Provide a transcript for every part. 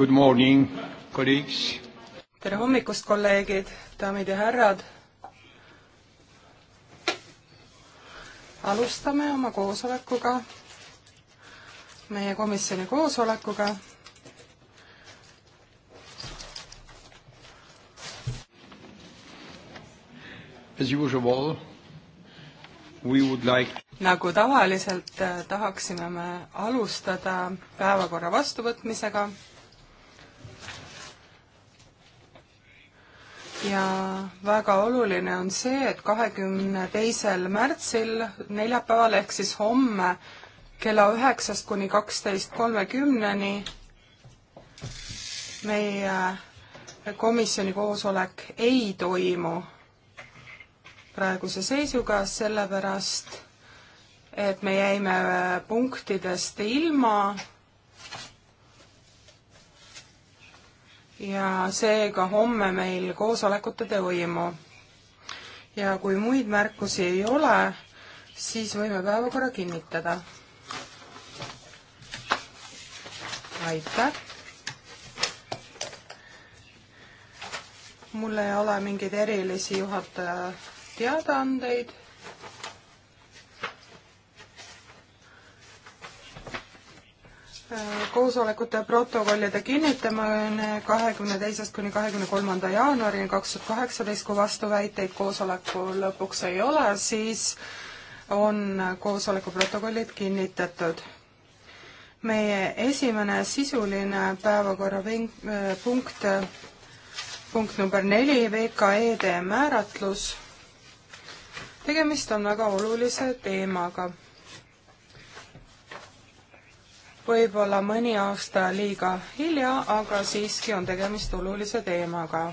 Good morning, colleagues. tere hommikust, kolleegid, daamid ja härrad. alustame oma koosolekuga, meie komisjoni koosolekuga. As usual, we would like nagu tavaliselt eh, tahaksime me alustada päevakorra vastuvõtmisega ja väga oluline on see, et kahekümne teisel märtsil, neljapäeval ehk siis homme kella üheksast kuni kaksteist kolmekümneni meie komisjoni koosolek ei toimu praeguse seisuga, sellepärast et me jäime punktidest ilma ja seega homme meil koosolekute toimu. ja kui muid märkusi ei ole, siis võime päevakorra kinnitada. aitäh! mul ei ole mingeid erilisi juhataja teadaandeid koosolekute protokollide kinnitamine kahekümne teisest kuni kahekümne kolmanda jaanuarini kaks tuhat kaheksateist, kui vastuväiteid koosoleku lõpuks ei ole, siis on koosoleku protokollid kinnitatud. meie esimene sisuline päevakorrapunkt, punkt number neli, VKE-de määratlus. tegemist on väga olulise teemaga võib-olla mõni aasta liiga hilja, aga siiski on tegemist olulise teemaga.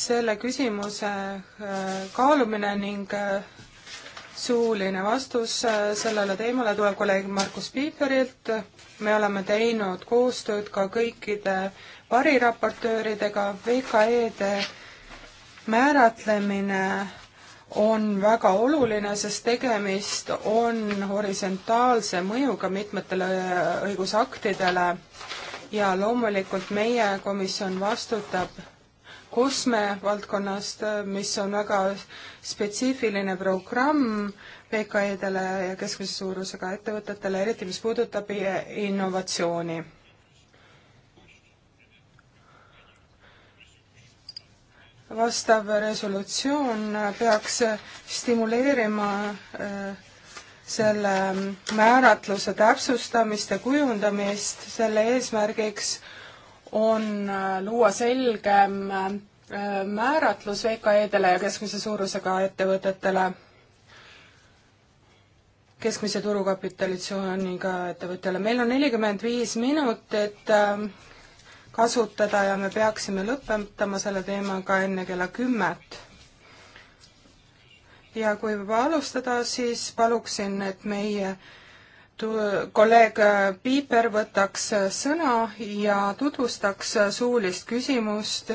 selle küsimuse äh, kaalumine ning äh, suuline vastus äh, sellele teemale tuleb kolleeg Markus Piiperilt. me oleme teinud koostööd ka kõikide variraportööridega, VKE-de määratlemine on väga oluline, sest tegemist on horisontaalse mõjuga mitmetele õigusaktidele ja loomulikult meie komisjon vastutab kosme valdkonnast, mis on väga spetsiifiline programm VKE-dele ja keskmise suurusega ettevõtetele, eriti mis puudutab innovatsiooni vastav resolutsioon peaks stimuleerima äh, selle määratluse täpsustamist ja kujundamist, selle eesmärgiks on äh, luua selgem äh, määratlus VKE-dele ja keskmise suurusega ettevõtetele, keskmise turukapitalisatsiooniga ettevõtjale. meil on nelikümmend viis minutit kasutada ja me peaksime lõpetama selle teemaga enne kella kümmet. ja kui juba alustada, siis paluksin, et meie kolleeg Piiper võtaks sõna ja tutvustaks suulist küsimust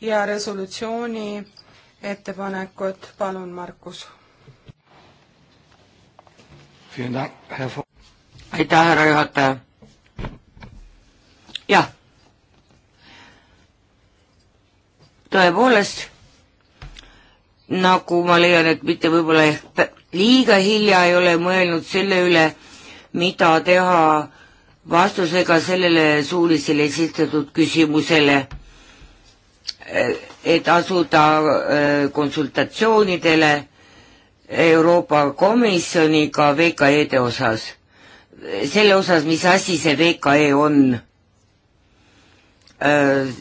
ja resolutsiooni ettepanekut. palun, Markus. aitäh, härra juhataja. jah, tõepoolest, nagu ma leian, et mitte võib-olla ehk liiga hilja ei ole mõelnud selle üle, mida teha vastusega sellele suulisele esitatud küsimusele, et asuda äh, konsultatsioonidele Euroopa Komisjoniga VKE-de osas, selle osas, mis asi see VKE on äh,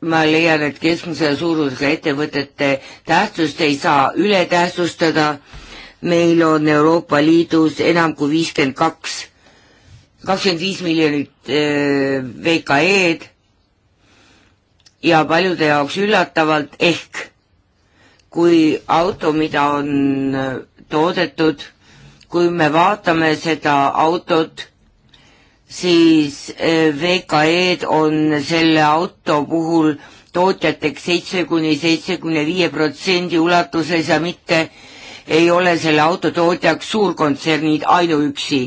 ma leian, et keskmise suurusega ettevõtete tähtsust ei saa üle tähtsustada. meil on Euroopa Liidus enam kui viiskümmend kaks, kakskümmend viis miljonit äh, VKE-d ja paljude jaoks üllatavalt ehk kui auto, mida on äh, toodetud, kui me vaatame seda autot siis äh, VKE-d on selle auto puhul tootjateks seitse kuni seitsekümne viie protsendi ulatuses ja mitte ei ole selle auto tootjaks suurkontsernid ainuüksi.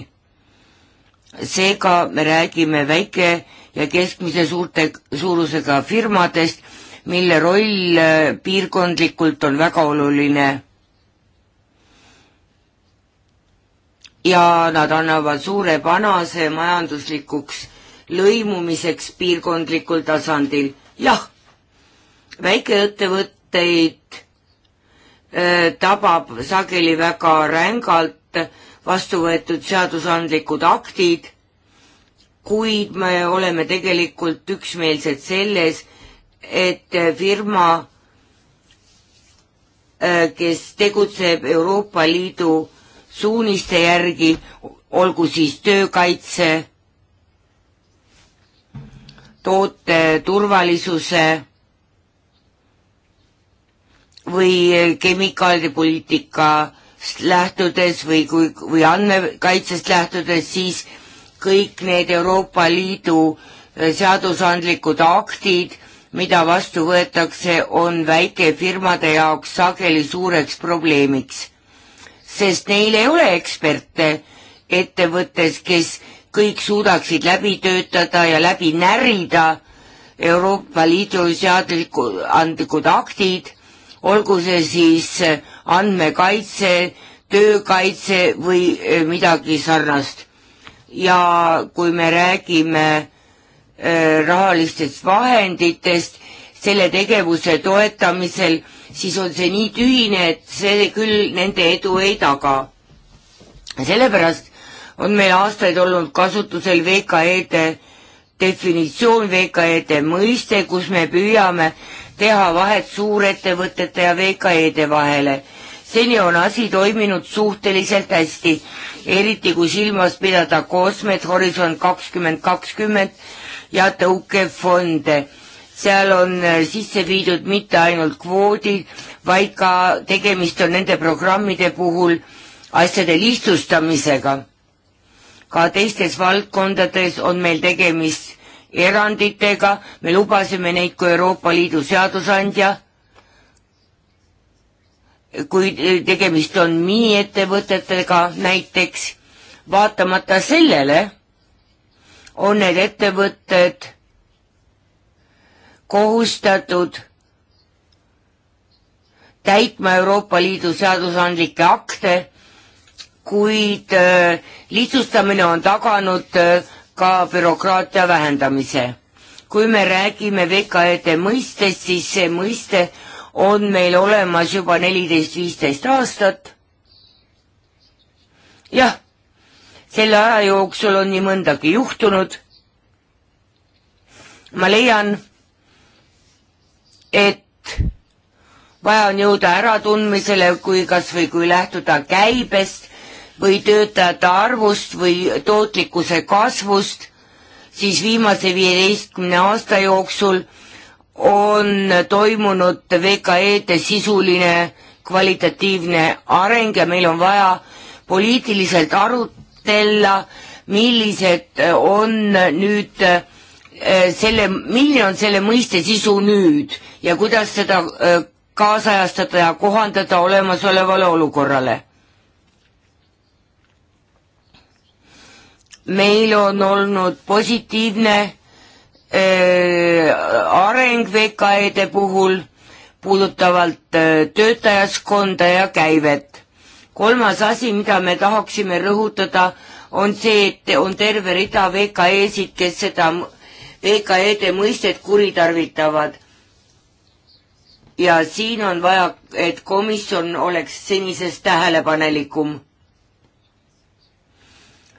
seega me räägime väike ja keskmise suurte, suurusega firmadest, mille roll äh, piirkondlikult on väga oluline ja nad annavad suure panase majanduslikuks lõimumiseks piirkondlikul tasandil. jah, väikeettevõtteid äh, tabab sageli väga rängalt vastu võetud seadusandlikud aktid, kuid me oleme tegelikult üksmeelsed selles, et firma, äh, kes tegutseb Euroopa Liidu suuniste järgi, olgu siis töökaitse, toote turvalisuse või kemikaalipoliitikast lähtudes või kui, või andmekaitsest lähtudes, siis kõik need Euroopa Liidu seadusandlikud aktid, mida vastu võetakse, on väikefirmade jaoks sageli suureks probleemiks sest neil ei ole eksperte ettevõttes, kes kõik suudaksid läbi töötada ja läbi närida Euroopa Liidu seadusandlikud aktid, olgu see siis andmekaitse, töökaitse või eh, midagi sarnast. ja kui me räägime eh, rahalistest vahenditest, selle tegevuse toetamisel, siis on see nii tühine, et see küll nende edu ei taga. sellepärast on meil aastaid olnud kasutusel VKE-de definitsioon, VKE-de mõiste, kus me püüame teha vahet suurettevõtete ja VKE-de vahele. seni on asi toiminud suhteliselt hästi, eriti kui silmas pidada koosmeid Horisont kakskümmend kakskümmend ja tõukefonde seal on äh, sisse viidud mitte ainult kvoodid, vaid ka tegemist on nende programmide puhul asjade lihtsustamisega. ka teistes valdkondades on meil tegemist eranditega, me lubasime neid kui Euroopa Liidu seadusandja, kui tegemist on miniettevõtetega näiteks, vaatamata sellele on need ettevõtted kohustatud täitma Euroopa Liidu seadusandlikke akte, kuid äh, lihtsustamine on taganud äh, ka bürokraatia vähendamise. kui me räägime VKE-de mõistest, siis see mõiste on meil olemas juba neliteist, viisteist aastat. jah, selle aja jooksul on nii mõndagi juhtunud. ma leian, et vaja on jõuda äratundmisele, kui kas või kui lähtuda käibest või töötajate arvust või tootlikkuse kasvust, siis viimase viieteistkümne aasta jooksul on toimunud VKE-de sisuline kvalitatiivne areng ja meil on vaja poliitiliselt arutella, millised on nüüd eh, selle, milline on selle mõiste sisu nüüd ja kuidas seda kaasajastada ja kohandada olemasolevale olukorrale. meil on olnud positiivne areng VKE-de puhul puudutavalt töötajaskonda ja käivet. kolmas asi, mida me tahaksime rõhutada, on see, et on terve rida VKE-sid, kes seda VKE-de mõistet kuritarvitavad ja siin on vaja, et komisjon oleks senisest tähelepanelikum.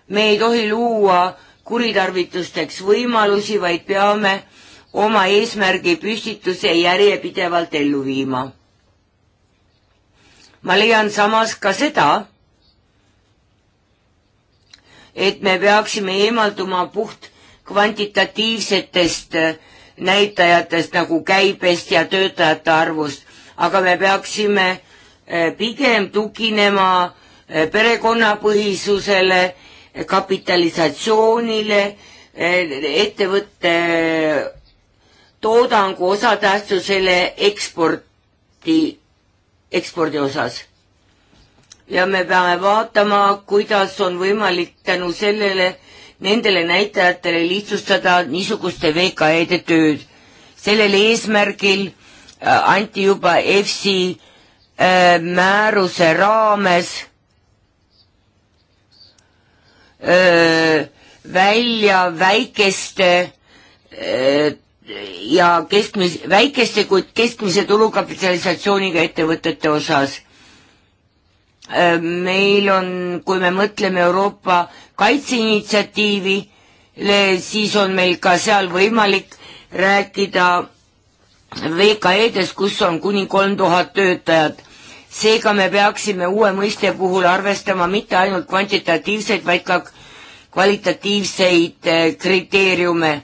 me ei tohi luua kuritarvitusteks võimalusi, vaid peame oma eesmärgi püstituse järjepidevalt ellu viima. ma leian samas ka seda, et me peaksime eemalduma puht kvantitatiivsetest äh, näitajatest nagu käibest ja töötajate arvust, aga me peaksime eh, pigem tuginema eh, perekonnapõhisusele, eh, kapitalisatsioonile, ettevõtte toodangu osatähtsusele eksporti, ekspordi osas. ja me peame vaatama, kuidas on võimalik tänu sellele nendele näitajatele lihtsustada niisuguste VKE-de tööd. sellel eesmärgil äh, anti juba EFSI äh, määruse raames äh, välja väikeste ja keskmis, väikeste, kuid keskmise tulukapitalisatsiooniga ettevõtete osas. meil on, kui me mõtleme Euroopa kaitseinitsiatiivile, siis on meil ka seal võimalik rääkida VKE-des, kus on kuni kolm tuhat töötajat. seega me peaksime uue mõiste puhul arvestama mitte ainult kvantitatiivseid, vaid ka kvalitatiivseid eh, kriteeriume.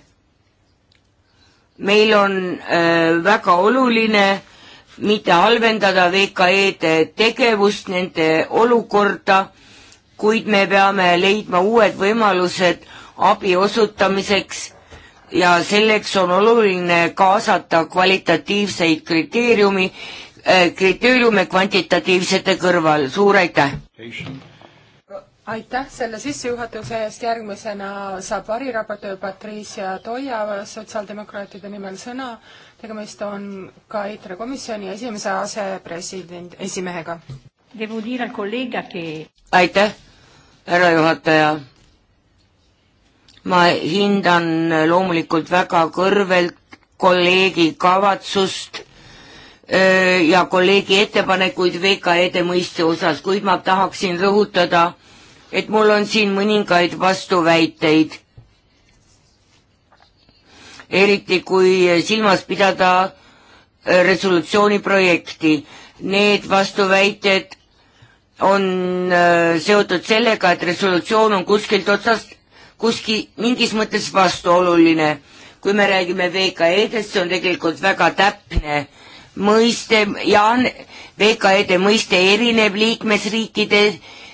meil on äh, väga oluline mitte halvendada VKE-de tegevust, nende olukorda kuid me peame leidma uued võimalused abi osutamiseks ja selleks on oluline kaasata kvalitatiivseid kriteeriumi, eh, kriteeriume kvantitatiivsete kõrval, suur aitäh! aitäh selle sissejuhatuse eest, järgmisena saab variraportöör Patricia Toia sotsiaaldemokraatide nimel sõna, tegemist on ka EITRE komisjoni esimese asepresidendi, esimehega. aitäh! härra juhataja, ma hindan loomulikult väga kõrvelt kolleegi kavatsust öö, ja kolleegi ettepanekuid VKE-de mõiste osas, kuid ma tahaksin rõhutada, et mul on siin mõningaid vastuväiteid. eriti kui silmas pidada resolutsiooni projekti. Need vastuväited on äh, seotud sellega, et resolutsioon on kuskilt otsast, kuskil mingis mõttes vastuoluline. kui me räägime VKE-dest, see on tegelikult väga täpne mõiste ja VKE-de mõiste erineb liikmesriikide,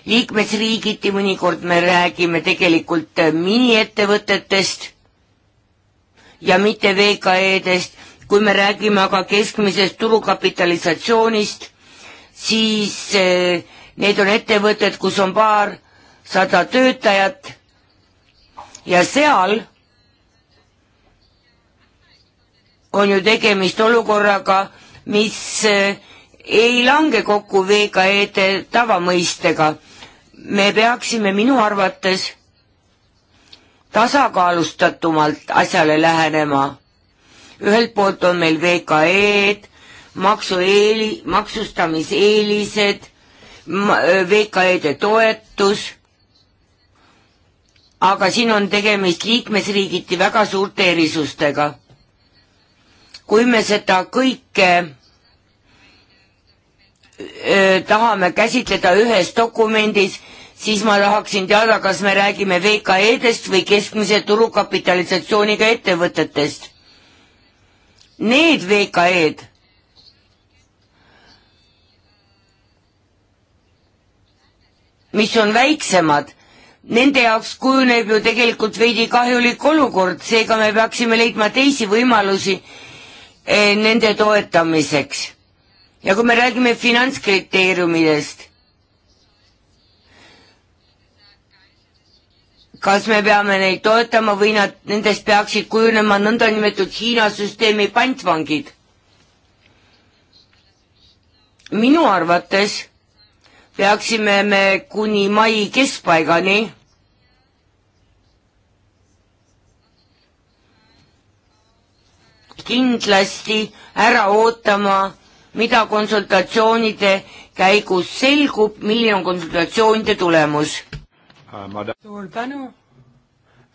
liikmesriigiti, mõnikord me räägime tegelikult äh, miniettevõtetest ja mitte VKE-dest, kui me räägime aga keskmisest turukapitalisatsioonist, siis äh, Need on ettevõtted, kus on paarsada töötajat ja seal on ju tegemist olukorraga, mis eh, ei lange kokku VKE-de tavamõistega. me peaksime minu arvates tasakaalustatumalt asjale lähenema. ühelt poolt on meil VKE-d, maksueeli-, maksustamiseelised VKE-de toetus, aga siin on tegemist liikmesriigiti väga suurte erisustega. kui me seda kõike öö, tahame käsitleda ühes dokumendis, siis ma tahaksin teada, kas me räägime VKE-dest või keskmise turukapitalisatsiooniga ettevõtetest. Need VKE-d mis on väiksemad, nende jaoks kujuneb ju tegelikult veidi kahjulik olukord, seega me peaksime leidma teisi võimalusi eh, nende toetamiseks. ja kui me räägime finantskriteeriumidest, kas me peame neid toetama või nad, nendest peaksid kujunema nõndanimetatud Hiina süsteemi pantvangid? minu arvates peaksime me kuni mai keskpaigani kindlasti ära ootama, mida konsultatsioonide käigus selgub, milline on konsultatsioonide tulemus. Äh, suur tänu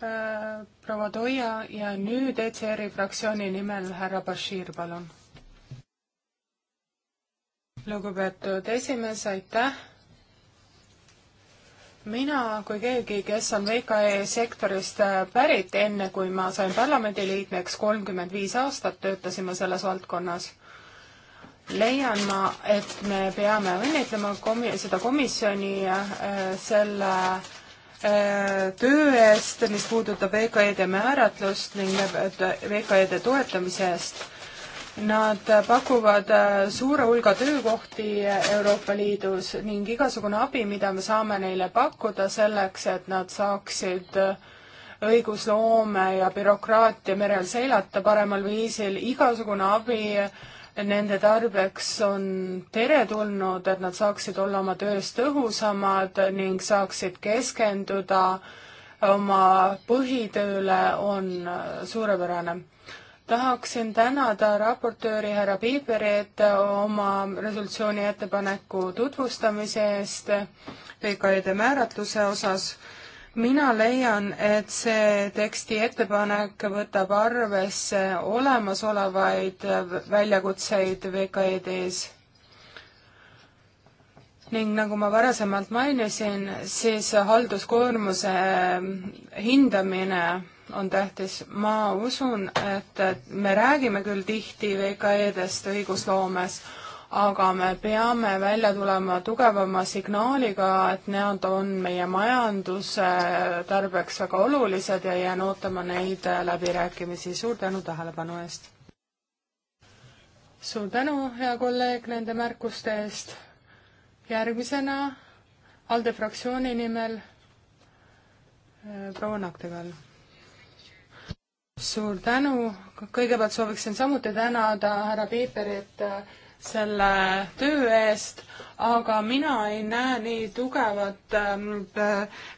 äh,, proua Toia ja nüüd ECR-i fraktsiooni nimel härra Bashir, palun lugupeetud esimees, aitäh! mina kui keegi, kes on VKE sektorist äh, pärit, enne kui ma sain parlamendiliikmeks, kolmkümmend viis aastat töötasin ma selles valdkonnas, leian ma, et me peame õnnitlema komi-, seda komisjoni äh, selle äh, töö eest, mis puudutab VKE-de määratlust ning VKE-de toetamise eest Nad pakuvad äh, suure hulga töökohti Euroopa Liidus ning igasugune abi, mida me saame neile pakkuda selleks, et nad saaksid äh, õigusloome ja bürokraatia merel seilata paremal viisil, igasugune abi nende tarbeks on teretulnud, et nad saaksid olla oma töös tõhusamad ning saaksid keskenduda oma põhitööle, on äh, suurepärane tahaksin tänada raportööri härra Piiberit oma resolutsiooni ettepaneku tutvustamise eest PKE-de määratluse osas. mina leian, et see teksti ettepanek võtab arvesse olemasolevaid väljakutseid VKE-des ning nagu ma varasemalt mainisin, siis halduskoormuse hindamine on tähtis. ma usun, et me räägime küll tihti VKE-dest õigusloomes, aga me peame välja tulema tugevama signaaliga, et nad on meie majanduse tarbeks väga olulised ja jään ootama neid läbirääkimisi. suur tänu tähelepanu eest! suur tänu, hea kolleeg, nende märkuste eest! järgmisena ALDE fraktsiooni nimel eh, proua Naktegal suur tänu, kõigepealt sooviksin samuti tänada härra Piiperit äh, selle töö eest, aga mina ei näe nii tugevat ähm,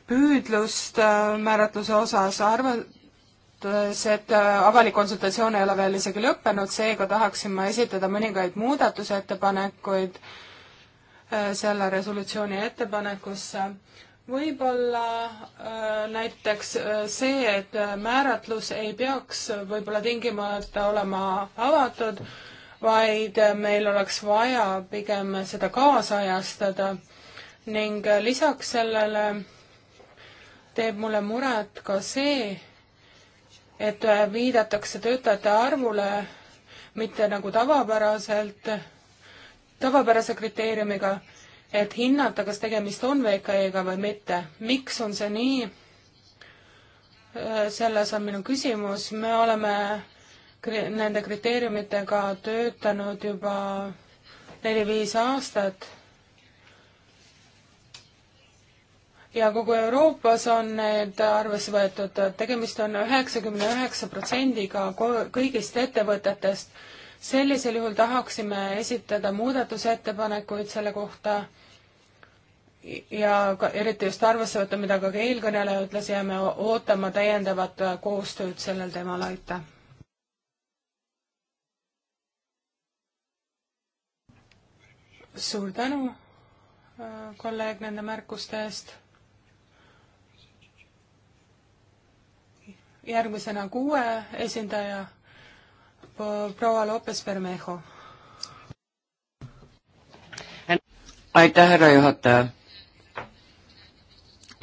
püüdlust äh, määratluse osas, arvates, et äh, avalik konsultatsioon ei ole veel isegi lõppenud, seega tahaksin ma esitada mõningaid muudatusettepanekuid selle resolutsiooni ettepanekusse võib-olla äh, näiteks äh, see, et äh, määratlus ei peaks võib-olla tingimata olema avatud, vaid meil oleks vaja pigem seda kaasajastada ning lisaks sellele teeb mulle muret ka see, et viidatakse töötajate arvule mitte nagu tavapäraselt, tavapärase kriteeriumiga et hinnata, kas tegemist on VKE-ga või mitte. miks on see nii? Äh, selles on minu küsimus, me oleme nende kriteeriumitega töötanud juba neli-viis aastat ja kogu Euroopas on need arvesse võetud, tegemist on üheksakümne üheksa protsendiga kõigist ettevõtetest. sellisel juhul tahaksime esitada muudatusettepanekuid selle kohta, ja ka eriti just arvesse võtta, mida ka eelkõneleja ütles, jääme ootama täiendavat äh, koostööd sellel teemal, aitäh. suur tänu, äh, kolleeg, nende märkuste eest. järgmisena kuue esindaja, proua Lopez Bermejo. aitäh, härra juhataja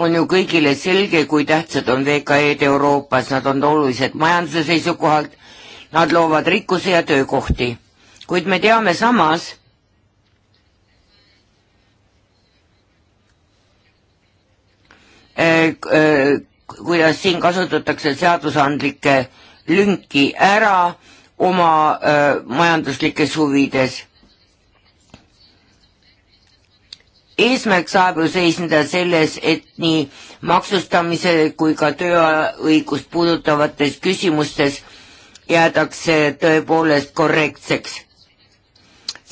on ju kõigile selge, kui tähtsad on VKE-d Euroopas, nad on olulised majanduse seisukohalt, nad loovad rikkuse ja töökohti. kuid me teame samas, eh, eh, kuidas siin kasutatakse seadusandlikke lünki ära oma eh, majanduslikes huvides eesmärk saab ju seisneda selles, et nii maksustamise kui ka tööõigust puudutavates küsimustes jäädakse tõepoolest korrektseks.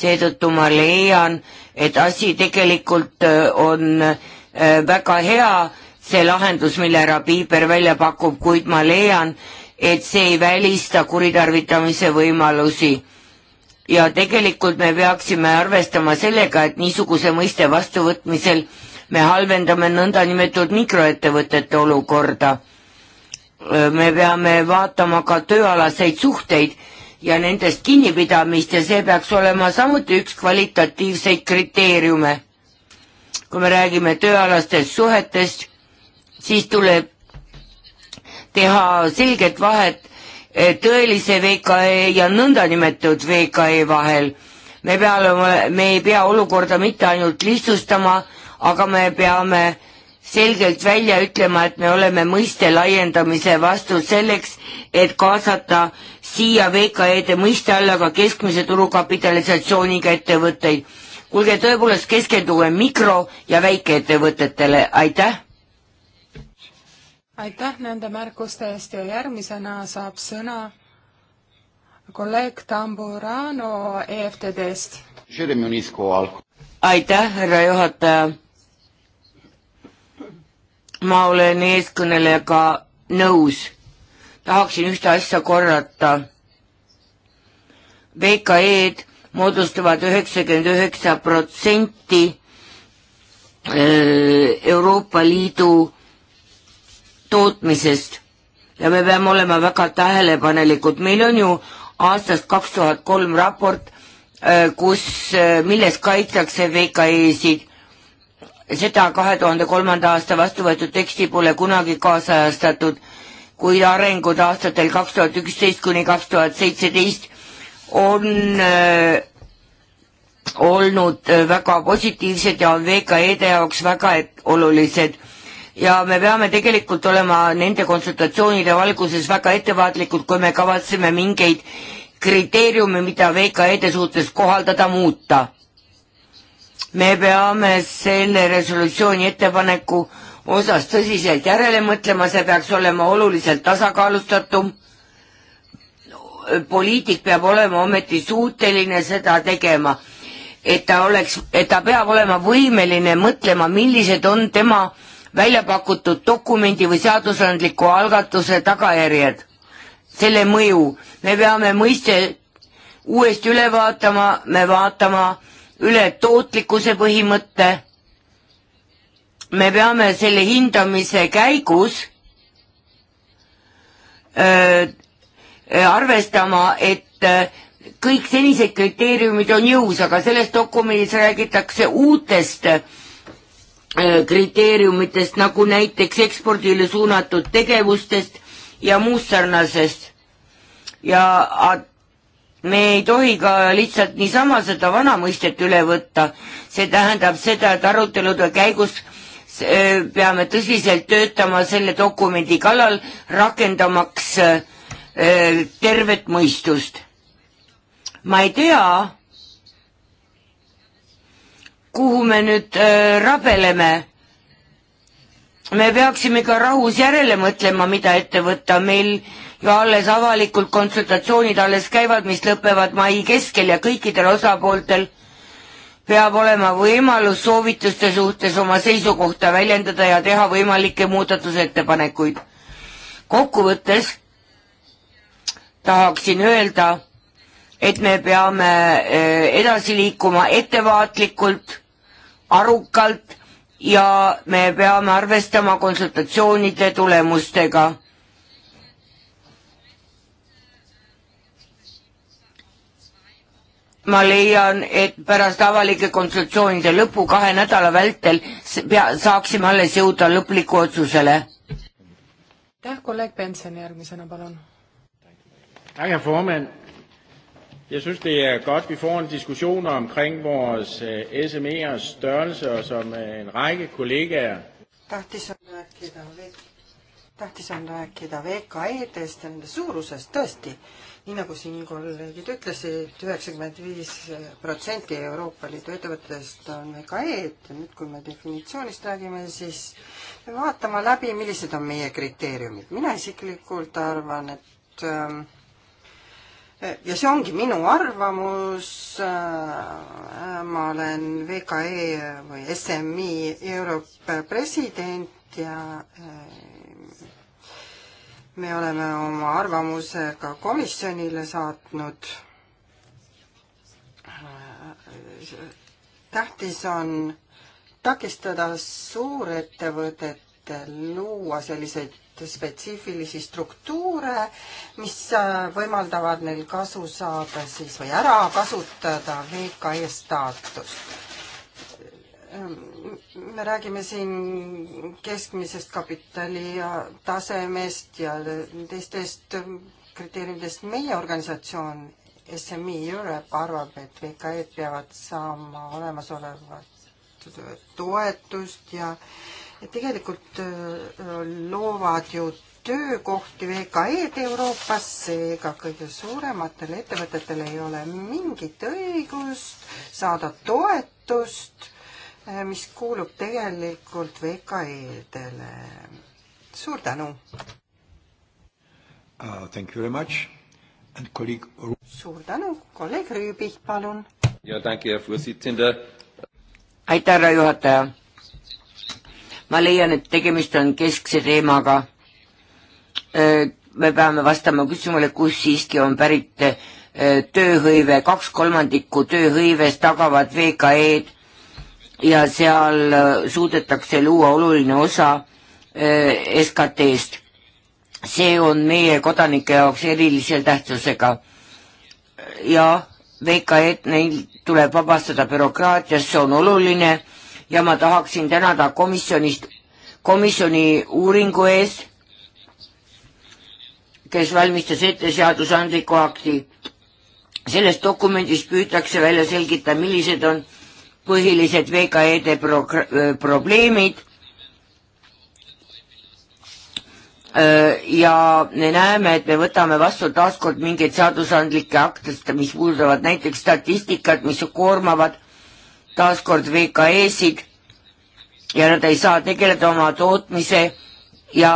seetõttu ma leian, et asi tegelikult äh, on äh, väga hea, see lahendus, mille härra Piiber välja pakub, kuid ma leian, et see ei välista kuritarvitamise võimalusi ja tegelikult me peaksime arvestama sellega, et niisuguse mõiste vastuvõtmisel me halvendame nõndanimetatud mikroettevõtete olukorda. me peame vaatama ka tööalaseid suhteid ja nendest kinnipidamist ja see peaks olema samuti üks kvalitatiivseid kriteeriume. kui me räägime tööalastest suhetest, siis tuleb teha selget vahet Eh, tõelise VKE ja nõndanimetatud VKE vahel. me peame, me ei pea olukorda mitte ainult lihtsustama, aga me peame selgelt välja ütlema, et me oleme mõiste laiendamise vastu selleks, et kaasata siia VKE-de mõiste alla ka keskmise turukapitalisatsiooniga ettevõtteid. kuulge, tõepoolest keskendume mikro- ja väikeettevõtetele, aitäh! aitäh nende märkuste eest ja järgmisena saab sõna kolleeg Tamburano EFTD-st. aitäh, härra juhataja. ma olen eeskõnelejaga nõus. tahaksin ühte asja korrata. VKE-d moodustavad üheksakümmend üheksa protsenti äh, Euroopa Liidu tootmisest ja me peame olema väga tähelepanelikud, meil on ju aastast kaks tuhat kolm raport, äh, kus, äh, milles kaitstakse VKE-sid, seda kahe tuhande kolmanda aasta vastu võetud teksti pole kunagi kaasajastatud, kuid arengud aastatel kaks tuhat üksteist kuni kaks tuhat seitseteist on äh, olnud äh, väga positiivsed ja on VKE-de jaoks väga olulised ja me peame tegelikult olema nende konsultatsioonide valguses väga ettevaatlikud, kui me kavatseme mingeid kriteeriume, mida VKE-de suhtes kohaldada, muuta. me peame selle resolutsiooni ettepaneku osas tõsiselt järele mõtlema, see peaks olema oluliselt tasakaalustatum. poliitik peab olema ometi suuteline seda tegema, et ta oleks, et ta peab olema võimeline mõtlema, millised on tema välja pakutud dokumendi või seadusandliku algatuse tagajärjed, selle mõju. me peame mõiste uuesti üle vaatama, me vaatama üle tootlikkuse põhimõtte. me peame selle hindamise käigus öö, arvestama, et öö, kõik senised kriteeriumid on jõus, aga selles dokumendis räägitakse uutest öö, Äh, kriteeriumitest, nagu näiteks ekspordile suunatud tegevustest ja muust sarnasest. ja me ei tohi ka lihtsalt niisama seda vana mõistet üle võtta, see tähendab seda, et arutelude käigus äh, peame tõsiselt töötama selle dokumendi kallal, rakendamaks äh, tervet mõistust. ma ei tea, kuhu me nüüd äh, rabeleme. me peaksime ka rahus järele mõtlema, mida ette võtta, meil ju alles avalikult konsultatsioonid alles käivad, mis lõpevad mai keskel ja kõikidel osapooltel peab olema võimalus soovituste suhtes oma seisukohta väljendada ja teha võimalikke muudatusettepanekuid. kokkuvõttes tahaksin öelda, et me peame äh, edasi liikuma ettevaatlikult arukalt ja me peame arvestama konsultatsioonide tulemustega. ma leian, et pärast avalike konsultatsioonide lõppu kahe nädala vältel pea, saaksime alles jõuda lõpliku otsusele. aitäh, kolleeg Benson, järgmisena palun. aitäh, Foomen Jeg synes, det er godt, vi får en diskussion omkring vores øh, SME'ers størrelse, og som øh, en række kollegaer. Tähtis on rääkida, tähtis on rääkida VKE-dest ja nende suurusest tõesti. Nii nagu siin kollegid ütlesid, 95% Euroopa Liidu ettevõttest on VKE-d ja nüüd kui me definitsioonist räägime, siis me vaatame läbi, millised on meie kriteeriumid. Mina isiklikult arvan, et ähm, ja see ongi minu arvamus, ma olen VKE või SMI Euroopa president ja eh, me oleme oma arvamuse ka komisjonile saatnud. tähtis on takistada suurettevõtetel luua selliseid spetsiifilisi struktuure, mis äh, võimaldavad neil kasu saada siis või ära kasutada VKE staatust. Ähm, me räägime siin keskmisest kapitali tasemest ja teistest ähm, kriteeriumidest. meie organisatsioon SME Europe arvab, et VKE-d peavad saama olemasolevat toetust ja äh, et tegelikult äh, loovad ju töökohti VKE-d Euroopas, seega kõige suurematel ettevõtetel ei ole mingit õigust saada toetust, äh, mis kuulub tegelikult VKE-dele. suur tänu uh,! Thank you very much and kolleeg suur tänu, kolleeg Rüübich, palun! ja tänki, Herr Vorsitzender! aitäh, härra juhataja! ma leian, et tegemist on keskse teemaga. me peame vastama küsimusele, kus siiski on pärit tööhõive, kaks kolmandikku tööhõivest tagavad VKE-d ja seal suudetakse luua oluline osa SKT-st. see on meie kodanike jaoks erilise tähtsusega. ja VKE-d neil tuleb vabastada bürokraatiast, see on oluline ja ma tahaksin tänada komisjonist, komisjoni uuringu eest, kes valmistas ette seadusandliku akti. selles dokumendis püütakse välja selgita, millised on põhilised VKE-de pro-, äh, probleemid äh, ja me näeme, et me võtame vastu taaskord mingeid seadusandlikke akte, mis puudutavad näiteks statistikat, mis koormavad taaskord VKE-sid ja nad ei saa tegeleda oma tootmise ja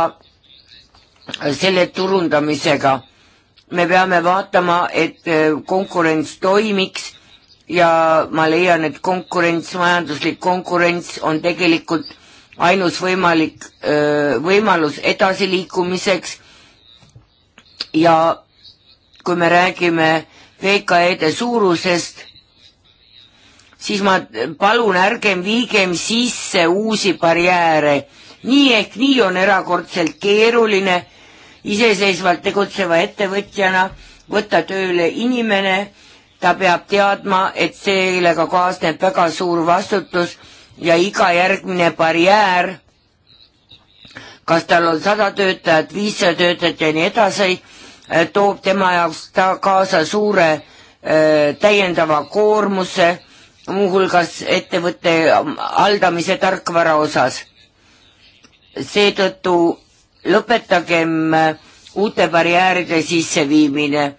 selle turundamisega. me peame vaatama, et e, konkurents toimiks ja ma leian, et konkurents, majanduslik konkurents on tegelikult ainus võimalik, e, võimalus edasiliikumiseks ja kui me räägime VKE-de suurusest, siis ma palun ärgem viigem sisse uusi barjääre. nii ehk nii on erakordselt keeruline iseseisvalt tegutseva ettevõtjana võtta tööle inimene, ta peab teadma, et sellega kaasneb väga suur vastutus ja iga järgmine barjäär, kas tal on sada töötajat, viissada töötajat ja nii edasi, toob tema jaoks ta kaasa suure öö, äh, täiendava koormuse muuhulgas ettevõtte haldamise tarkvara osas. seetõttu lõpetagem uute barjääride sisseviimine.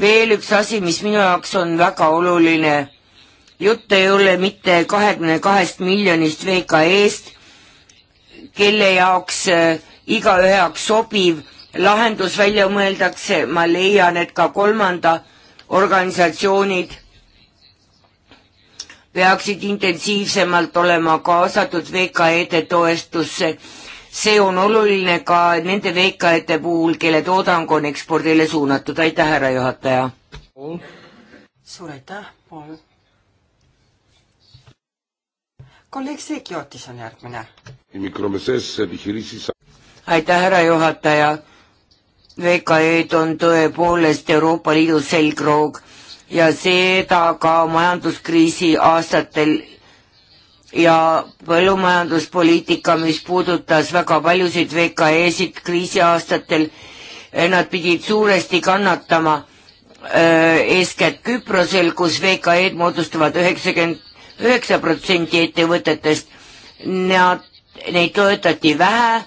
veel üks asi, mis minu jaoks on väga oluline, jutt ei ole mitte kahekümne kahest miljonist VKE-st, kelle jaoks äh, igaühe jaoks sobiv lahendus välja mõeldakse, ma leian, et ka kolmanda organisatsioonid peaksid intensiivsemalt olema kaasatud VKE-de toestusse. see on oluline ka nende VKE-de puhul, kelle toodang on ekspordile suunatud. aitäh, härra juhataja! suur aitäh, Paul! kolleeg Seeki Otis on järgmine. aitäh, härra juhataja! VKE-d on tõepoolest Euroopa Liidu selgroog ja seda ka majanduskriisi aastatel ja põllumajanduspoliitika, mis puudutas väga paljusid VKE-sid kriisiaastatel, nad pidid suuresti kannatama äh, eeskätt Küprosel, kus VKE-d moodustavad üheksakümmend üheksa protsenti ettevõtetest, nad, neid toetati vähe,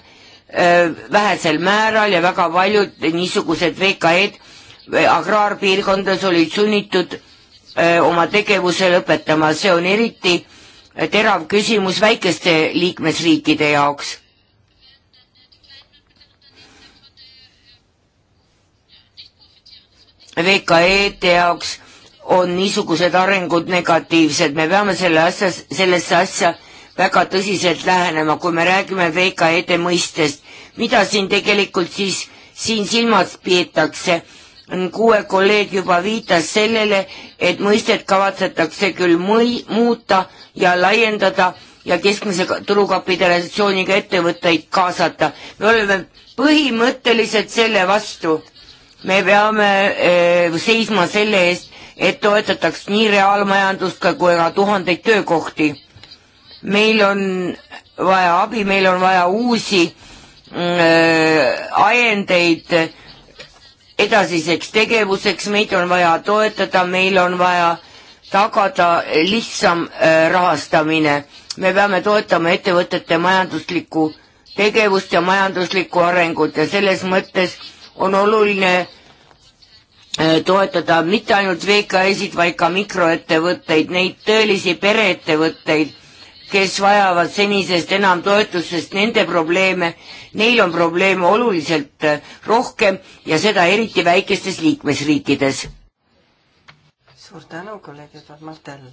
äh, vähesel määral ja väga paljud niisugused VKE-d agraarpiirkondades olid sunnitud oma tegevuse lõpetama, see on eriti äh, terav küsimus väikeste liikmesriikide jaoks. VKE-de jaoks on niisugused arengud negatiivsed, me peame selle asja, sellesse asja väga tõsiselt lähenema, kui me räägime VKE-de mõistest, mida siin tegelikult siis, siin silmas peetakse kuue kolleeg juba viitas sellele, et mõistet kavatsetakse küll mõi, muuta ja laiendada ja keskmise turukapitalisatsiooniga ettevõtteid kaasata. me oleme põhimõtteliselt selle vastu. me peame eh, seisma selle eest, et toetataks nii reaalmajandust kui ka tuhandeid töökohti. meil on vaja abi, meil on vaja uusi äh, ajendeid edasiseks tegevuseks, meid on vaja toetada, meil on vaja tagada lihtsam äh, rahastamine. me peame toetama ettevõtete majanduslikku tegevust ja majanduslikku arengut ja selles mõttes on oluline äh, toetada mitte ainult VKS-id, vaid ka mikroettevõtteid, neid tõelisi pereettevõtteid kes vajavad senisest enam toetust, sest nende probleeme, neil on probleeme oluliselt äh, rohkem ja seda eriti väikestes liikmesriikides. suur tänu, kolleeg Edward Martel.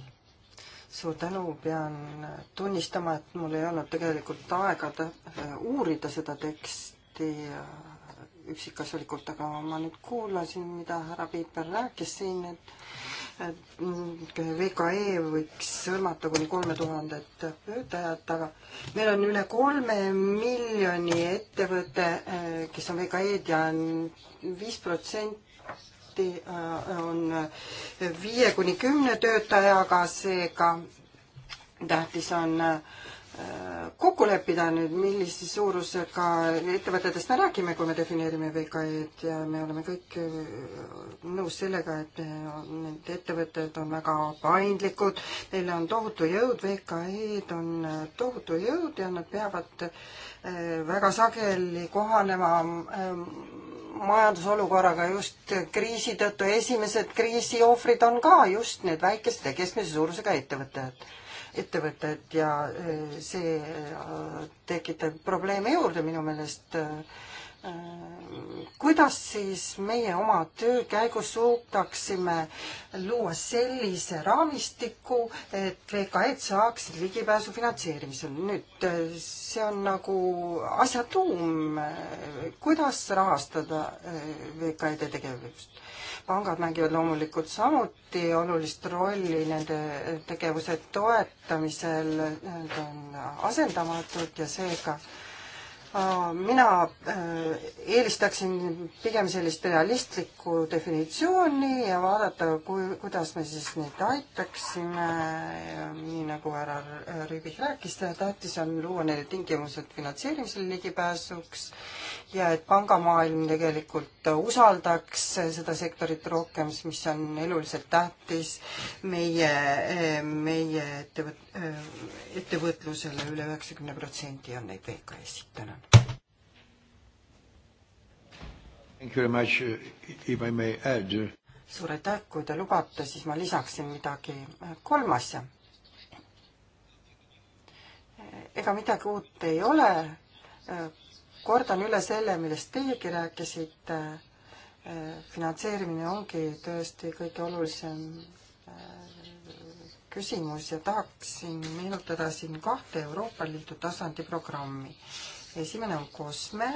suur tänu, pean tunnistama, et mul ei olnud tegelikult aega äh, uurida seda teksti äh, üksikasjalikult, aga ma nüüd kuulasin, mida härra Piiper rääkis siin, et Mm, VKE võiks hõlmata kuni kolme tuhandet töötajat, aga meil on üle kolme miljoni ettevõte, eh, kes on VKE-d ja on viis protsenti eh, on viie kuni kümne töötajaga, seega tähtis on äh, kokku leppida nüüd, millise suurusega ettevõtetest me räägime, kui me defineerime VKE-d ja me oleme kõik äh, nõus sellega, et äh, need ettevõtted on väga paindlikud, neil on tohutu jõud, VKE-d on äh, tohutu jõud ja nad peavad väga sageli kohanema ähm, majandusolukorraga just kriisi tõttu, esimesed kriisiohvrid on ka just need väikeste ja keskmise suurusega ettevõtted ettevõtet ja äh, see äh, tekitab probleeme juurde minu meelest. Äh, kuidas siis meie oma töö käigus suudaksime luua sellise raamistiku, et VKE-d saaksid ligipääsu finantseerimisele? nüüd see on nagu asja tuum, kuidas rahastada VKE-de tegevust pangad mängivad loomulikult samuti olulist rolli nende tegevuse toetamisel, need on asendamatud ja seega äh, mina äh, eelistaksin pigem sellist realistlikku definitsiooni ja vaadata, kui, kuidas me siis neid aitaksime, nii nagu härra Rüübik rääkis, tähtis on luua neile tingimused finantseerimisele ligipääsuks ja et pangamaailm tegelikult usaldaks seda sektorit rohkem, mis on eluliselt tähtis meie, meie ettevõt-, ettevõtlusele üle üheksakümne protsendi on neid VKS-id, tänan. Thank you very much, if I may add. suur aitäh, kui te lubate, siis ma lisaksin midagi, kolm asja. ega midagi uut ei ole kordan üle selle, millest teiegi rääkisite, äh, finantseerimine ongi tõesti kõige olulisem äh, küsimus ja tahaksin meenutada siin kahte Euroopa Liidu tasandi programmi. esimene on COSME,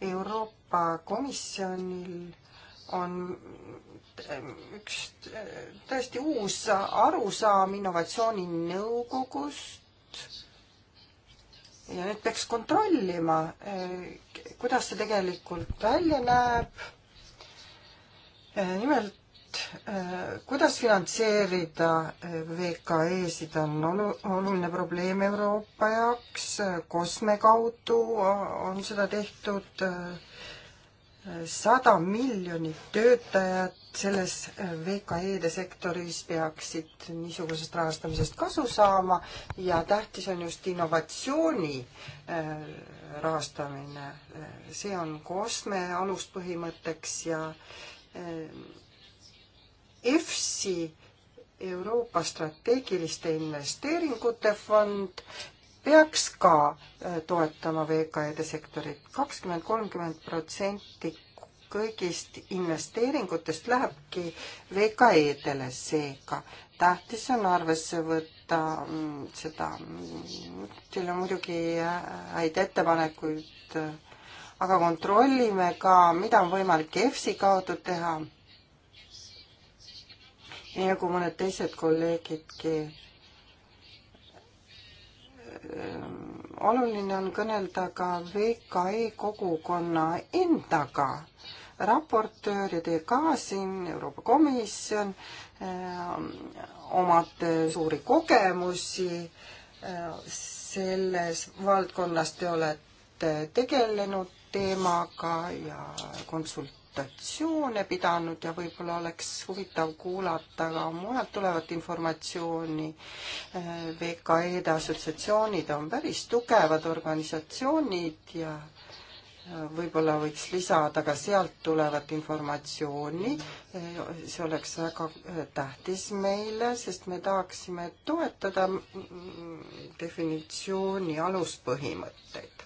Euroopa Komisjonil on äh, üks täiesti uus arusaam innovatsiooninõukogust ja nüüd peaks kontrollima, eh, kuidas see tegelikult välja näeb. Eh, nimelt eh, kuidas finantseerida VKE-sid on olu-, oluline probleem Euroopa jaoks, kosme kaudu on seda tehtud sada miljonit töötajat selles äh, VKE-de sektoris peaksid niisugusest rahastamisest kasu saama ja tähtis on just innovatsiooni äh, rahastamine. Äh, see on COSME aluspõhimõtteks ja EFSI, Euroopa strateegiliste investeeringute fond, peaks ka toetama VKE-de sektorit. kakskümmend, kolmkümmend protsenti kõigist investeeringutest lähebki VKE-dele, seega tähtis on arvesse võtta mm, seda, mm, teil on muidugi äh, häid ettepanekuid, äh, aga kontrollime ka, mida on võimalik EFSI kaudu teha. nii nagu mõned teised kolleegidki ähm, oluline on kõnelda ka VKE kogukonna endaga raportöör ja teie ka siin, Euroopa Komisjon, eh, omate eh, suuri kogemusi eh, selles valdkonnas, te olete tegelenud teemaga ja konsultatsioone pidanud ja võib-olla oleks huvitav kuulata ka mujalt tulevat informatsiooni. VKE-de assotsiatsioonid on päris tugevad organisatsioonid ja äh, võib-olla võiks lisada ka sealt tulevat informatsiooni, see oleks väga äh, tähtis meile, sest me tahaksime toetada definitsiooni aluspõhimõtteid.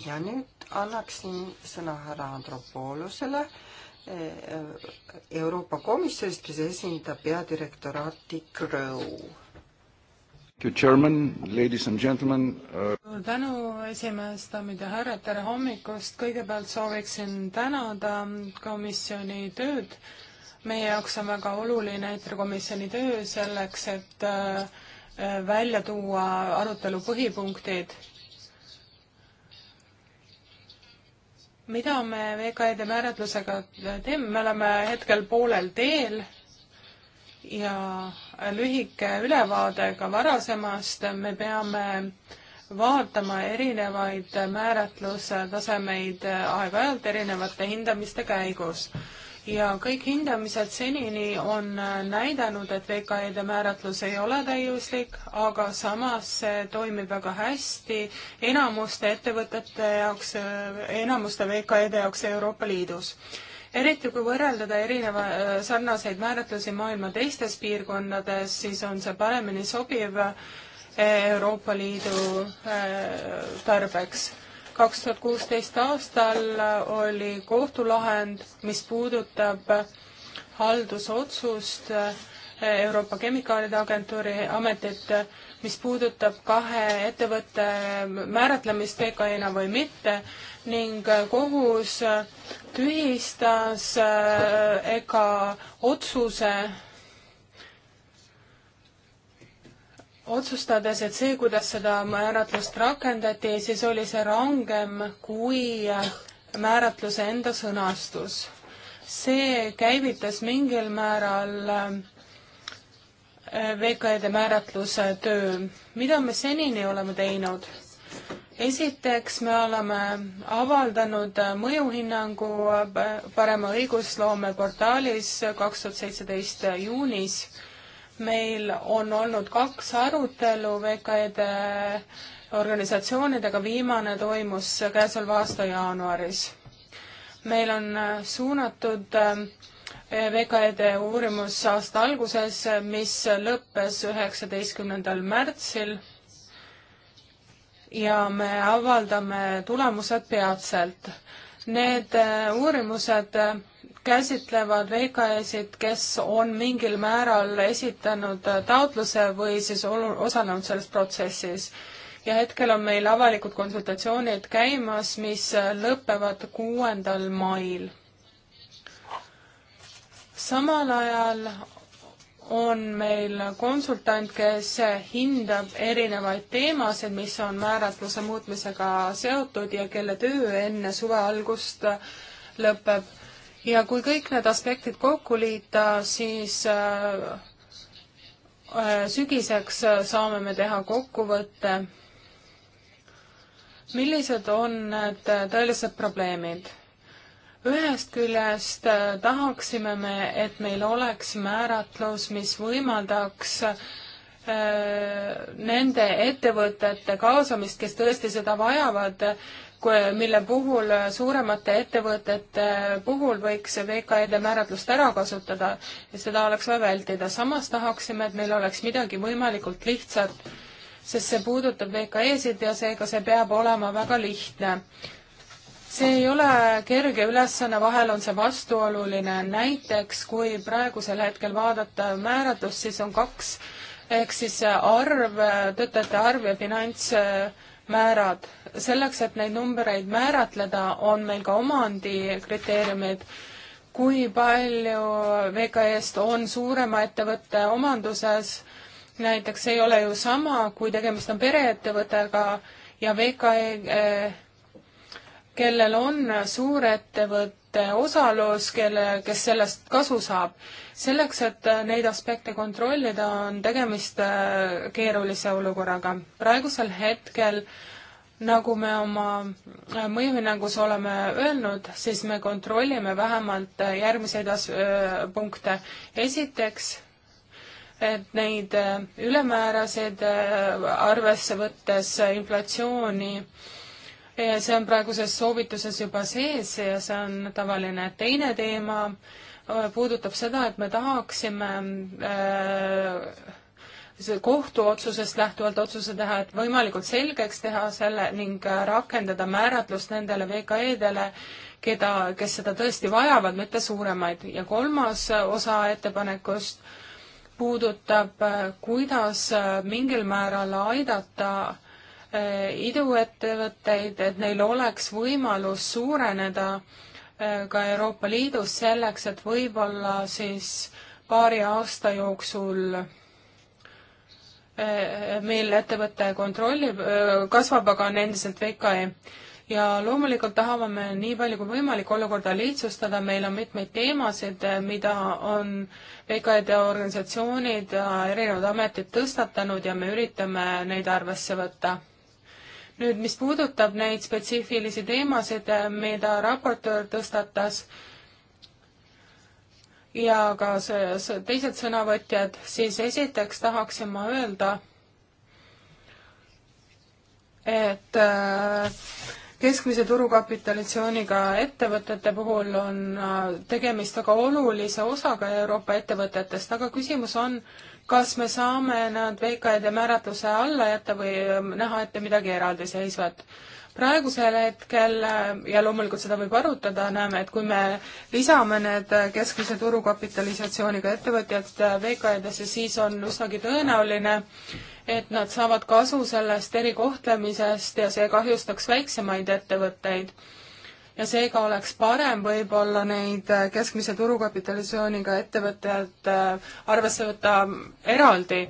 ja nüüd annaksin sõna härra Andropoolusele äh, Euroopa Komisjonist, kes esindab peadirektoraati Grow Uh, suur tänu, esimees, daamid ja härrad, tere hommikust, kõigepealt sooviksin tänada komisjoni tööd. meie jaoks on väga oluline ETRE komisjoni töö selleks, et äh, välja tuua arutelu põhipunktid mida me VKE-de määratlusega teeme, me oleme hetkel poolel teel ja lühike ülevaade ka varasemast, me peame vaatama erinevaid määratluse tasemeid aeg-ajalt erinevate hindamiste käigus. ja kõik hindamised senini on näidanud, et VKE-de määratlus ei ole täiuslik, aga samas see toimib väga hästi enamuste ettevõtete jaoks, enamuste VKE-de jaoks Euroopa Liidus eriti kui võrreldada erineva, äh, sarnaseid määratlusi maailma teistes piirkondades, siis on see paremini sobiv äh, Euroopa Liidu äh, tarbeks. kaks tuhat kuusteist aastal oli kohtulahend, mis puudutab haldusotsust Euroopa Kemikaalide Agentuuri ametit mis puudutab kahe ettevõtte määratlemist VKE-na või mitte ning kohus tühistas äh, EKA otsuse otsustades, et see, kuidas seda määratlust rakendati, siis oli see rangem kui määratluse enda sõnastus. see käivitas mingil määral äh, VKE-de määratluse töö. mida me senini oleme teinud? esiteks me oleme avaldanud mõjuhinnangu parema õigusloome portaalis kaks tuhat seitseteist juunis. meil on olnud kaks arutelu VKE-de organisatsioonidega, viimane toimus käesoleva aasta jaanuaris. meil on suunatud VKD e uurimus aasta alguses, mis lõppes üheksateistkümnendal märtsil ja me avaldame tulemused peatselt. Need äh, uurimused äh, käsitlevad VKE-sid, kes on mingil määral esitanud äh, taotluse või siis olu-, osalenud selles protsessis. ja hetkel on meil avalikud konsultatsioonid käimas, mis lõpevad kuuendal mail samal ajal on meil konsultant, kes hindab erinevaid teemasid, mis on määratluse muutmisega seotud ja kelle töö enne suve algust lõpeb. ja kui kõik need aspektid kokku liita, siis äh, sügiseks saame me teha kokkuvõtte, millised on need tõelised probleemid ühest küljest äh, tahaksime me, et meil oleks määratlus, mis võimaldaks äh, nende ettevõtete kaasamist, kes tõesti seda vajavad, mille puhul äh, suuremate ettevõtete puhul võiks VKE-de e e määratlust ära kasutada ja seda oleks vaja vältida. samas tahaksime, et meil oleks midagi võimalikult lihtsat, sest see puudutab VKE-sid ja seega see peab olema väga lihtne see ei ole kerge ülesanne, vahel on see vastuoluline, näiteks kui praegusel hetkel vaadata määratlust, siis on kaks, ehk siis arv, töötajate arv ja finantsmäärad. selleks, et neid numbreid määratleda, on meil ka omandikriteeriumid, kui palju VKE-st on suurema ettevõtte omanduses, näiteks ei ole ju sama, kui tegemist on pereettevõttega ja VKE kellel on suurettevõtte osalus, kelle, kes sellest kasu saab. selleks, et neid aspekte kontrollida, on tegemist äh, keerulise olukorraga. praegusel hetkel nagu me oma äh, mõjuhinnangus oleme öelnud, siis me kontrollime vähemalt äh, järgmiseid as-, punkte. esiteks, et neid ülemääraseid arvesse võttes inflatsiooni äh, see on praeguses soovituses juba sees ja see on tavaline teine teema, äh, puudutab seda, et me tahaksime äh, kohtuotsusest lähtuvalt otsuse teha, et võimalikult selgeks teha selle ning äh, rakendada määratlust nendele VKE-dele, keda, kes seda tõesti vajavad, mitte suuremaid. ja kolmas äh, osa ettepanekust puudutab, kuidas mingil määral aidata Eh, iduettevõtteid, et neil oleks võimalus suureneda eh, ka Euroopa Liidus selleks, et võib-olla siis paari aasta jooksul eh, meil ettevõte kontrollib, kasvab, aga on endiselt VKE. ja loomulikult tahame me nii palju kui võimalik olukorda lihtsustada, meil on mitmeid teemasid, mida on VKE-d ja organisatsioonid ja erinevad ametid tõstatanud ja me üritame neid arvesse võtta nüüd, mis puudutab neid spetsiifilisi teemasid, äh, mida raportöör tõstatas ja ka see, teised sõnavõtjad, siis esiteks tahaksin ma öelda, et äh, keskmise turukapitalisatsiooniga ettevõtete puhul on äh, tegemist väga olulise osaga Euroopa ettevõtetest, aga küsimus on, kas me saame nad VKD määratluse alla jätta või ähm, näha ette midagi eraldiseisvat? praegusel hetkel äh, ja loomulikult seda võib arutada, näeme, et kui me lisame need äh, keskmise turukapitalisatsiooniga ettevõtjad äh, VKD-sse, siis on üsnagi tõenäoline, et nad saavad kasu sellest erikohtlemisest ja see kahjustaks väiksemaid ettevõtteid ja seega oleks parem võib-olla neid äh, keskmise turukapitalisatsiooniga ettevõtteid äh, arvesse võtta eraldi.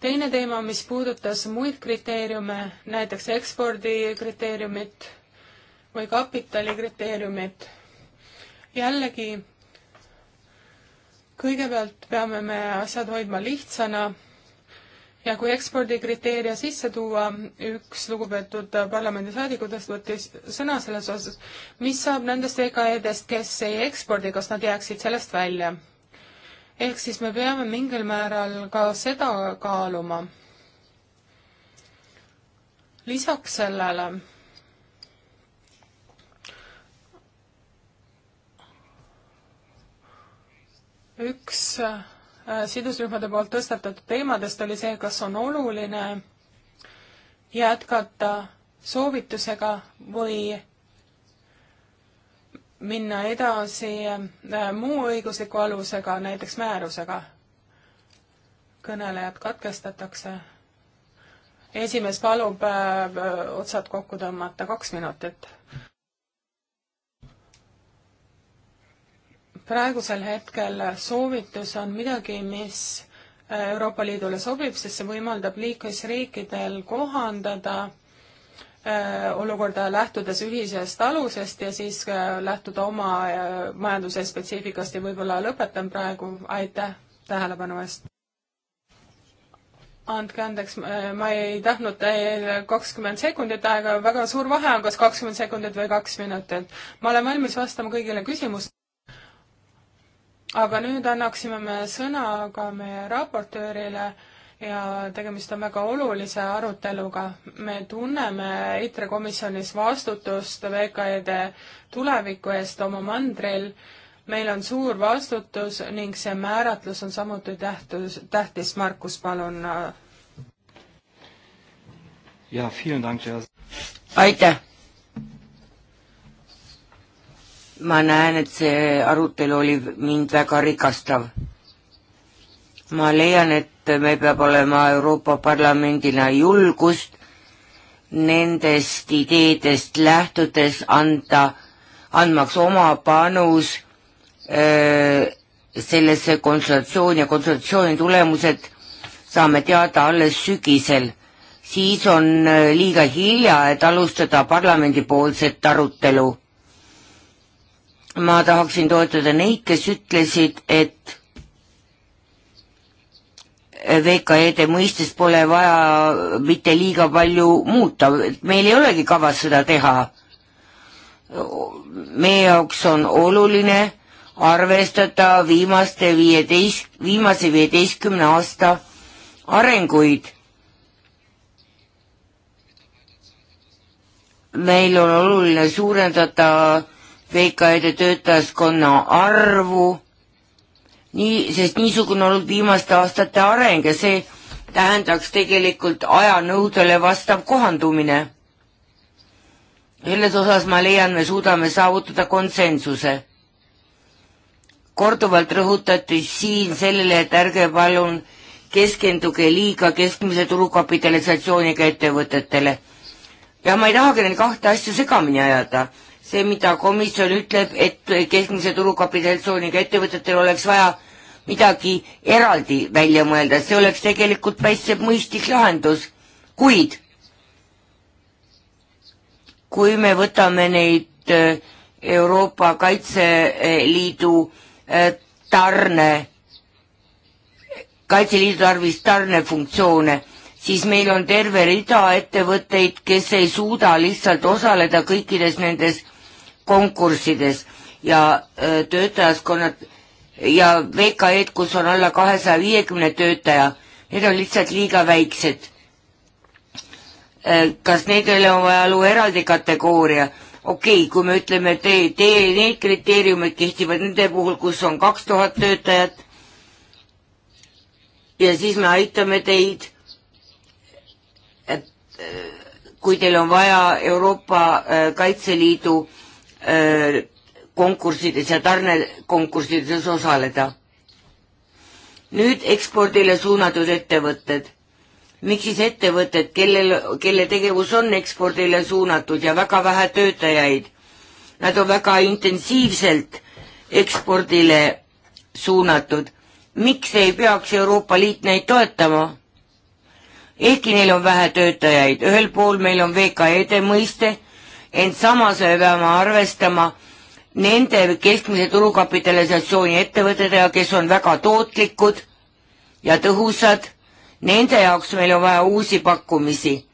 teine teema, mis puudutas muid kriteeriume, näiteks ekspordikriteeriumit või kapitalikriteeriumit, jällegi kõigepealt peame me asjad hoidma lihtsana ja kui ekspordikriteeria sisse tuua, üks lugupeetud parlamendisaadikutest võttis sõna selles osas, mis saab nendest VKE-dest, kes ei ekspordi, kas nad jääksid sellest välja? ehk siis me peame mingil määral ka seda kaaluma. lisaks sellele üks Äh, sidusrühmade poolt tõstatatud teemadest oli see, kas on oluline jätkata soovitusega või minna edasi äh, muu õigusliku alusega, näiteks määrusega. kõnelejad katkestatakse. esimees palub öö, äh, otsad kokku tõmmata, kaks minutit praegusel hetkel soovitus on midagi, mis äh, Euroopa Liidule sobib, sest see võimaldab liikmesriikidel kohandada äh, olukorda lähtudes ühisest alusest ja siis äh, lähtuda oma majanduse spetsiifikast ja võib-olla lõpetan praegu, aitäh tähelepanu eest! andke andeks, ma ei tahtnud teil kakskümmend sekundit aega, väga suur vahe on, kas kakskümmend sekundit või kaks minutit. ma olen valmis vastama kõigile küsimustele aga nüüd annaksime me sõna ka meie raportöörile ja tegemist on väga olulise aruteluga. me tunneme ITRE komisjonis vastutust VKE-de tuleviku eest oma mandril. meil on suur vastutus ning see määratlus on samuti tähtus, tähtis. Markus, palun. jaa, aitäh ma näen, et see arutelu oli mind väga rikastav. ma leian, et me peab olema Euroopa Parlamendina julgust nendest ideedest lähtudes anda, andmaks oma panus öö, äh, sellesse konsultatsiooni ja konsultatsiooni tulemused saame teada alles sügisel. siis on äh, liiga hilja, et alustada parlamendipoolset arutelu ma tahaksin toetada neid, kes ütlesid, et VKE-de mõistes pole vaja mitte liiga palju muuta, meil ei olegi kavas seda teha. meie jaoks on oluline arvestada viimaste viieteist, viimase viieteistkümne aasta arenguid. meil on oluline suurendada VKD töötajaskonna arvu, nii, sest niisugune olnud viimaste aastate areng ja see tähendaks tegelikult ajanõudele vastav kohandumine. selles osas ma leian, me suudame saavutada konsensuse. korduvalt rõhutati siin sellele, et ärge palun keskenduge liiga keskmise turukapitalisatsiooniga ettevõtetele. ja ma ei tahagi neid kahte asja segamini ajada see, mida komisjon ütleb, et keskmise turukapitalisatsiooniga ettevõtetel oleks vaja midagi eraldi välja mõelda, see oleks tegelikult päris mõistlik lahendus, kuid kui me võtame neid eh, Euroopa Kaitseliidu eh, tarne, Kaitseliidu tarvis tarnefunktsioone, siis meil on terve rida ettevõtteid, kes ei suuda lihtsalt osaleda kõikides nendes konkurssides ja töötajaskonnad ja VKE-d, kus on alla kahesaja viiekümne töötaja, need on lihtsalt liiga väiksed. kas nendele on vaja luua eraldi kategooria? okei okay,, kui me ütleme, et te, te, need kriteeriumid kehtivad nende puhul, kus on kaks tuhat töötajat ja siis me aitame teid, et kui teil on vaja Euroopa Kaitseliidu äh, konkurssides ja tarnekonkurssides osaleda. nüüd ekspordile suunatud ettevõtted. miks siis ettevõtted, kellel, kelle tegevus on ekspordile suunatud ja väga vähe töötajaid? Nad on väga intensiivselt ekspordile suunatud. miks ei peaks Euroopa Liit neid toetama? ehkki neil on vähe töötajaid, ühel pool meil on VKE-de mõiste ent samas me peame arvestama nende keskmise turukapitalisatsiooni ettevõtetega, kes on väga tootlikud ja tõhusad, nende jaoks meil on vaja uusi pakkumisi.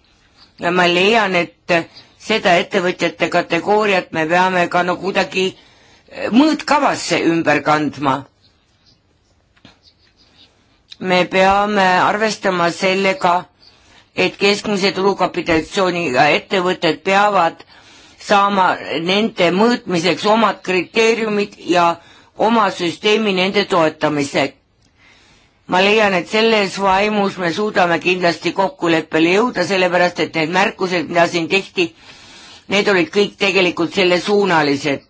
ja ma leian, et seda ettevõtjate kategooriat me peame ka no kuidagi eh, mõõtkavasse ümber kandma. me peame arvestama sellega, et keskmise turukapitalisatsiooniga ettevõtted peavad äh, saama nende mõõtmiseks omad kriteeriumid ja oma süsteemi nende toetamiseks. ma leian, et selles vaimus me suudame kindlasti kokkuleppele jõuda, sellepärast et need märkused, mida siin tehti, need olid kõik tegelikult sellesuunalised.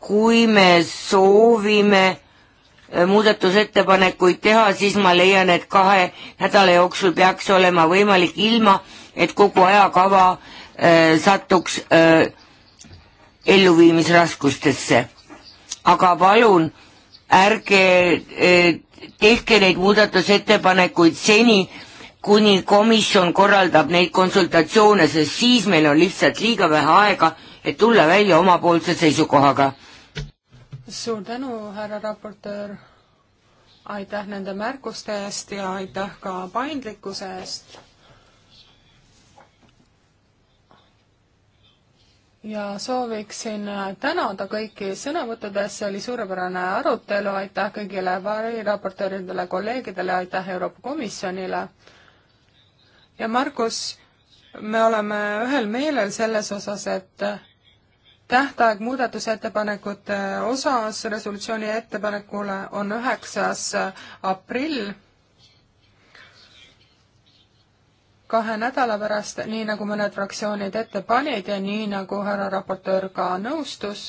kui me soovime eh, muudatusettepanekuid teha, siis ma leian, et kahe nädala jooksul peaks olema võimalik ilma, et kogu ajakava Äh, satuks äh, elluviimisraskustesse. aga palun ärge äh, tehke neid muudatusettepanekuid seni, kuni komisjon korraldab neid konsultatsioone, sest siis meil on lihtsalt liiga vähe aega, et tulla välja omapoolse seisukohaga. suur tänu, härra raportöör. aitäh nende märkuste eest ja aitäh ka paindlikkuse eest ja sooviksin äh, tänada kõiki sõnavõttudes, see oli suurepärane arutelu, aitäh kõigile variraportööridele, kolleegidele, aitäh Euroopa Komisjonile. ja Markus, me oleme ühel meelel selles osas, et tähtaeg muudatusettepanekute osas resolutsiooni ettepanekule on üheksas aprill kahe nädala pärast, nii nagu mõned fraktsioonid ette panid ja nii nagu härra raportöör ka nõustus,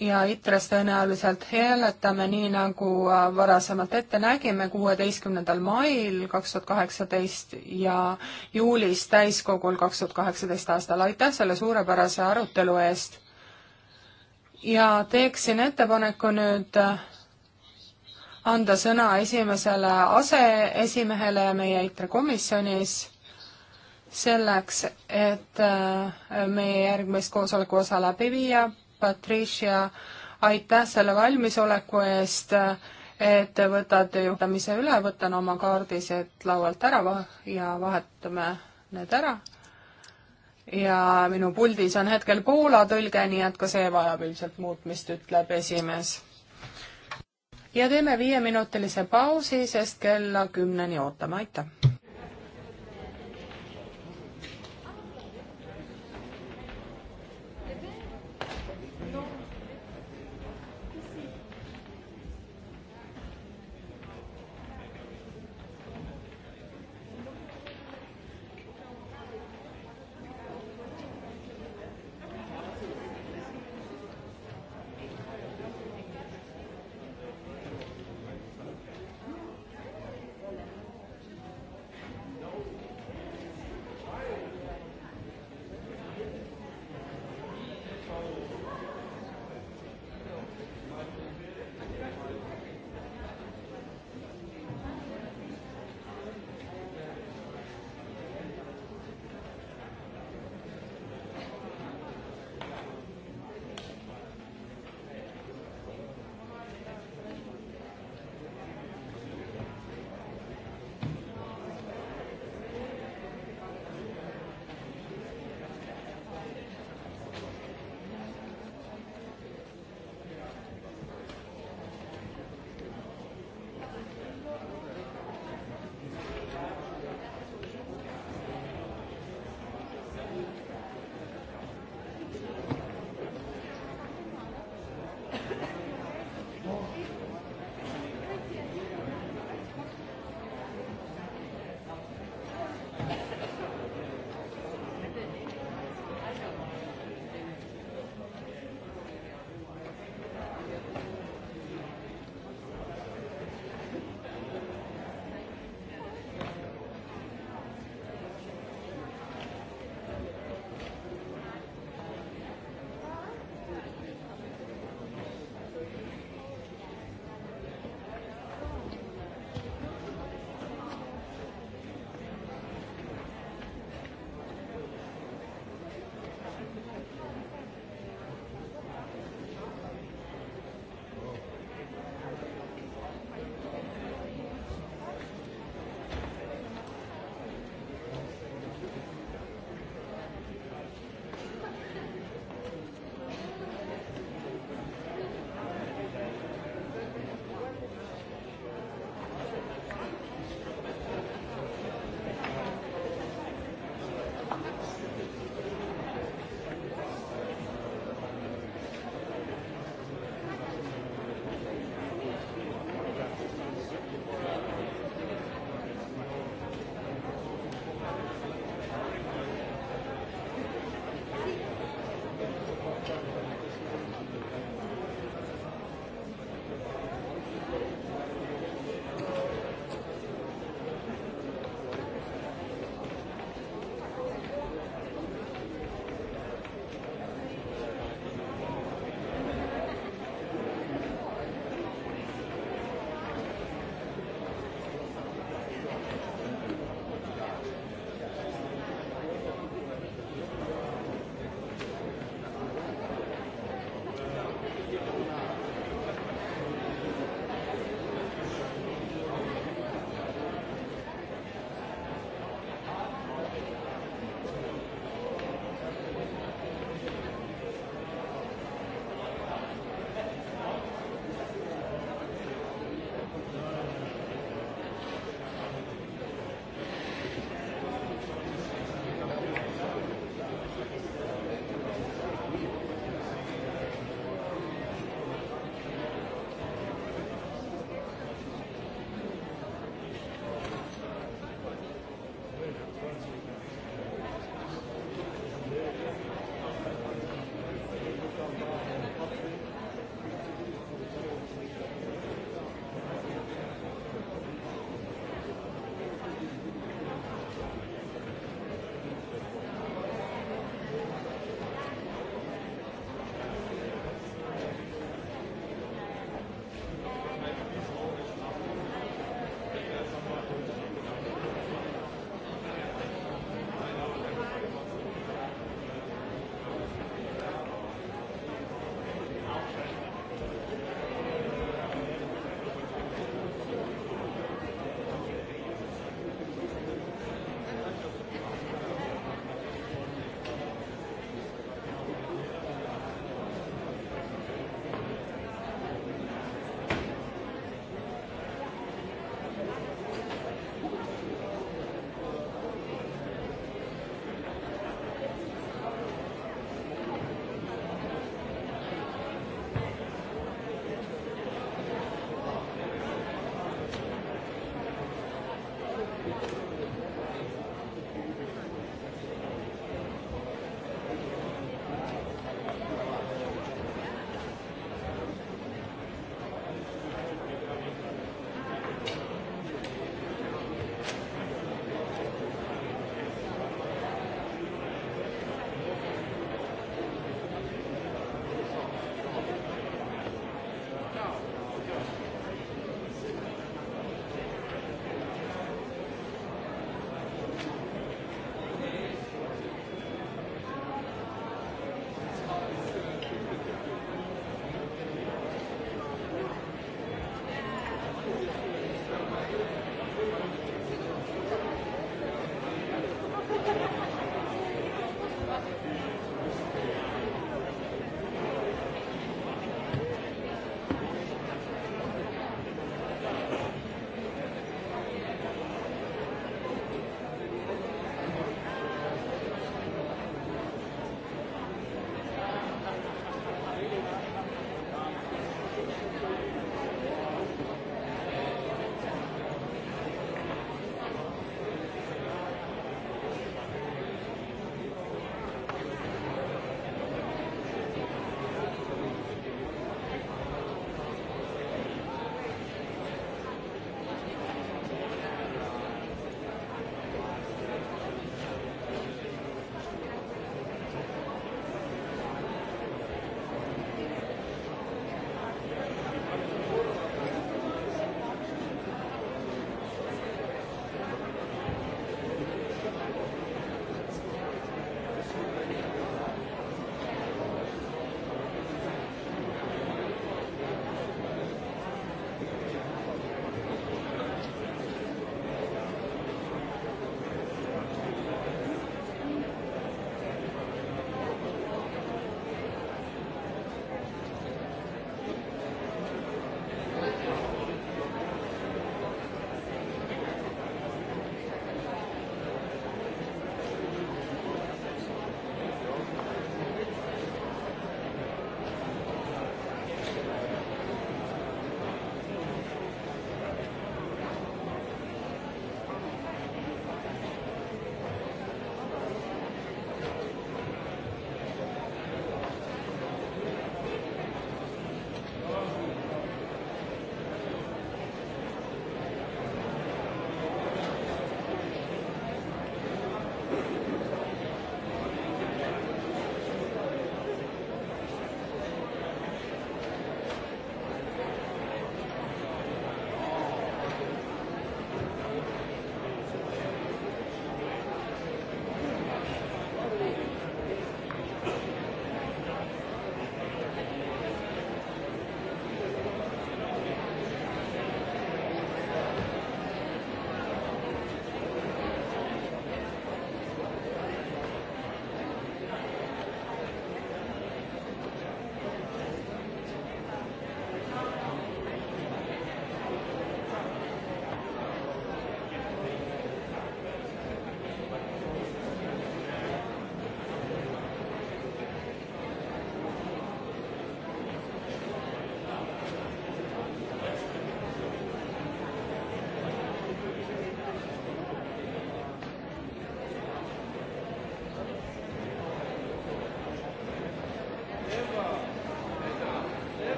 ja ITRES tõenäoliselt hääletame nii, nagu äh, varasemalt ette nägime, kuueteistkümnendal mail kaks tuhat kaheksateist ja juulis täiskogul kaks tuhat kaheksateist aastal. aitäh selle suurepärase arutelu eest! ja teeksin ettepaneku nüüd äh, anda sõna esimesele aseesimehele meie ITRE komisjonis selleks, et äh, meie järgmist koosoleku osa läbi viia. Patricia, aitäh selle valmisoleku eest, et te võtate juhtamise üle, võtan oma kaardised laualt ära ja vahetame need ära. ja minu puldis on hetkel Poola tõlge, nii et ka see vajab ilmselt muutmist, ütleb esimees ja teeme viieminutilise pausi, sest kella kümneni ootame, aitäh!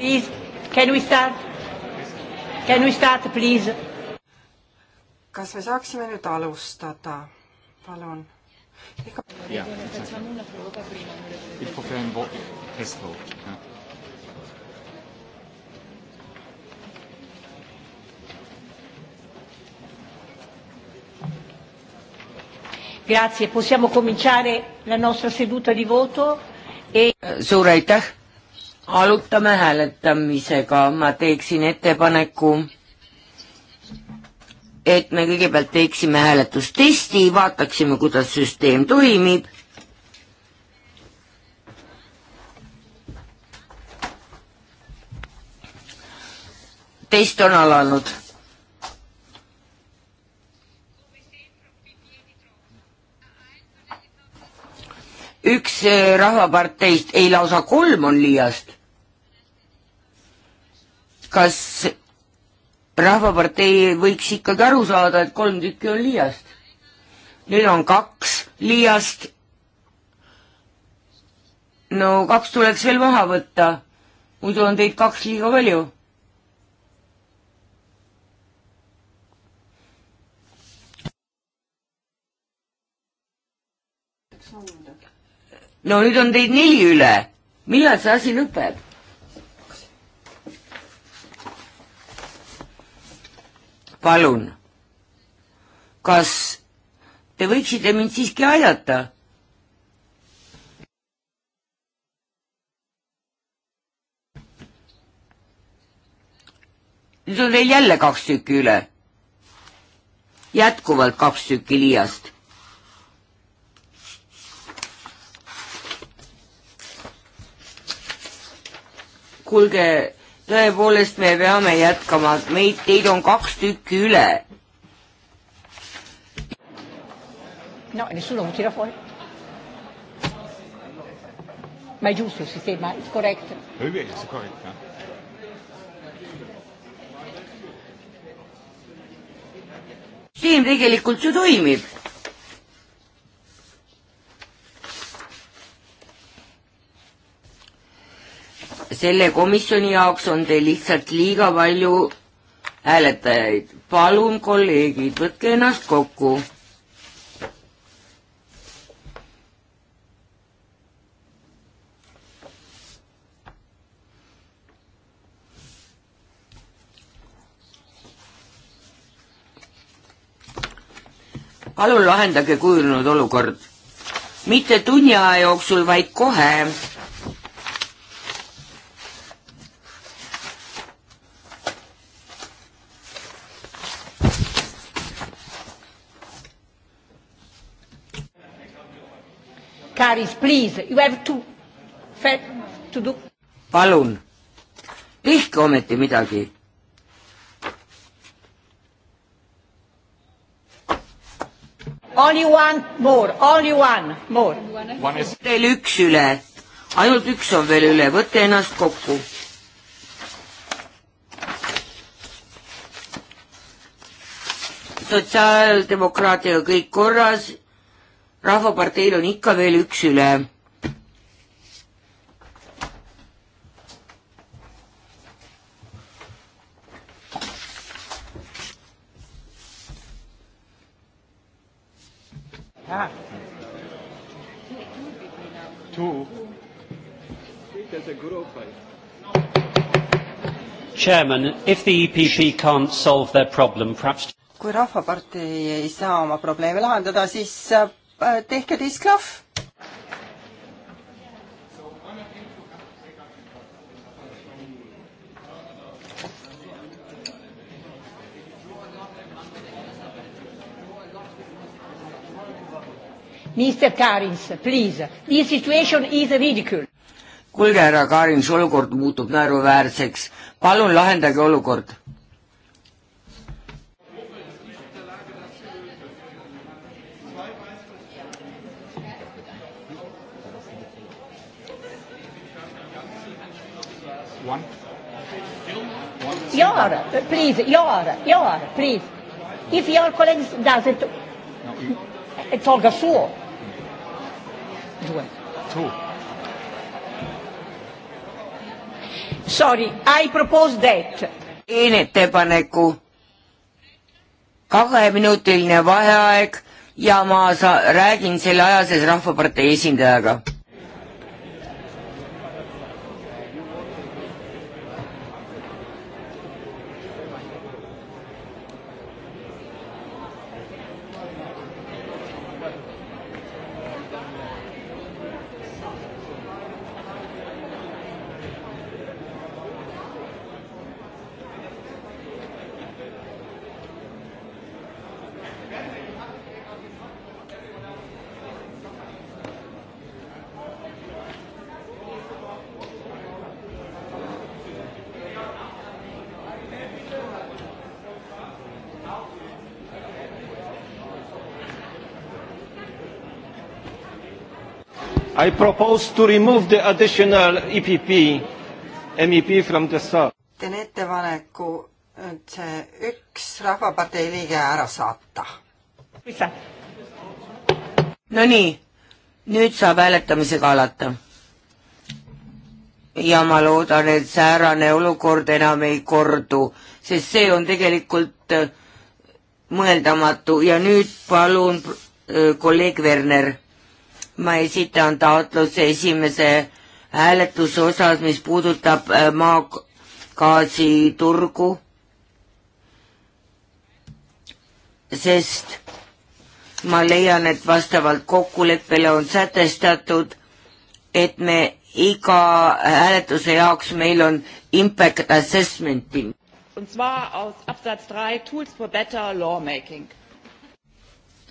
Please, can we start? Can we start, please? kas me saaksime nüüd alustada, palun? jah, il faut faire un vote, test vote. Grazie, possiamo cominciare la nostra seduta di voto e... suur aitäh alustame hääletamisega, ma teeksin ettepaneku, et me kõigepealt teeksime hääletustesti, vaataksime, kuidas süsteem toimib. test on alanud. üks eh, rahvaparteist, ei lausa kolm on liiast kas Rahvapartei võiks ikkagi aru saada, et kolm tükki on liiast? nüüd on kaks liiast. no kaks tuleks veel maha võtta, muidu on teid kaks liiga palju no nüüd on teid neli üle. millal see asi lõpeb? palun, kas te võiksite mind siiski aidata? nüüd on teil jälle kaks tükki üle. jätkuvalt kaks tükki liiast. kuulge, tõepoolest me peame jätkama, meid, teid on kaks tükki üle. no nessuno tira fuori. ma ei usu sistema, it's correct. it's correct no? süsteem tegelikult ju toimib selle komisjoni jaoks on teil lihtsalt liiga palju hääletajaid. palun, kolleegid, võtke ennast kokku. palun lahendage kujunenud olukord. mitte tunni aja jooksul, vaid kohe Karis, please, you have to, to do. palun, tehke ometi midagi Only one more, only one more. One is... Teil üks üle, ainult üks on veel üle, võtke ennast kokku. sotsiaaldemokraatiga kõik korras, rahvaparteil on ikka veel üks üle. Ah. Two. There's a group fight. Chairman, if the EPP can't solve their problem, perhaps kui Rahvapartei ei saa oma probleeme lahendada, siis äh, Äh, tehke teist klahv. Mr Karins, please, this situation is ridicule. kuulge, härra Karins, olukord muutub naeruväärseks. palun lahendage olukord your, please, your, your, please. If your colleague doesn't, tolga suo. Due. Tu. Sorry, I propose that. teen ettepaneku. kaheminutiline vaheaeg ja ma sa-, räägin selle aja sees Rahvapartei esindajaga I propose to remove the additional EPP MEP from the sub. teen ettepaneku see üks Rahvapartei liige ära saata. Nonii, nüüd saab hääletamisega alata. ja ma loodan, et säärane olukord enam ei kordu, sest see on tegelikult äh, mõeldamatu ja nüüd palun äh, kolleeg Werner ma esitan taotluse esimese hääletuse osas, mis puudutab äh, maagaasiturgu, sest ma leian, et vastavalt kokkuleppele on sätestatud, et me iga hääletuse jaoks meil on impact assessment'i.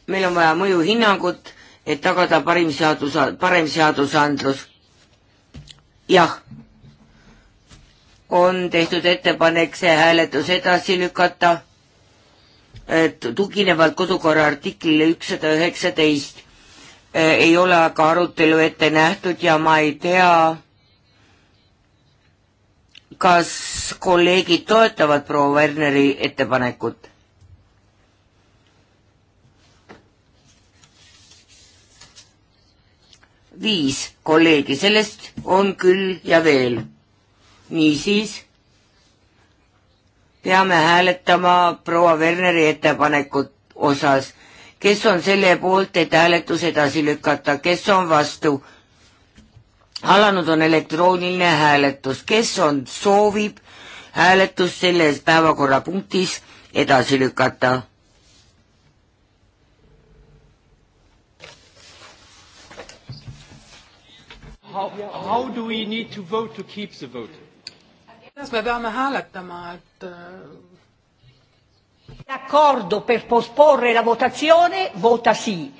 meil on vaja mõjuhinnangut et tagada parim seadus, parem seadusandlus. jah, on tehtud ettepanek see hääletus edasi lükata, et tuginevalt kodukorra artiklile ükssada üheksateist e, ei ole aga arutelu ette nähtud ja ma ei tea, kas kolleegid toetavad proua Werneri ettepanekut? viis kolleegi, sellest on küll ja veel. niisiis peame hääletama proua Werneri ettepanekut osas, kes on selle poolt, et hääletus edasi lükata, kes on vastu. alanud on elektrooniline hääletus, kes on, soovib hääletust selles päevakorrapunktis edasi lükata how, how do we need to vote to keep the vote? kuidas me peame hääletama, et äh, D'accordo per posporre la votazione, vota sì.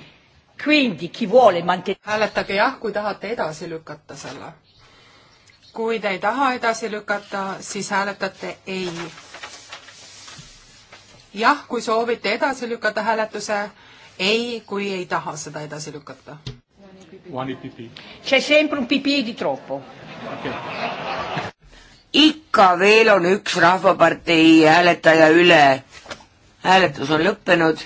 Quindi chi vuole mantenere hääletage jah, kui tahate edasi lükata selle. kui te ei taha edasi lükata, siis hääletate ei. jah, kui soovite edasi lükata hääletuse, ei, kui ei taha seda edasi lükata One EPP. C'è sempre un PP di troppo okay.. ikka veel on üks Rahvapartei hääletaja üle. hääletus on lõppenud.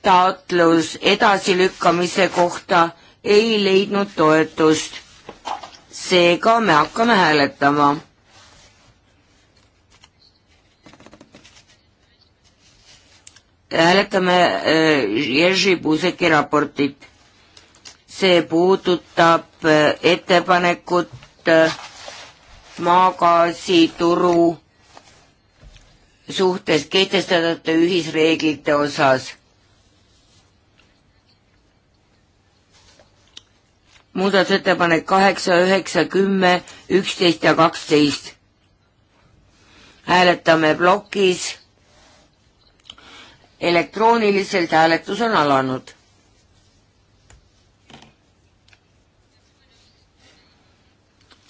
taotlus edasilükkamise kohta ei leidnud toetust. seega me hakkame hääletama hääletame äh, Jerzy Puseki raportit. see puudutab äh, ettepanekut äh, maagaasituru suhtes kehtestatute ühisreeglite osas. muudatusettepanek kaheksa, üheksa, kümme, üksteist ja kaksteist. hääletame plokis elektrooniliselt hääletus on alanud.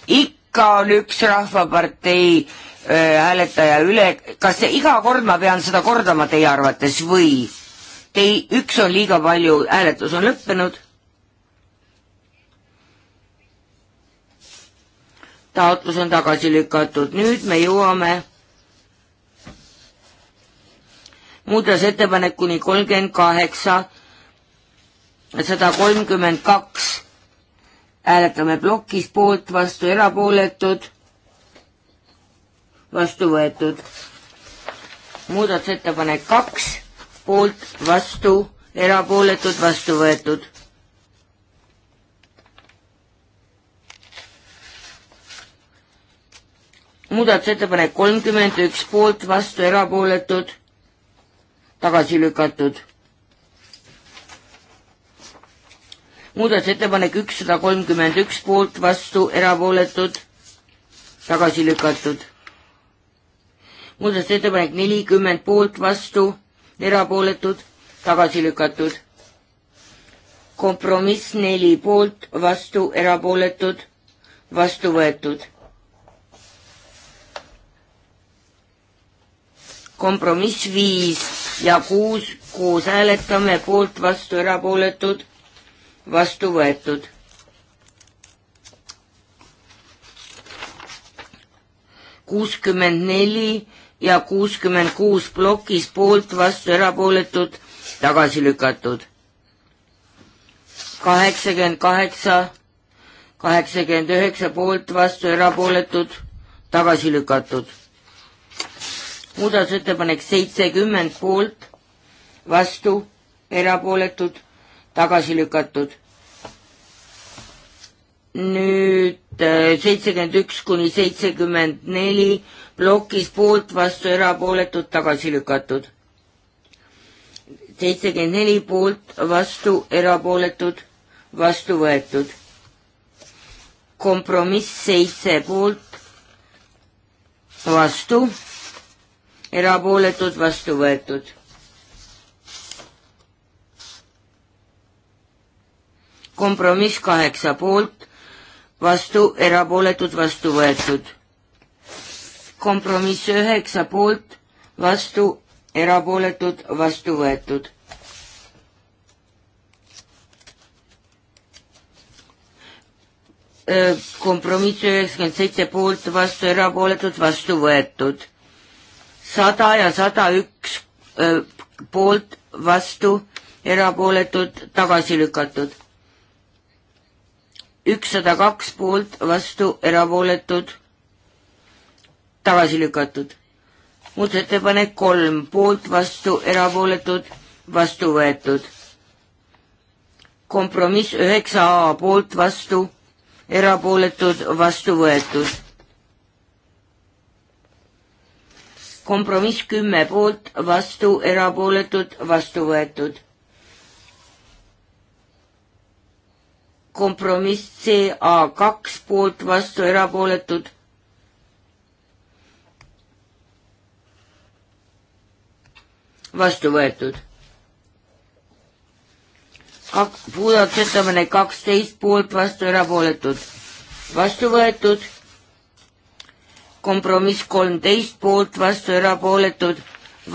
ikka on üks Rahvapartei hääletaja üle, kas iga kord ma pean seda kordama teie arvates või tei-, üks on liiga palju, hääletus on lõppenud taotlus on tagasi lükatud. nüüd me jõuame muudatusettepanekuni kolmkümmend kaheksa, sada kolmkümmend kaks. hääletame plokis poolt, vastu erapooletud, vastu võetud. muudatusettepanek kaks, poolt, vastu, erapooletud, vastu võetud muudatusettepanek kolmkümmend üks poolt, vastu erapooletud, tagasi lükatud. muudatusettepanek ükssada kolmkümmend üks poolt, vastu, erapooletud, tagasi lükatud. muudatusettepanek nelikümmend poolt, vastu, erapooletud, tagasi lükatud. kompromiss neli poolt, vastu, erapooletud, vastu võetud kompromiss viis ja kuus koos hääletame poolt, vastu, erapooletud, vastu võetud. kuuskümmend neli ja kuuskümmend kuus plokis poolt, vastu, erapooletud, tagasi lükatud. kaheksakümmend kaheksa, kaheksakümmend üheksa poolt, vastu, erapooletud, tagasi lükatud muudatusettepanek seitsekümmend poolt, vastu, erapooletud, tagasi lükatud. nüüd äh, seitsekümmend üks kuni seitsekümmend neli plokis poolt, vastu, erapooletud, tagasi lükatud. seitsekümmend neli poolt, vastu, erapooletud, vastu võetud. kompromiss seitse poolt, vastu erapooletud, vastu võetud. kompromiss kaheksa poolt, vastu, erapooletud, vastu võetud. kompromiss üheksa poolt, vastu, erapooletud, vastu võetud. kompromiss üheksakümmend seitse poolt, vastu, erapooletud, vastu võetud sada ja sada üks poolt, vastu, erapooletud, tagasi lükatud. ükssada kaks poolt, vastu, erapooletud, tagasi lükatud. muudatusettepanek kolm, poolt, vastu, erapooletud, vastu võetud. kompromiss üheksa A poolt, vastu, erapooletud, vastu võetud kompromiss kümme poolt, vastu, erapooletud, vastu võetud. kompromiss CA kaks poolt, vastu, erapooletud. vastu võetud. kak-, muudatusettepanek kaksteist poolt, vastu, erapooletud. vastu võetud kompromiss kolmteist poolt, vastu erapooletud,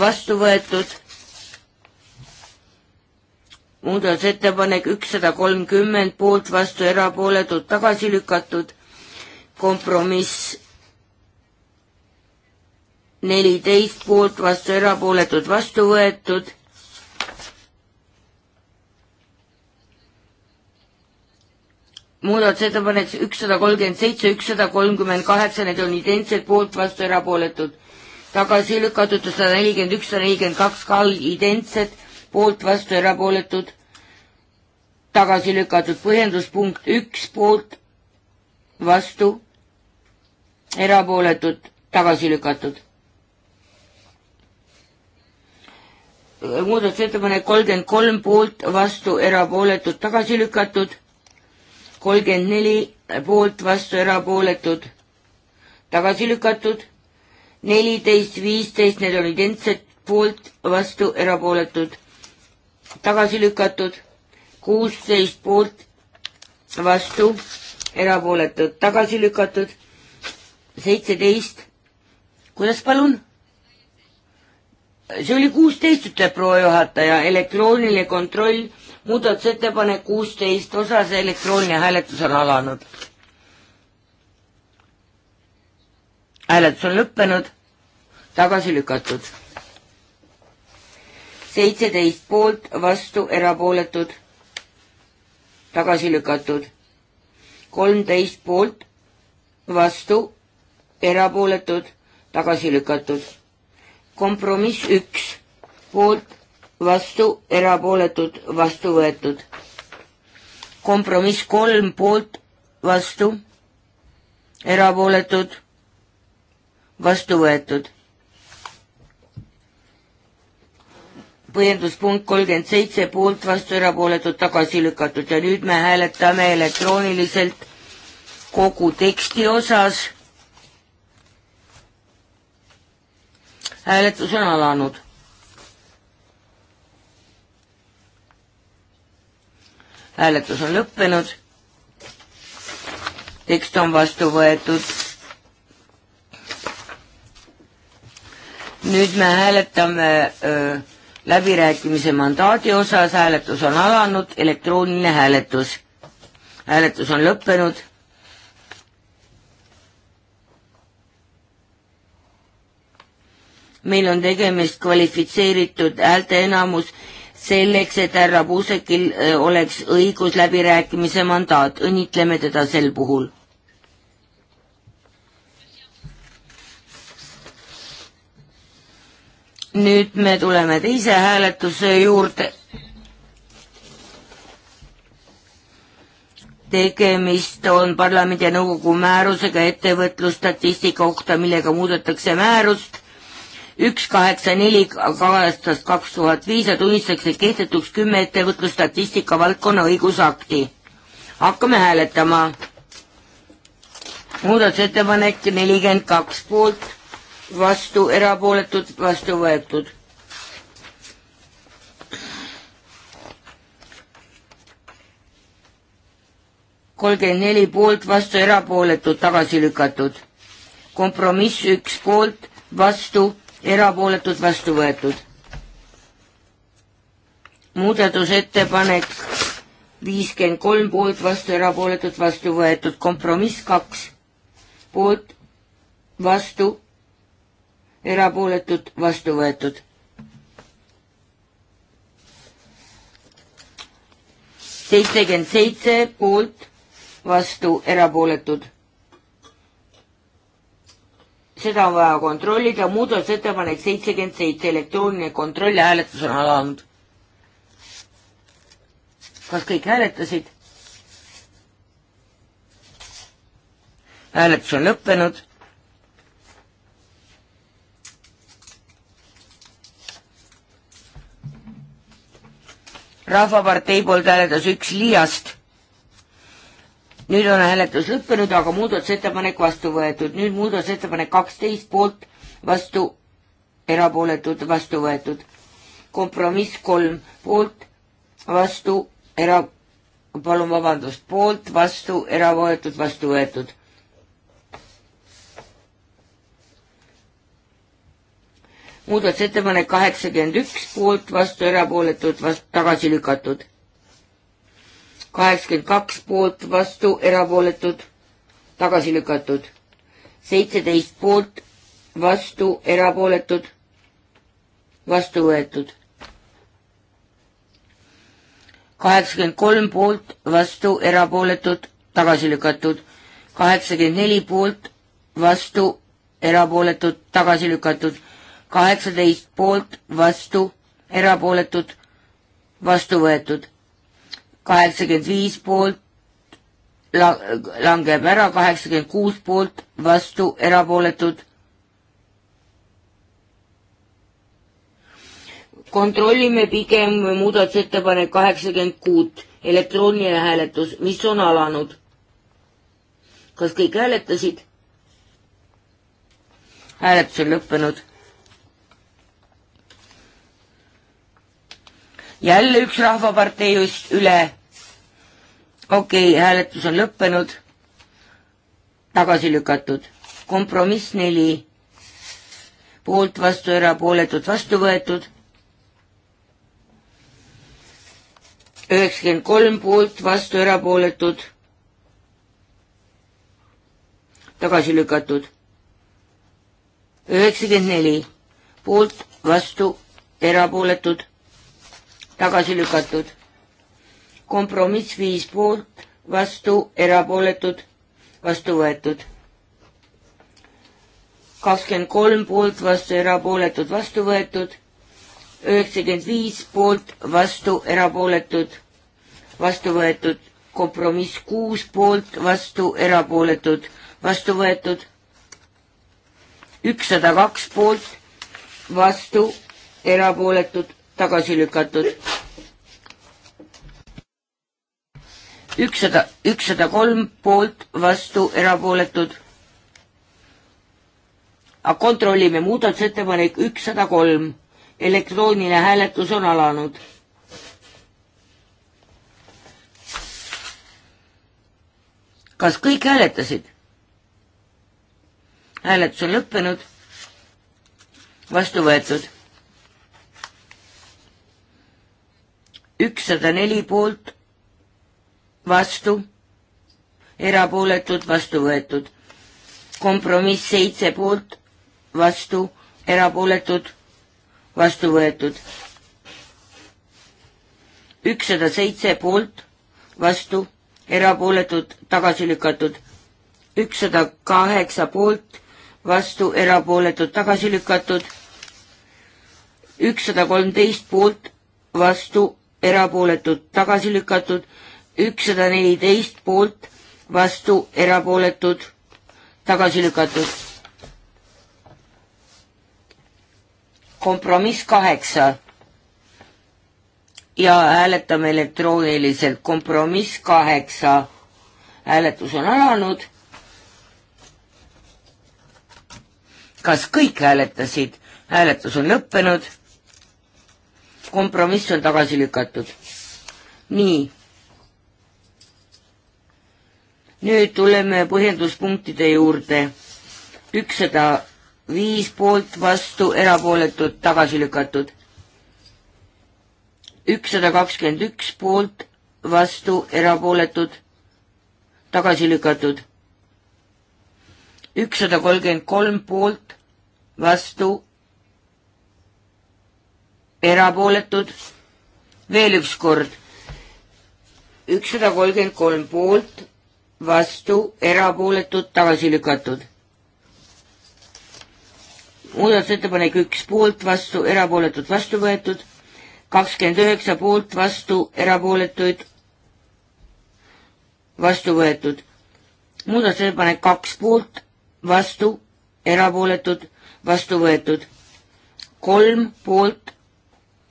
vastu võetud. muudatusettepanek ükssada kolmkümmend poolt, vastu erapooletud, tagasi lükatud. kompromiss neliteist poolt, vastu erapooletud, vastu võetud muudatusettepanek ükssada kolmkümmend seitse, ükssada kolmkümmend kaheksa, need on identsed, poolt, vastu, erapooletud. tagasi lükatud sada nelikümmend üks, sada nelikümmend kaks, ka identsed, poolt, vastu, erapooletud. tagasi lükatud põhjenduspunkt üks, poolt, vastu, erapooletud, tagasi lükatud. muudatusettepanek kolmkümmend kolm poolt, vastu, erapooletud, tagasi lükatud kolmkümmend neli poolt, vastu erapooletud, tagasi lükatud, neliteist, viisteist, need on identsed, poolt, vastu erapooletud, tagasi lükatud, kuusteist poolt, vastu erapooletud, tagasi lükatud, seitseteist, kuidas palun? see oli kuusteist, ütleb proua juhataja, elektrooniline kontroll muudatusettepanek kuusteist osas elektrooniline hääletus on alanud. hääletus on lõppenud, tagasi lükatud. seitseteist poolt, vastu, erapooletud, tagasi lükatud. kolmteist poolt, vastu, erapooletud, tagasi lükatud. kompromiss üks, poolt, vastu, erapooletud, vastu võetud. kompromiss kolm poolt, vastu, erapooletud, vastu võetud. põhjenduspunkt kolmkümmend seitse poolt, vastu, erapooletud, tagasi lükatud ja nüüd me hääletame elektrooniliselt kogu teksti osas. hääletus on alanud hääletus on lõppenud. tekst on vastu võetud. nüüd me hääletame öö, läbirääkimise mandaadi osas, hääletus on alanud, elektrooniline hääletus. hääletus on lõppenud. meil on tegemist kvalifitseeritud häälteenamus selleks, et härra Puusekil äh, oleks õigus läbirääkimise mandaat, õnnitleme teda sel puhul. nüüd me tuleme teise hääletuse juurde. tegemist on parlamendi ja nõukogu määrusega ettevõtlusstatistika kohta, millega muudetakse määrust üks kaheksa neli aastast kaks tuhat viis ja tunnistatakse kehtetuks kümme ettevõtlusstatistika valdkonna õigusakti. hakkame hääletama. muudatusettepanek nelikümmend kaks poolt, vastu erapooletud, vastu võetud. kolmkümmend neli poolt, vastu erapooletud, tagasi lükatud. kompromiss üks poolt, vastu erapooletud vastu võetud. muudatusettepanek viiskümmend kolm poolt vastu, erapooletud vastu võetud, kompromiss kaks poolt vastu, erapooletud vastu võetud. seitsekümmend seitse poolt vastu, erapooletud seda on vaja kontrollida, muudatusettepanek seitsekümmend seitse, elektrooniline kontroll ja hääletus on alanud. kas kõik hääletasid? hääletus on lõppenud. rahvapartei poolt hääletas üks Liiast nüüd on hääletus lõppenud, aga muudatusettepanek vastu võetud. nüüd muudatusettepanek kaksteist poolt vastu, erapooletud vastu võetud. kompromiss kolm poolt, vastu, era-, palun vabandust, poolt, vastu, erapooletud, vastu võetud. muudatusettepanek kaheksakümmend üks, poolt, vastu, erapooletud, vast-, tagasi lükatud kaheksakümmend kaks poolt, vastu, erapooletud, tagasi lükatud. seitseteist poolt, vastu, erapooletud, vastu võetud. kaheksakümmend kolm poolt, vastu, erapooletud, tagasi lükatud. kaheksakümmend neli poolt, vastu, erapooletud, tagasi lükatud. kaheksateist poolt, vastu, erapooletud, vastu võetud kaheksakümmend viis poolt la-, langeb ära, kaheksakümmend kuus poolt, vastu, erapooletud. kontrollime pigem muudatusettepanek kaheksakümmend kuut, elektrooniline hääletus, mis on alanud. kas kõik hääletasid? hääletus on lõppenud. jälle üks rahvapartei just üle. okei okay,, hääletus on lõppenud, tagasi lükatud, kompromiss neli, poolt, vastu, erapooletud, vastu võetud, üheksakümmend kolm poolt, vastu, erapooletud, tagasi lükatud, üheksakümmend neli poolt, vastu, erapooletud tagasi lükatud. kompromiss viis poolt, vastu, erapooletud, vastu võetud. kakskümmend kolm poolt, vastu, erapooletud, vastu võetud. üheksakümmend viis poolt, vastu, erapooletud, vastu võetud. kompromiss kuus poolt, vastu, erapooletud, vastu võetud. ükssada kaks poolt, vastu, erapooletud, tagasi lükatud. ükssada, ükssada kolm poolt, vastu, erapooletud. aga kontrollime muudatusettepanek ükssada kolm. elektrooniline hääletus on alanud. kas kõik hääletasid? hääletus on lõppenud, vastu võetud ükssada neli poolt, vastu, erapooletud, vastu võetud. kompromiss seitse poolt, vastu, erapooletud, vastu võetud. ükssada seitse poolt, vastu, erapooletud, tagasi lükatud. ükssada kaheksa poolt, vastu, erapooletud, tagasi lükatud. ükssada kolmteist poolt, vastu, erapooletud tagasi lükatud, ükssada neliteist poolt, vastu erapooletud tagasi lükatud. kompromiss kaheksa ja hääletame elektrooniliselt, kompromiss kaheksa, hääletus on alanud. kas kõik hääletasid, hääletus on lõppenud kompromiss on tagasi lükatud. nii. nüüd tuleme põhjenduspunktide juurde. ükssada viis poolt vastu, erapooletud, tagasi lükatud. ükssada kakskümmend üks poolt vastu, erapooletud, tagasi lükatud. ükssada kolmkümmend kolm poolt vastu, erapooletud, veel üks kord, ükssada kolmkümmend kolm poolt, vastu, erapooletud, tagasi lükatud. muudatusettepanek üks poolt, vastu, erapooletud, vastu võetud, kakskümmend üheksa poolt, vastu, erapooletuid, vastu võetud. muudatusettepanek kaks poolt, vastu, erapooletud, vastu võetud. kolm poolt,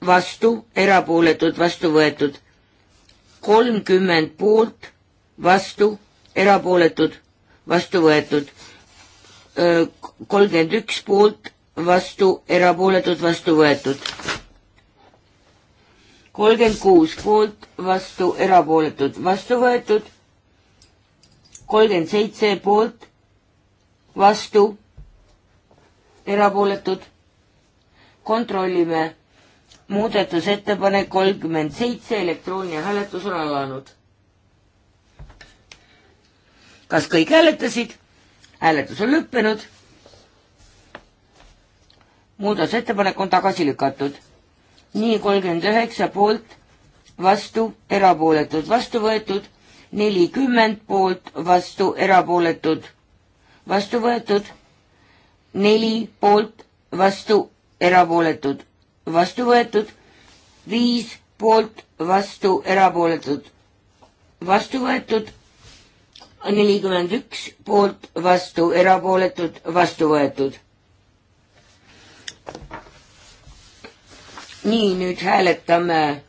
vastu, erapooletud, vastu võetud. kolmkümmend poolt, vastu, erapooletud, vastu võetud. kolmkümmend üks poolt, vastu, erapooletud, vastu võetud. kolmkümmend kuus poolt, vastu, erapooletud, vastu võetud. kolmkümmend seitse poolt, vastu, erapooletud. kontrollime muudatusettepanek kolmkümmend seitse, elektrooniline hääletus on alanud. kas kõik hääletasid? hääletus on lõppenud. muudatusettepanek on tagasi lükatud. nii kolmkümmend üheksa poolt, vastu, erapooletud, vastu võetud, nelikümmend poolt, vastu, erapooletud, vastu võetud, neli poolt, vastu, erapooletud vastu võetud, viis poolt vastu erapooletud, vastu võetud, nelikümmend üks poolt vastu erapooletud, vastu võetud. nii, nüüd hääletame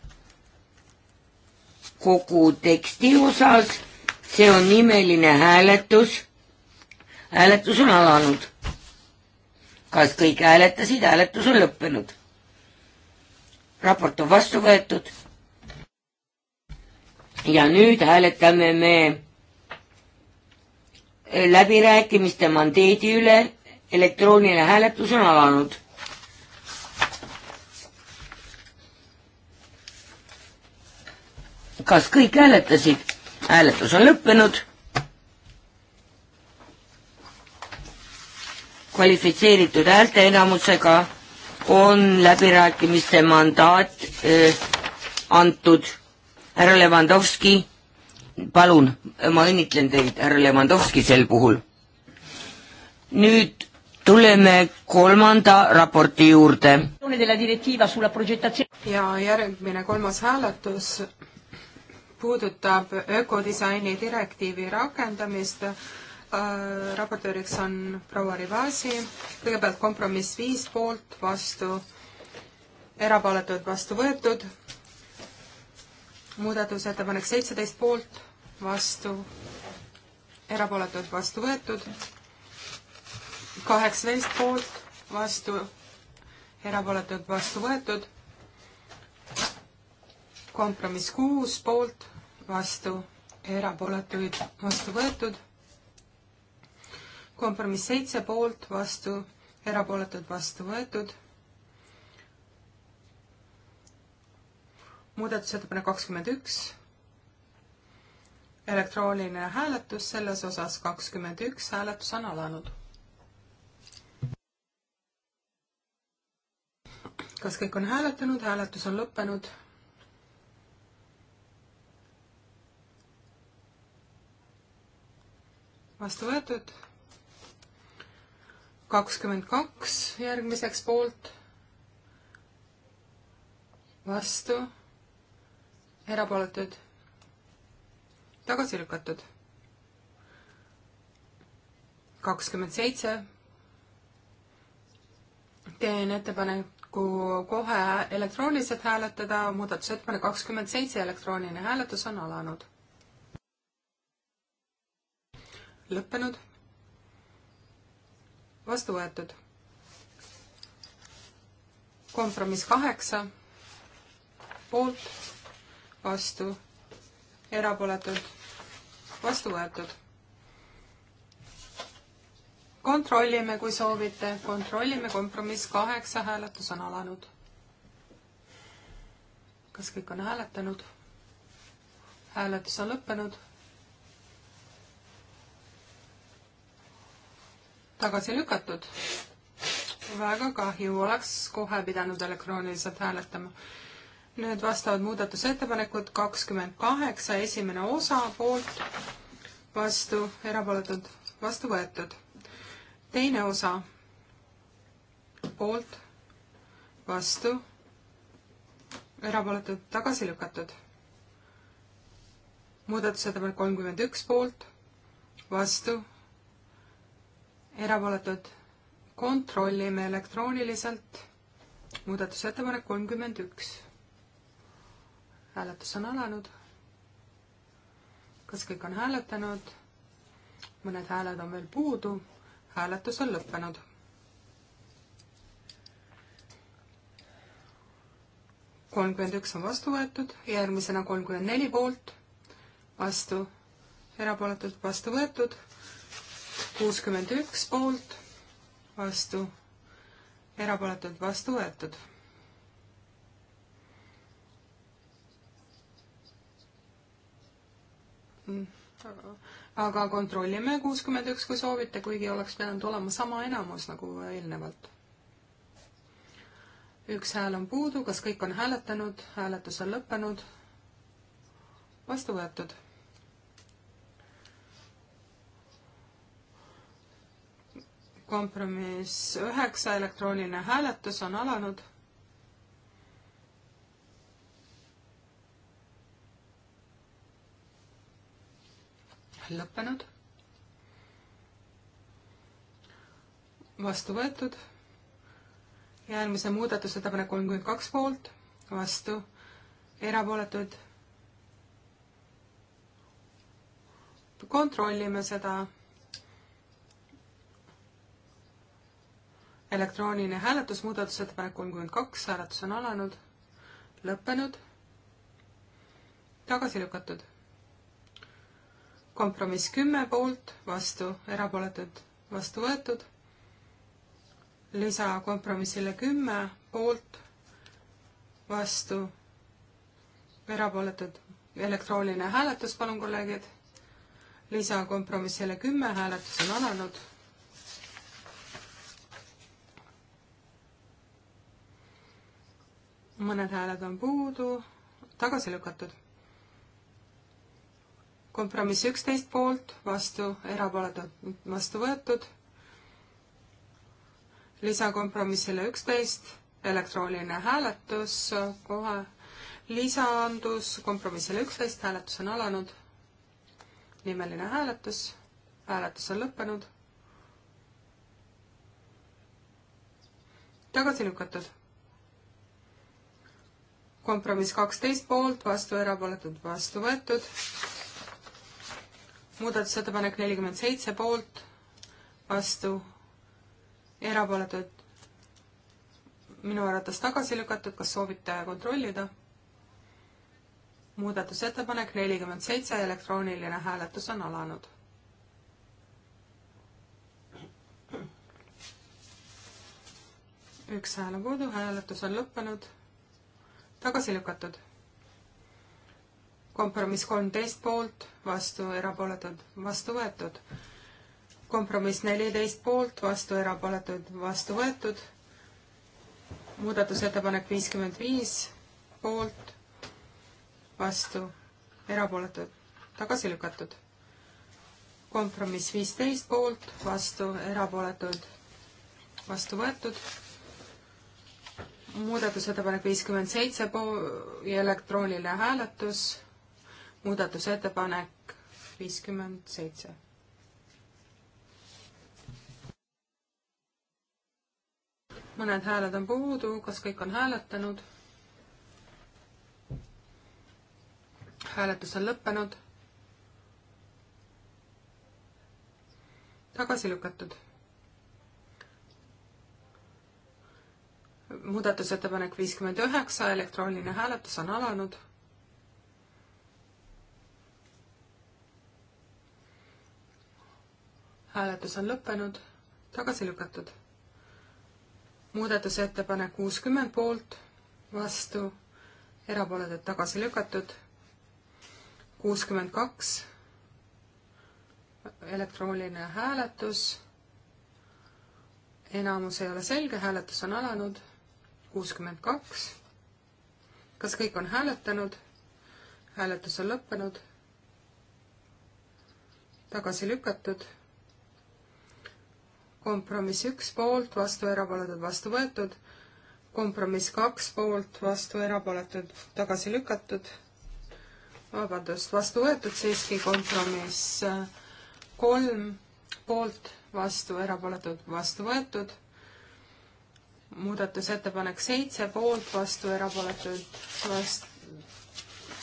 kogu teksti osas, see on nimeline hääletus. hääletus on alanud. kas kõik hääletasid, hääletus on lõppenud raport on vastu võetud. ja nüüd hääletame me eh, läbirääkimiste mandeedi üle. elektrooniline hääletus on alanud. kas kõik hääletasid? hääletus on lõppenud. kvalifitseeritud häälteenamusega on läbirääkimiste mandaat öö, eh, antud. härra Levandovski, palun, ma õnnitlen teid, härra Levandovski sel puhul. nüüd tuleme kolmanda raporti juurde. ja järgmine kolmas hääletus puudutab ökodisaini direktiivi rakendamist Äh, raportööriks on proua Rivasi, kõigepealt kompromiss viis poolt, vastu, erapooletud, vastu võetud, muudatusettepanek seitseteist poolt, vastu, erapooletud, vastu võetud, kaheksateist poolt, vastu, erapooletud, vastu võetud, kompromiss kuus poolt, vastu, erapooletuid, vastu võetud kompromiss seitse poolt, vastu, erapooletud, vastu võetud. muudatusettepanek kakskümmend üks, elektrooniline hääletus selles osas kakskümmend üks, hääletus on alanud. kas kõik on hääletanud, hääletus on lõppenud vastu võetud kakskümmend kaks järgmiseks poolt, vastu, erapooletud, tagasi lükatud. kakskümmend seitse. teen ettepaneku kohe elektrooniliselt hääletada, muudatusettepanek kakskümmend seitse, elektrooniline hääletus on alanud. lõppenud vastu võetud. kompromiss kaheksa, poolt, vastu, erapooletud, vastu võetud. kontrollime, kui soovite, kontrollime, kompromiss kaheksa, hääletus on alanud. kas kõik on hääletanud? hääletus on lõppenud tagasi lükatud. väga kahju, oleks kohe pidanud elektrooniliselt hääletama. nüüd vastavad muudatusettepanekud kakskümmend kaheksa, esimene osa poolt, vastu, erapooletud, vastu võetud. teine osa poolt, vastu, erapooletud, tagasi lükatud. muudatusettepanek kolmkümmend üks poolt, vastu erapooletud. kontrollime elektrooniliselt. muudatusettepanek kolmkümmend üks. hääletus on alanud. kas kõik on hääletanud? mõned hääled on veel puudu. hääletus on lõppenud. kolmkümmend üks on vastu võetud, järgmisena kolmkümmend neli poolt, vastu, erapooletult vastu võetud kuuskümmend üks poolt, vastu, erapooletud, vastu võetud. aga kontrollime kuuskümmend üks, kui soovite, kuigi oleks pidanud olema sama enamus nagu eelnevalt. üks hääl on puudu, kas kõik on hääletanud, hääletus on lõppenud, vastu võetud kompromiss üheksa, elektrooniline hääletus on alanud. lõppenud. vastu võetud. järgmise muudatusettepanek kolmkümmend kaks poolt, vastu, erapooletuid. kontrollime seda elektrooniline hääletus, muudatusettepanek kolmkümmend kaks, hääletus on alanud, lõppenud, tagasi lükatud. kompromiss kümme poolt, vastu, erapooletud, vastu võetud. lisa kompromissile kümme poolt, vastu, erapooletud, elektrooniline hääletus, palun kolleegid. lisa kompromissile kümme, hääletus on alanud mõned hääled on puudu, tagasi lükatud. kompromiss üksteist poolt, vastu, erapooletud, vastu võetud. lisakompromissile üksteist, elektrooniline hääletus kohe, lisandus kompromissile üksteist, hääletus on alanud, nimeline hääletus, hääletus on lõppenud, tagasi lükatud kompromiss kaksteist poolt, vastu erapooletud, vastu võetud. muudatusettepanek nelikümmend seitse poolt, vastu erapooletud, minu arvates tagasi lükatud, kas soovite kontrollida? muudatusettepanek nelikümmend seitse, elektrooniline hääletus on alanud. üks hääl on puudu, hääletus on lõppenud tagasi lükatud. kompromiss kolmteist poolt, vastu erapooletud, vastu võetud. kompromiss neliteist poolt, vastu erapooletud, vastu võetud. muudatusettepanek viiskümmend viis poolt, vastu erapooletud, tagasi lükatud. kompromiss viisteist poolt, vastu erapooletud, vastu võetud muudatusettepanek viiskümmend seitse ja elektrooniline hääletus, muudatusettepanek viiskümmend seitse. mõned hääled on puudu, kas kõik on hääletanud? hääletus on lõppenud. tagasi lükatud muudatusettepanek viiskümmend üheksa, elektrooniline hääletus on alanud. hääletus on lõppenud, tagasi lükatud. muudatusettepanek kuuskümmend poolt, vastu, erapooletud tagasi lükatud, kuuskümmend kaks, elektrooniline hääletus, enamus ei ole selge, hääletus on alanud kuuskümmend kaks. kas kõik on hääletanud? hääletus on lõppenud. tagasi lükatud. kompromiss üks poolt, vastu erapooletud, vastu võetud. kompromiss kaks poolt, vastu erapooletud, tagasi lükatud. vabandust, vastu võetud siiski kompromiss kolm poolt, vastu erapooletud, vastu võetud muudatusettepanek seitse poolt, vastu, erapooletud, vast-,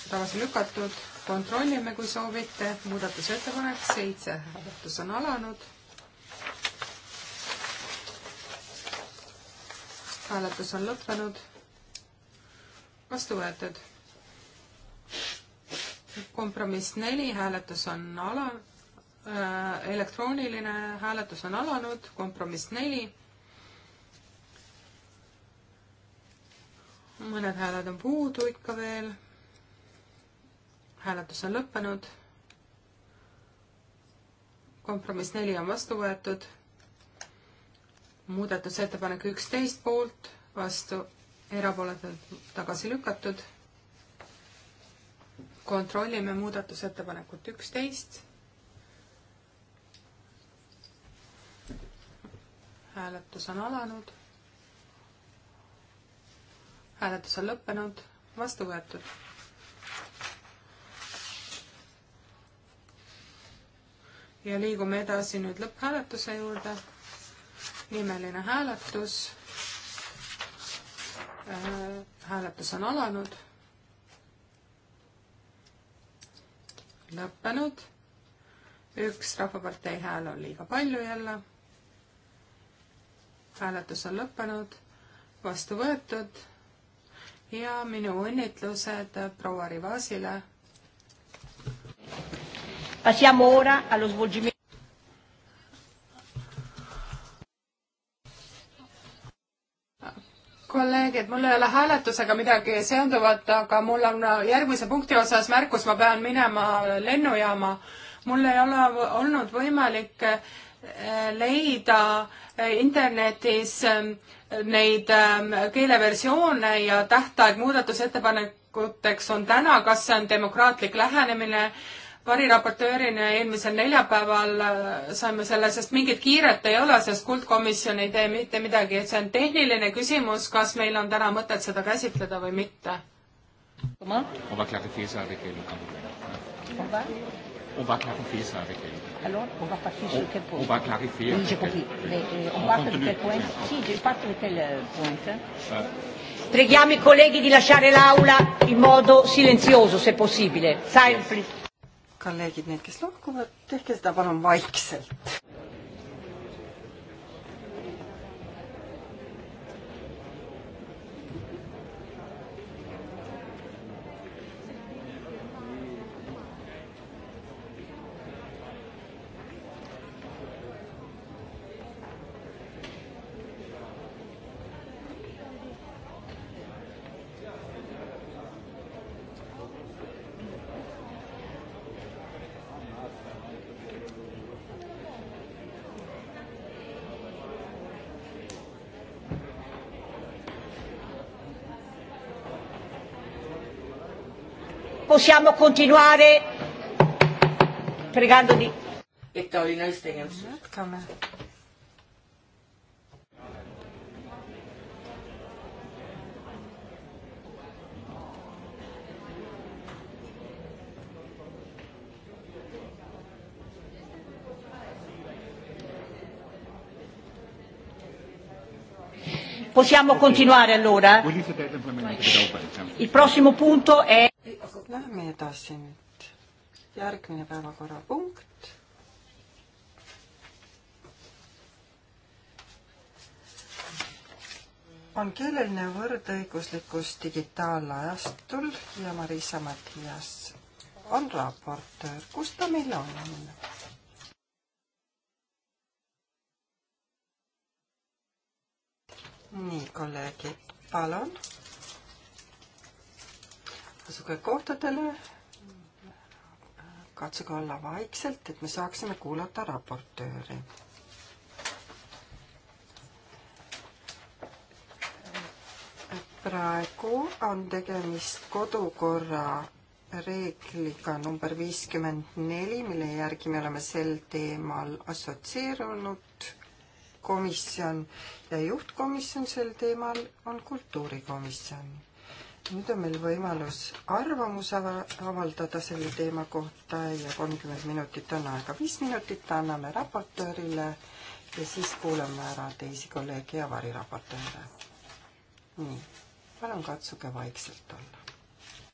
tagasi lükatud, kontrollime, kui soovite, muudatusettepanek seitse, hääletus on alanud. hääletus on lõppenud, vastu võetud. kompromiss neli, hääletus on ala-, äh, elektrooniline hääletus on alanud, kompromiss neli mõned hääled on puudu ikka veel. hääletus on lõppenud. kompromiss neli on vastu võetud. muudatusettepanek üksteist poolt, vastu, erapooletult tagasi lükatud. kontrollime muudatusettepanekut üksteist hääletus on alanud hääletus on lõppenud, vastu võetud. ja liigume edasi nüüd lõpphääletuse juurde. nimeline hääletus. Äh, hääletus on alanud. lõppenud. üks Rahvapartei hääl on liiga palju jälle. hääletus on lõppenud, vastu võetud ja minu õnnitlused proua Rivasile. Passiamo ora allo svolgimento. kolleegid, mul ei ole hääletusega midagi seonduvat, aga mul on järgmise punkti osas märkus, ma pean minema lennujaama. mul ei ole olnud võimalik leida internetis ähm, neid ähm, keeleversioone ja tähtaeg muudatusettepanekuteks on täna, kas see on demokraatlik lähenemine, variraportöörina eelmisel neljapäeval äh, saime selle, sest mingit kiiret ei ole, sest kuldkomisjon ei tee mitte midagi, et see on tehniline küsimus, kas meil on täna mõtet seda käsitleda või mitte. On va clarifier ça avec elle. On va On va clarifier ça avec elle alors on va partir on, sur quel point On va clarifier. Oui, j'ai compris. Quel, Mais euh, on, on part de quel point Si, je parte de quel euh, point euh. Preghiamo i colleghi di lasciare l'aula in modo silenzioso, se possibile. Silent, please. kolleegid, need, kes lahkuvad, tehke seda palun vaikselt. possiamo continuare pregando di. Viktoriina Üstingen. jätkame Possiamo continuare allora? Il prossimo punto è... Lähme edasi nüüd. Järgmine päevakorrapunkt. On keeleline võrdõiguslikkus digitaalajastul ja Marisa Matias on raportöör. Kus ta meil on? nii, kolleegid, palun. asuge kohtadele. katsuge olla vaikselt, et me saaksime kuulata raportööri. praegu on tegemist kodukorra reegliga number viiskümmend neli, mille järgi me oleme sel teemal assotsieerunud komisjon ja juhtkomisjon sel teemal on kultuurikomisjon. nüüd on meil võimalus arvamuse avaldada selle teema kohta ja kolmkümmend minutit on aega. viis minutit anname raportöörile ja siis kuulame ära teisi kolleege ja variraportööre. nii, palun katsuge vaikselt olla.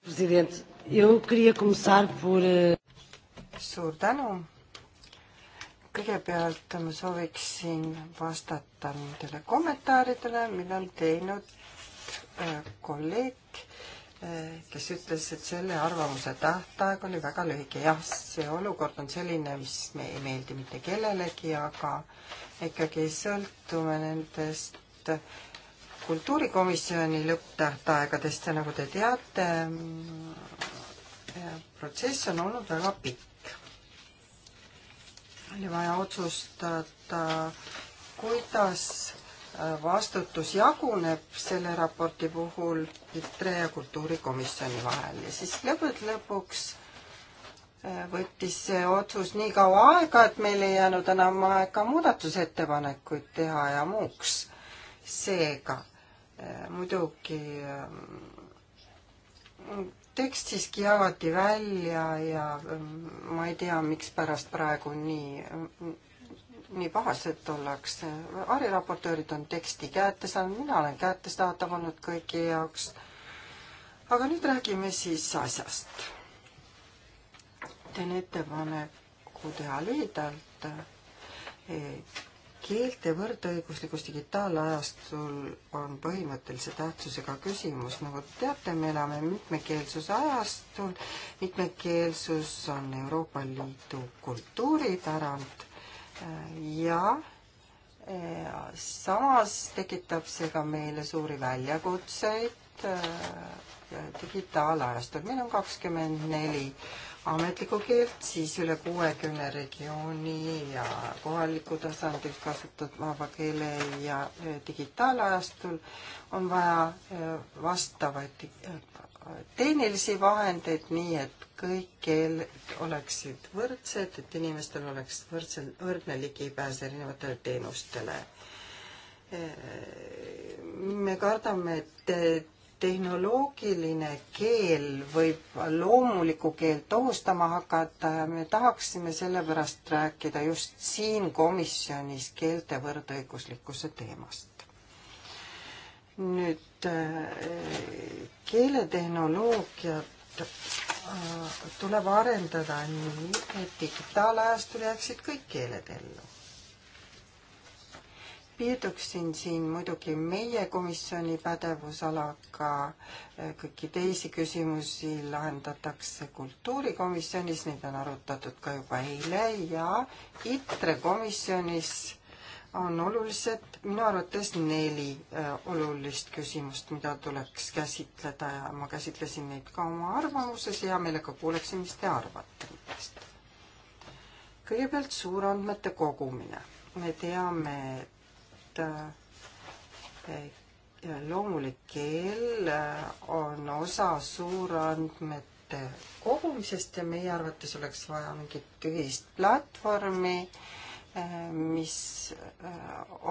president, eh, suur tänu kõigepealt ma sooviksin vastata nendele kommentaaridele, mille on teinud äh, kolleeg, äh, kes ütles, et selle arvamuse tähtaeg oli väga lühike. jah, see olukord on selline, mis me ei meeldi mitte kellelegi, aga ikkagi sõltume nendest äh, kultuurikomisjoni lõpptähtaegadest ja nagu te teate, mm, protsess on olnud väga pikk oli vaja otsustada, kuidas äh, vastutus jaguneb selle raporti puhul ITRE ja kultuurikomisjoni vahel ja siis lõppude lõpuks äh, võttis see otsus nii kaua aega, et meil ei jäänud enam aega muudatusettepanekuid teha ja muuks. seega äh, muidugi ähm, tekst siiski jagati välja ja mm, ma ei tea, mikspärast praegu nii, mm, nii pahased ollakse. variraportöörid on teksti kätte saanud, mina olen kättesaadav olnud kõigi jaoks. aga nüüd räägime siis asjast. teen ettepaneku teha lühidalt et keelte võrdõiguslikkus digitaalajastul on põhimõttelise tähtsusega küsimus. nagu teate, me elame mitmekeelsuse ajastul. mitmekeelsus on Euroopa Liidu kultuuripärand äh, ja äh, samas tekitab see ka meile suuri väljakutseid äh, digitaalajastul. meil on kakskümmend neli ametlikku keelt, siis üle kuuekümne regiooni ja kohaliku tasandil kasutatava keele ja digitaalajastul on vaja eh, vastavaid eh, tehnilisi vahendeid, nii et kõik keeled oleksid võrdsed, et inimestel oleks võrdsel, võrdne ligipääs erinevatele teenustele. Eh, me kardame, et tehnoloogiline keel võib loomulikku keelt ohustama hakata ja me tahaksime sellepärast rääkida just siin komisjonis keelte võrdõiguslikkuse teemast. nüüd äh, keeletehnoloogiat äh, tuleb arendada nii, et digitaalajastul jääksid kõik keeled ellu piirduksin siin muidugi meie komisjoni pädevusalaga, kõiki teisi küsimusi lahendatakse kultuurikomisjonis, neid on arutatud ka juba eile ja ITRE komisjonis on olulised, minu arvates neli äh, olulist küsimust, mida tuleks käsitleda ja ma käsitlesin neid ka oma arvamuses ja hea meelega kuuleksin, mis te arvate nendest. kõigepealt suurandmete kogumine. me teame, et Äh, loomulik keel äh, on osa suurandmete kogumisest ja meie arvates oleks vaja mingit ühist platvormi, äh, mis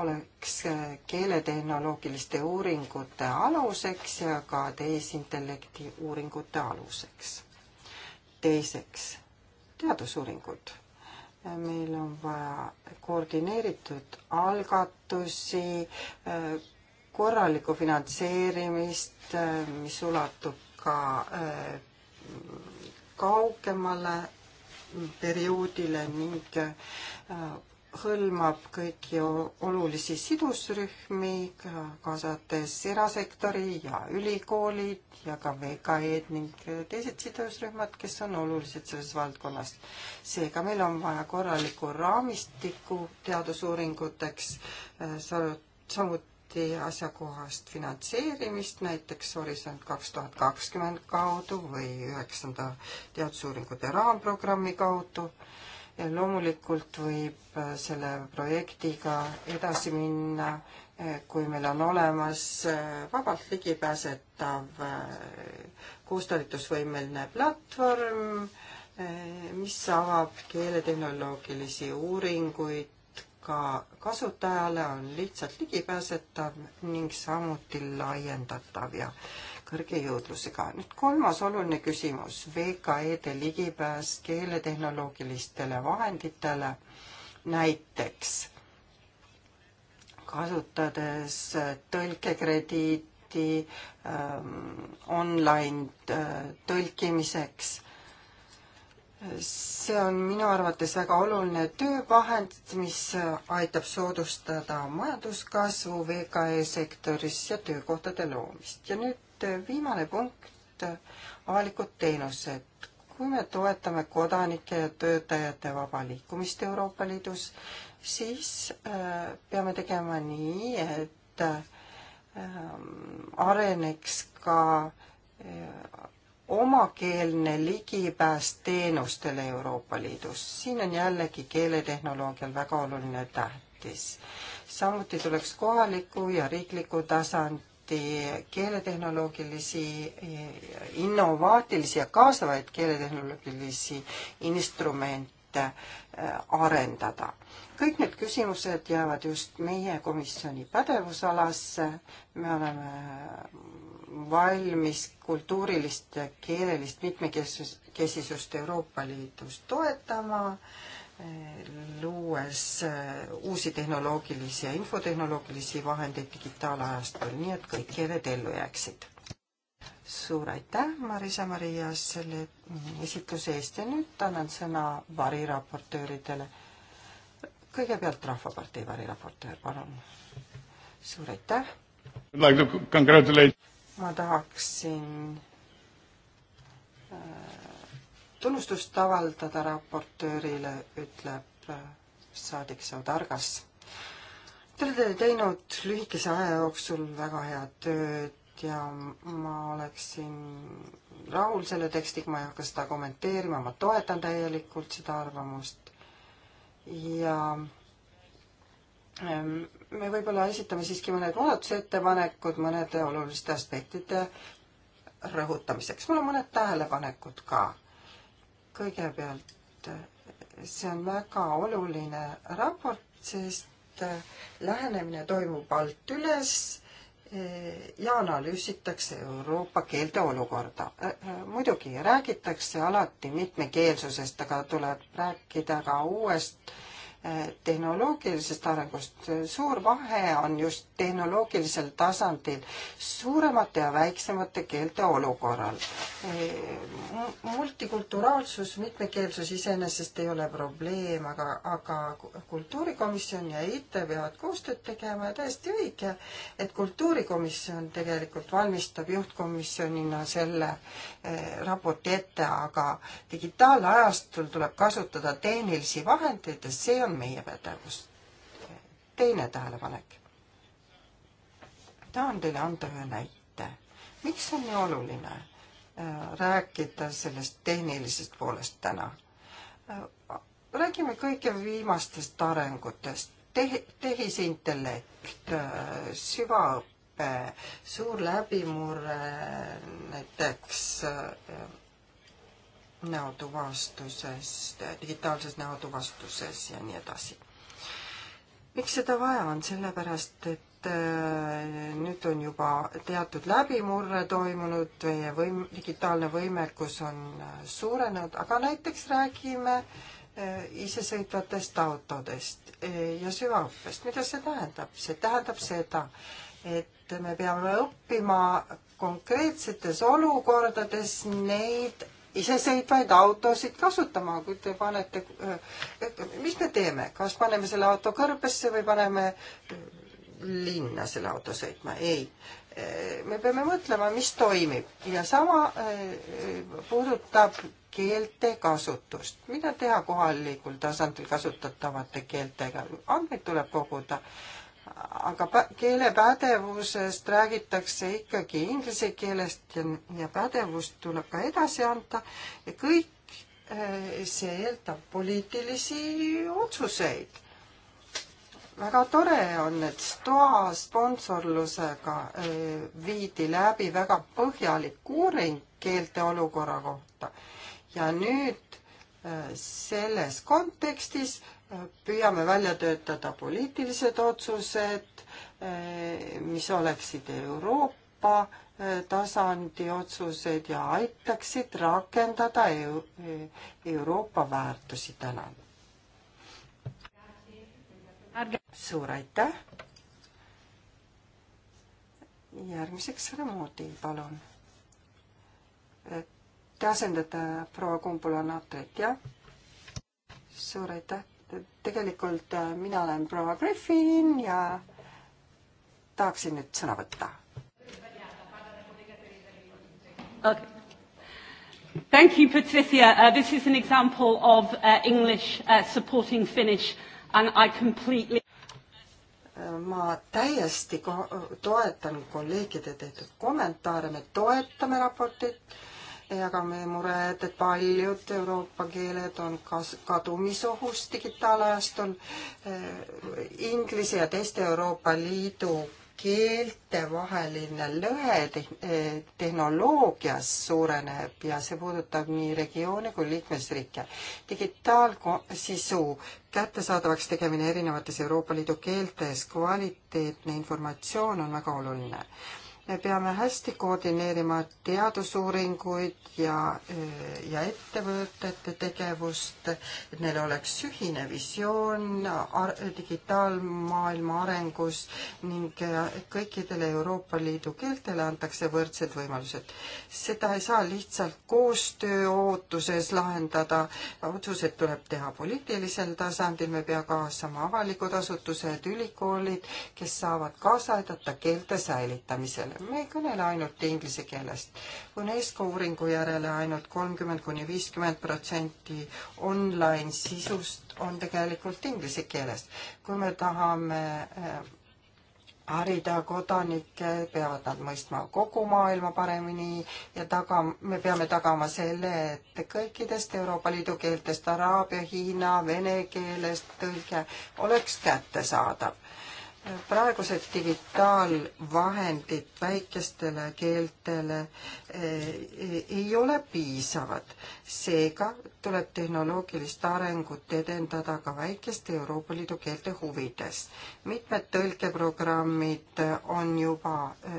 oleks keeletehnoloogiliste uuringute aluseks ja ka tehisintellekti uuringute aluseks. teiseks, teadusuuringud meil on vaja koordineeritud algatusi, korralikku finantseerimist, mis ulatub ka kaugemale perioodile ning hõlmab kõiki olulisi sidusrühmi, kaasates erasektori ja ülikoolid ja ka VKE-d ning teised sidusrühmad, kes on olulised selles valdkonnas. seega meil on vaja korralikku raamistikku teadusuuringuteks, äh, samuti asjakohast finantseerimist, näiteks Horisont kaks tuhat kakskümmend kaudu või üheksanda teadusuuringute raamprogrammi kaudu loomulikult võib äh, selle projektiga edasi minna, äh, kui meil on olemas äh, vabalt ligipääsetav koostalitusvõimeline platvorm, mis avab keeletehnoloogilisi uuringuid ka kasutajale, on lihtsalt ligipääsetav ning samuti laiendatav ja äh, kõrge jõudlusega. nüüd kolmas oluline küsimus, VKE-de ligipääs keeletehnoloogilistele vahenditele, näiteks kasutades tõlkekrediiti ähm, online äh, tõlkimiseks see on minu arvates väga oluline töövahend, mis aitab soodustada majanduskasvu VKE sektoris ja töökohtade loomist. ja nüüd Äh, viimane punkt, äh, avalikud teenused. kui me toetame kodanike ja töötajate vaba liikumist Euroopa Liidus, siis äh, peame tegema nii, et areneks ka omakeelne ligipääs teenustele Euroopa Liidus. siin on jällegi keeletehnoloogial väga oluline tähtis. samuti tuleks kohaliku ja riikliku tasandi samuti keeletehnoloogilisi, innovaatilisi ja kaasavaid keeletehnoloogilisi instrumente äh, arendada. kõik need küsimused jäävad just meie komisjoni pädevusalasse, me oleme valmis kultuurilist ja keelelist mitmekesisust Euroopa Liidus toetama äh, luues äh, uusi tehnoloogilisi ja infotehnoloogilisi vahendeid digitaalajastul, nii et kõik keeled ellu jääksid. suur aitäh, Marisa-Maria, selle mm, esitluse eest ja nüüd annan sõna variraportööridele. kõigepealt Rahvapartei variraportöör, palun. suur aitäh. ma tahaksin äh, tunnustust avaldada raportöörile, ütleb äh, saadik Saudargas. Te olete teinud lühikese aja jooksul väga head tööd ja ma oleksin rahul selle tekstiga, ma ei hakka seda kommenteerima, ma toetan täielikult seda arvamust ja ähm, me võib-olla esitame siiski mõned muudatusettepanekud mõnede oluliste aspektide rõhutamiseks. mul on mõned tähelepanekud ka kõigepealt see on väga oluline raport, sest äh, lähenemine toimub alt üles äh, ja analüüsitakse Euroopa keelte olukorda. Äh, muidugi räägitakse alati mitmekeelsusest, aga tuleb rääkida ka uuest äh, tehnoloogilisest arengust. suur vahe on just tehnoloogilisel tasandil suuremate ja väiksemate keelte olukorral. multikulturaalsus, mitmekeelsus iseenesest ei ole probleem, aga, aga kultuurikomisjon ja IT peavad koostööd tegema ja täiesti õige, et kultuurikomisjon tegelikult valmistab juhtkomisjonina selle raporti ette, aga digitaalajastul tuleb kasutada tehnilisi vahendeid ja see on meie pädevus. teine tähelepanek. tahan teile anda ühe näite. miks on nii oluline äh, rääkida sellest tehnilisest poolest täna? Äh, räägime kõige viimastest arengutest Te, tehisintellekt, äh, süvaõpe, hüpe, suur läbimurre näiteks äh, näotuvastuses, digitaalses näotuvastuses ja nii edasi. miks seda vaja on, sellepärast et äh, nüüd on juba teatud läbimurre toimunud, meie võim-, digitaalne võimekus on äh, suurenenud, aga näiteks räägime äh, Äh, isesõitvatest autodest äh, ja süvaõppest. mida see tähendab? see tähendab seda, et me peame õppima konkreetsetes olukordades neid isesõitvaid autosid kasutama, kui te panete, äh, mis me teeme, kas paneme selle auto kõrbesse või paneme linna selle auto sõitma, ei me peame mõtlema, mis toimib ja sama eh, puudutab keelte kasutust, mida teha kohalikul tasandil kasutatavate keeltega, andmeid tuleb koguda, aga keelepädevusest räägitakse ikkagi inglise keelest ja, ja pädevust tuleb ka edasi anda ja kõik eh, see eeldab poliitilisi otsuseid väga tore on, et STOA sponsorlusega äh, viidi läbi väga põhjalik uuring keelte olukorra kohta ja nüüd äh, selles kontekstis äh, püüame välja töötada poliitilised otsused, mis oleksid Euroopa tasandi otsused ja aitaksid rakendada Euroopa väärtusi. tänan ärge. suur aitäh. järgmiseks härra Moodi, palun. Te asendate proua Kumbula-Natrit, jah? suur aitäh. tegelikult äh, mina olen proua Griffin ja tahaksin nüüd sõna võtta. Okay. Thank you, Patricia. Uh, this is an example of uh, English uh, supporting Finnish and I completely ma täiesti toetan kolleegide tehtud kommentaare, me toetame raportit, jagame muret, et paljud Euroopa keeled on kas-, kadumisohus digitaalajastul. Eh, inglise ja teiste Euroopa Liidu keeltevaheline lõhe tehnoloogias suureneb ja see puudutab nii regioone kui liikmesriike. digitaalsisu kättesaadavaks tegemine erinevates Euroopa Liidu keeltes, kvaliteetne informatsioon on väga oluline me peame hästi koordineerima teadusuuringuid ja, ja ettevõtete tegevust, et neil oleks ühine visioon ar digitaalmaailma arengus ning kõikidele Euroopa Liidu keeltele antakse võrdsed võimalused. seda ei saa lihtsalt koostöö ootuses lahendada, otsused tuleb teha poliitilisel tasandil, me pea kaasama avalikud asutused, ülikoolid, kes saavad kaasa aidata keelte säilitamisele me ei kõnele ainult inglise keelest. UNESCO uuringu järele ainult kolmkümmend kuni viiskümmend protsenti online sisust on tegelikult inglise keelest. kui me tahame äh, harida kodanikke, peavad nad mõistma kogu maailma paremini ja taga, me peame tagama selle, et kõikidest Euroopa Liidu keeltest, araabia, hiina, vene keelest tõlge oleks kättesaadav praegused digitaalvahendid väikestele keeltele eh, ei ole piisavad seega tuleb tehnoloogilist arengut edendada ka väikeste Euroopa Liidu keelte huvides. mitmed tõlkeprogrammid on juba öö,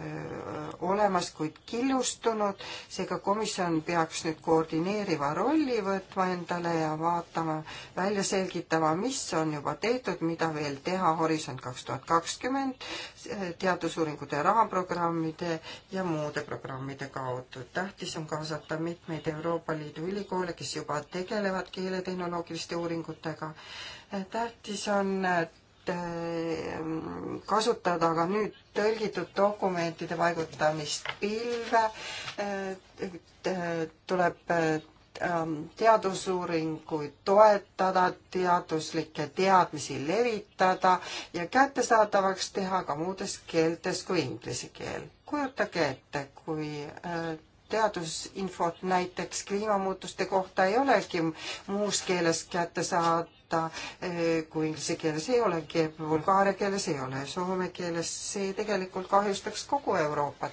olemas, kuid killustunud, seega komisjon peaks nüüd koordineeriva rolli võtma endale ja vaatama, välja selgitama, mis on juba tehtud, mida veel teha Horisont kaks tuhat kakskümmend teadusuuringute rahaprogrammide ja muude programmide kaudu. tähtis on kaasata mitmeid Euroopa Liidu ülikoole, kes juba tegelevad keeletehnoloogiliste uuringutega. tähtis on ehm, kasutada ka nüüd tõlgitud dokumentide paigutamist pilve, tuleb Ähm, teadusuuringuid toetada, teaduslikke teadmisi levitada ja kättesaadavaks teha ka muudes keeltes kui inglise keel. kujutage ette, kui äh, teadusinfot näiteks kliimamuutuste kohta ei olegi muus keeles kättesaada, äh, kui inglise keeles ei olegi, bulgaaria keeles ei ole, soome keeles, see tegelikult kahjustaks kogu Euroopat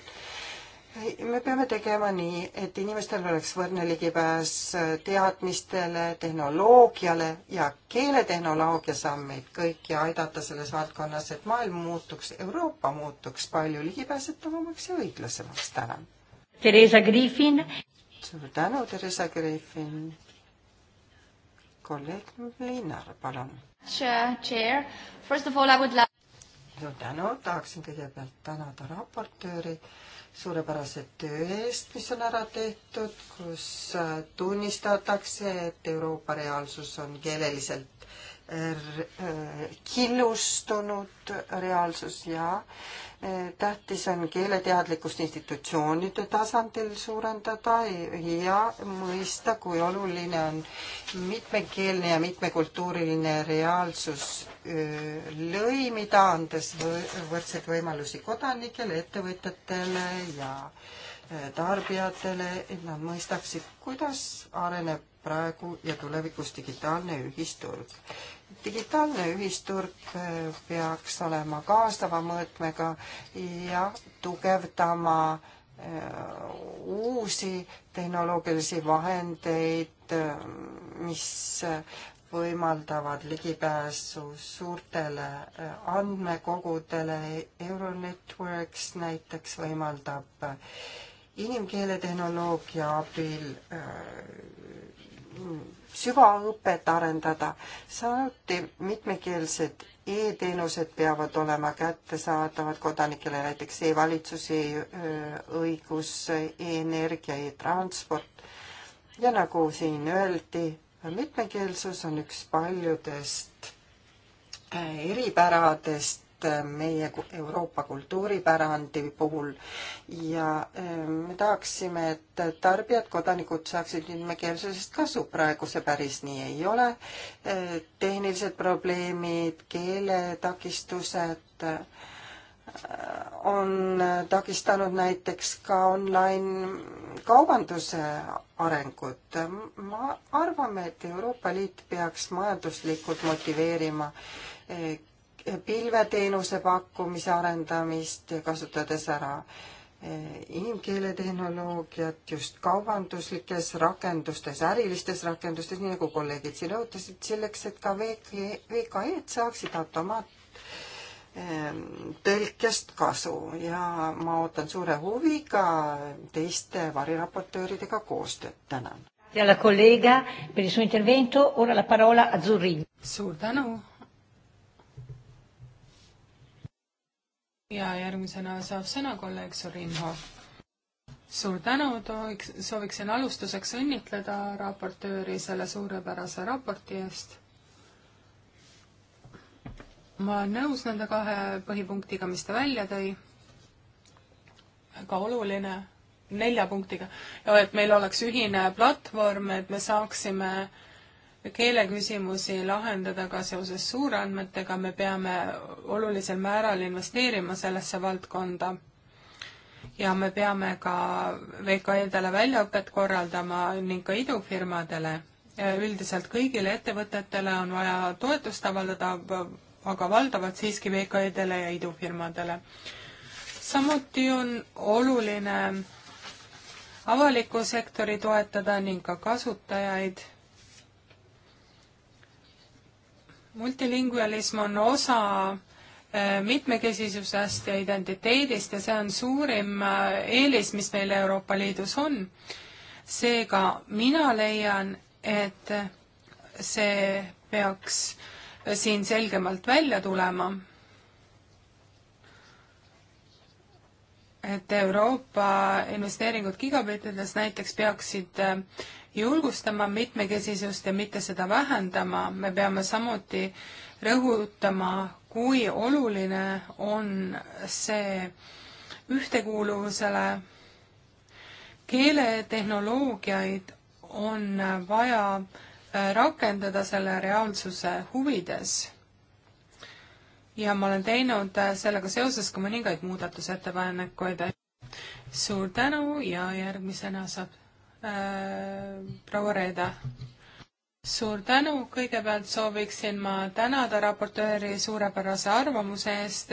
me peame tegema nii, et inimestel oleks võrdne ligipääs teadmistele, tehnoloogiale ja keeletehnoloogia saab meid kõiki aidata selles valdkonnas, et maailm muutuks, Euroopa muutuks palju ligipääsetavamaks ja õiglasemaks. tänan. Theresa Griffin. suur tänu, Theresa Griffin. kolleeg Linnar, palun. suur tänu, tahaksin kõigepealt tänada raportööri suurepärase töö eest, mis on ära tehtud, kus tunnistatakse, et Euroopa reaalsus on keeleliselt Äh, killustunud reaalsus ja äh, tähtis on keeleteadlikkust institutsioonide tasandil suurendada ja mõista, kui oluline on mitmekeelne ja mitmekultuuriline reaalsus äh, lõimida, andes võrdseid võimalusi kodanikele, ettevõtjatele ja tarbijatele, et nad mõistaksid, kuidas areneb praegu ja tulevikus digitaalne ühisturg digitaalne ühisturg äh, peaks olema kaasava mõõtmega ja tugevdama äh, uusi tehnoloogilisi vahendeid, äh, mis võimaldavad ligipääsu suurtele andmekogudele, Euronetworks näiteks võimaldab inimkeeletehnoloogia abil süvaõpet arendada. samuti mitmekeelsed e-teenused peavad olema kättesaadavad kodanikele, näiteks e-valitsus e, e-õigus e, e-energia e, e-transport. ja nagu siin öeldi, mitmekeelsus on üks paljudest eripäradest, meie Euroopa kultuuripärandi puhul ja ehm, me tahaksime, et tarbijad, kodanikud saaksid mitmekeelsusest kasu, praegu see päris nii ei ole. Ehm, tehnilised probleemid, keeletakistused ehm, on takistanud näiteks ka online kaubanduse arengut. ma arvame, et Euroopa Liit peaks majanduslikult motiveerima pilveteenuse pakkumise arendamist, kasutades ära eh, inimkeele tehnoloogiat just kaubanduslikes rakendustes, ärilistes rakendustes, nii nagu kolleegid siin rõhutasid, selleks, et ka VK, VKE-d saaksid automaat eh, tõlkest kasu ja ma ootan suure huviga teiste variraportööridega koostööd, tänan. suur tänu ja järgmisena saab sõna kolleeg Sorinho. suur tänu, tohiks, sooviksin alustuseks õnnitleda raportööri selle suurepärase raporti eest. ma olen nõus nende kahe põhipunktiga, mis ta välja tõi. väga oluline, nelja punktiga, et meil oleks ühine platvorm, et me saaksime äh, keeleküsimusi lahendada ka seoses suurandmetega, me peame olulisel määral investeerima sellesse valdkonda. ja me peame ka VKE-dele väljaõpet korraldama ning ka idufirmadele. üldiselt kõigile ettevõtetele on vaja toetust avaldada, aga valdavalt siiski VKE-dele ja idufirmadele. samuti on oluline avalikku sektori toetada ning ka kasutajaid multilingualism on osa äh, mitmekesisusest ja identiteedist ja see on suurim äh, eelis, mis meil Euroopa Liidus on. seega mina leian, et see peaks siin selgemalt välja tulema. et Euroopa investeeringud gigabittides näiteks peaksid äh, julgustama mitmekesisust ja mitte seda vähendama, me peame samuti rõhutama, kui oluline on see ühtekuuluvusele. keeletehnoloogiaid on vaja äh, rakendada selle reaalsuse huvides. ja ma olen teinud äh, sellega seoses ka mõningaid muudatusettepanekuid. suur tänu ja järgmisena saab Äh, proua Reeda. suur tänu, kõigepealt sooviksin ma tänada raportööri suurepärase arvamuse eest,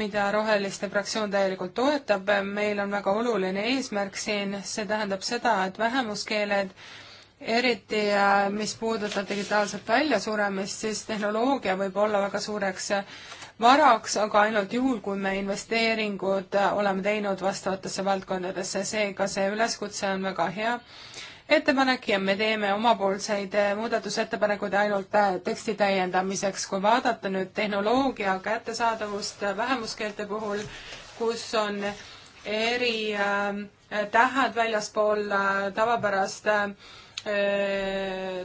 mida Roheliste fraktsioon täielikult toetab, meil on väga oluline eesmärk siin, see tähendab seda, et vähemuskeeled eriti äh, mis puudutab digitaalset väljasuremist, siis tehnoloogia võib olla väga suureks äh, varaks, aga ainult juhul, kui me investeeringud äh, oleme teinud vastavatesse valdkondadesse, seega see üleskutse on väga hea ettepanek ja me teeme omapoolseid muudatusettepanekuid ainult teksti täiendamiseks. kui vaadata nüüd tehnoloogia kättesaadavust vähemuskeelte puhul, kus on eri tähed väljaspool tavapärast äh,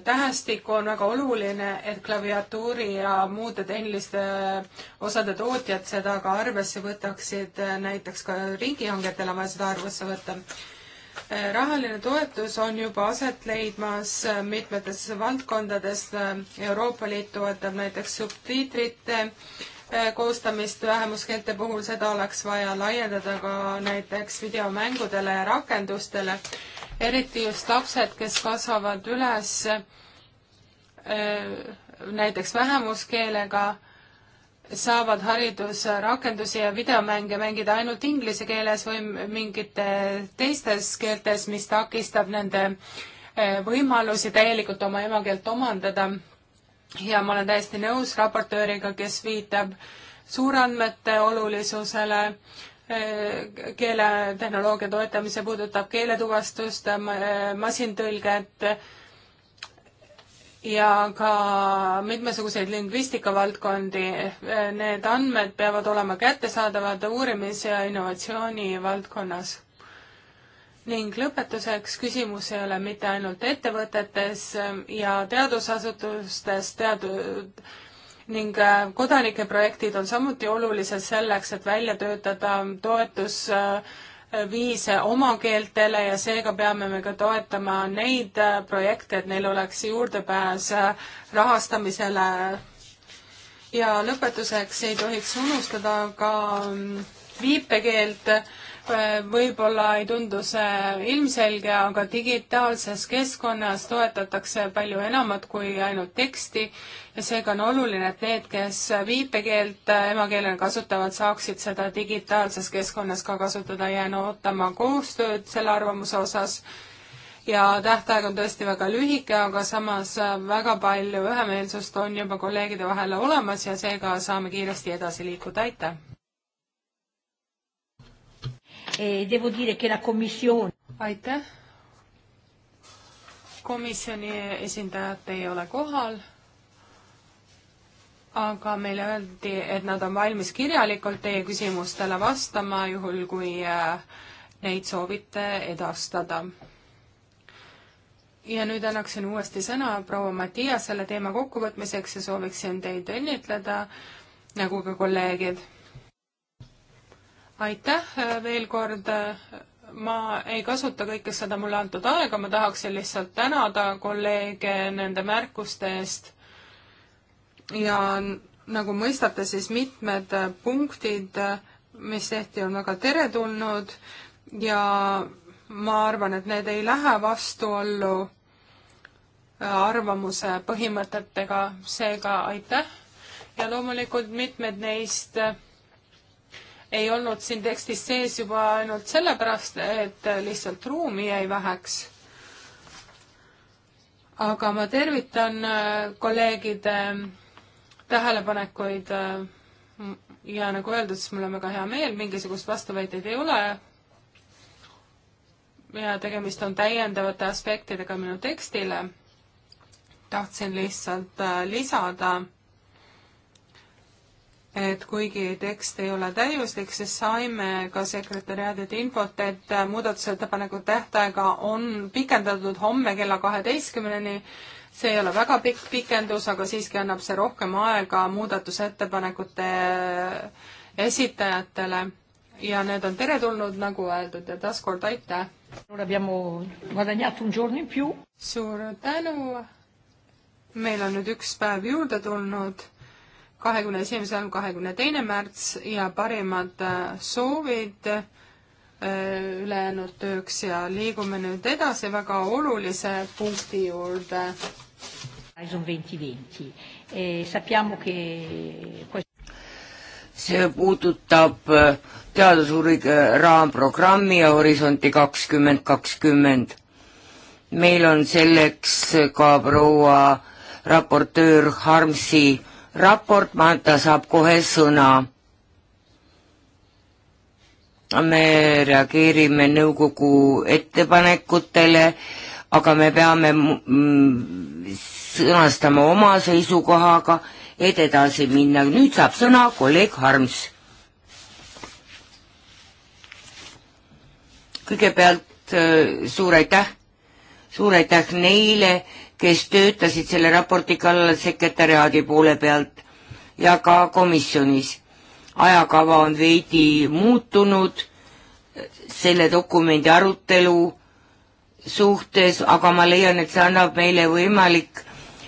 tähestik on väga oluline, et klaviatuuri ja muude tehniliste osade tootjad seda ka arvesse võtaksid, näiteks ka riigihangetel on vaja seda arvesse võtta. rahaline toetus on juba aset leidmas mitmetes valdkondades, Euroopa Liit toetab näiteks subtiitrite koostamist vähemuskeelte puhul, seda oleks vaja laiendada ka näiteks videomängudele ja rakendustele eriti just lapsed, kes kasvavad üles äh, näiteks vähemuskeelega, saavad hariduse rakendusi ja videomänge mängida ainult inglise keeles või mingite teistes keeltes, mis takistab nende äh, võimalusi täielikult oma emakeelt omandada. ja ma olen täiesti nõus raportööriga, kes viitab suurandmete olulisusele Äh, keeletehnoloogia toetamise puudutab keeletuvastust, äh, masintõlget ja ka mitmesuguseid lingvistikavaldkondi. Äh, need andmed peavad olema kättesaadavad uurimis- ja innovatsioonivaldkonnas. ning lõpetuseks, küsimus ei ole mitte ainult ettevõtetes ja teadusasutustes teadu-, ning äh, kodanike projektid on samuti olulised selleks, et välja töötada toetusviise äh, oma keeltele ja seega peame me ka toetama neid äh, projekte, et neil oleks juurdepääs rahastamisele. ja lõpetuseks ei tohiks unustada ka mm, viipekeelt Eh, võib-olla ei tundu see ilmselge, aga digitaalses keskkonnas toetatakse palju enamat kui ainult teksti ja seega on oluline, et need, kes viipekeelt eh, emakeelena kasutavad, saaksid seda digitaalses keskkonnas ka kasutada. jään ootama koostööd selle arvamuse osas ja tähtaeg on tõesti väga lühike, aga samas eh, väga palju ühemeelsust on juba kolleegide vahel olemas ja seega saame kiiresti edasi liikuda, aitäh! e devo dire che la Commissione aitäh. komisjoni esindajat ei ole kohal, aga meile öeldi, et nad on valmis kirjalikult teie küsimustele vastama, juhul kui äh, neid soovite edastada. ja nüüd annaksin uuesti sõna proua Mattiasele teema kokkuvõtmiseks ja sooviksin teid õnnitleda, nagu ka kolleegid aitäh äh, veel kord, äh, ma ei kasuta kõike seda mulle antud aega, ma tahaksin lihtsalt tänada kolleege nende märkuste eest ja nagu mõistate, siis mitmed äh, punktid, mis tehti, on väga teretulnud ja ma arvan, et need ei lähe vastuollu arvamuse põhimõtetega, seega aitäh ja loomulikult mitmed neist ei olnud siin tekstis sees juba ainult sellepärast, et lihtsalt ruumi jäi väheks. aga ma tervitan äh, kolleegide tähelepanekuid äh, ja nagu öeldud, siis mul on väga hea meel, mingisugust vastuväiteid ei ole. ja tegemist on täiendavate aspektidega minu tekstile. tahtsin lihtsalt äh, lisada et kuigi tekst ei ole täiuslik, siis saime ka sekretäriaadilt infot, et muudatusettepaneku tähtaega on pikendatud homme kella kaheteistkümneni. see ei ole väga pikk pikendus, aga siiski annab see rohkem aega muudatusettepanekute esitajatele ja need on teretulnud, nagu öeldud ja taaskord aitäh. suur tänu. meil on nüüd üks päev juurde tulnud kahekümne esimesel, kahekümne teine märts ja parimad äh, soovid äh, ülejäänud tööks ja liigume nüüd edasi väga olulise punkti juurde. Eh, see puudutab äh, teadusuuringu raamprogrammi ja Horisonti kakskümmend kakskümmend. meil on selleks ka proua raportöör Harmsi raport, Manta saab kohe sõna. me reageerime nõukogu ettepanekutele, aga me peame mm, sõnastama oma seisukohaga, et edasi minna. nüüd saab sõna kolleeg Harms. kõigepealt äh, suur aitäh, suur aitäh neile, kes töötasid selle raporti kallal sekretäriaadi poole pealt ja ka komisjonis. ajakava on veidi muutunud selle dokumendi arutelu suhtes, aga ma leian, et see annab meile võimalik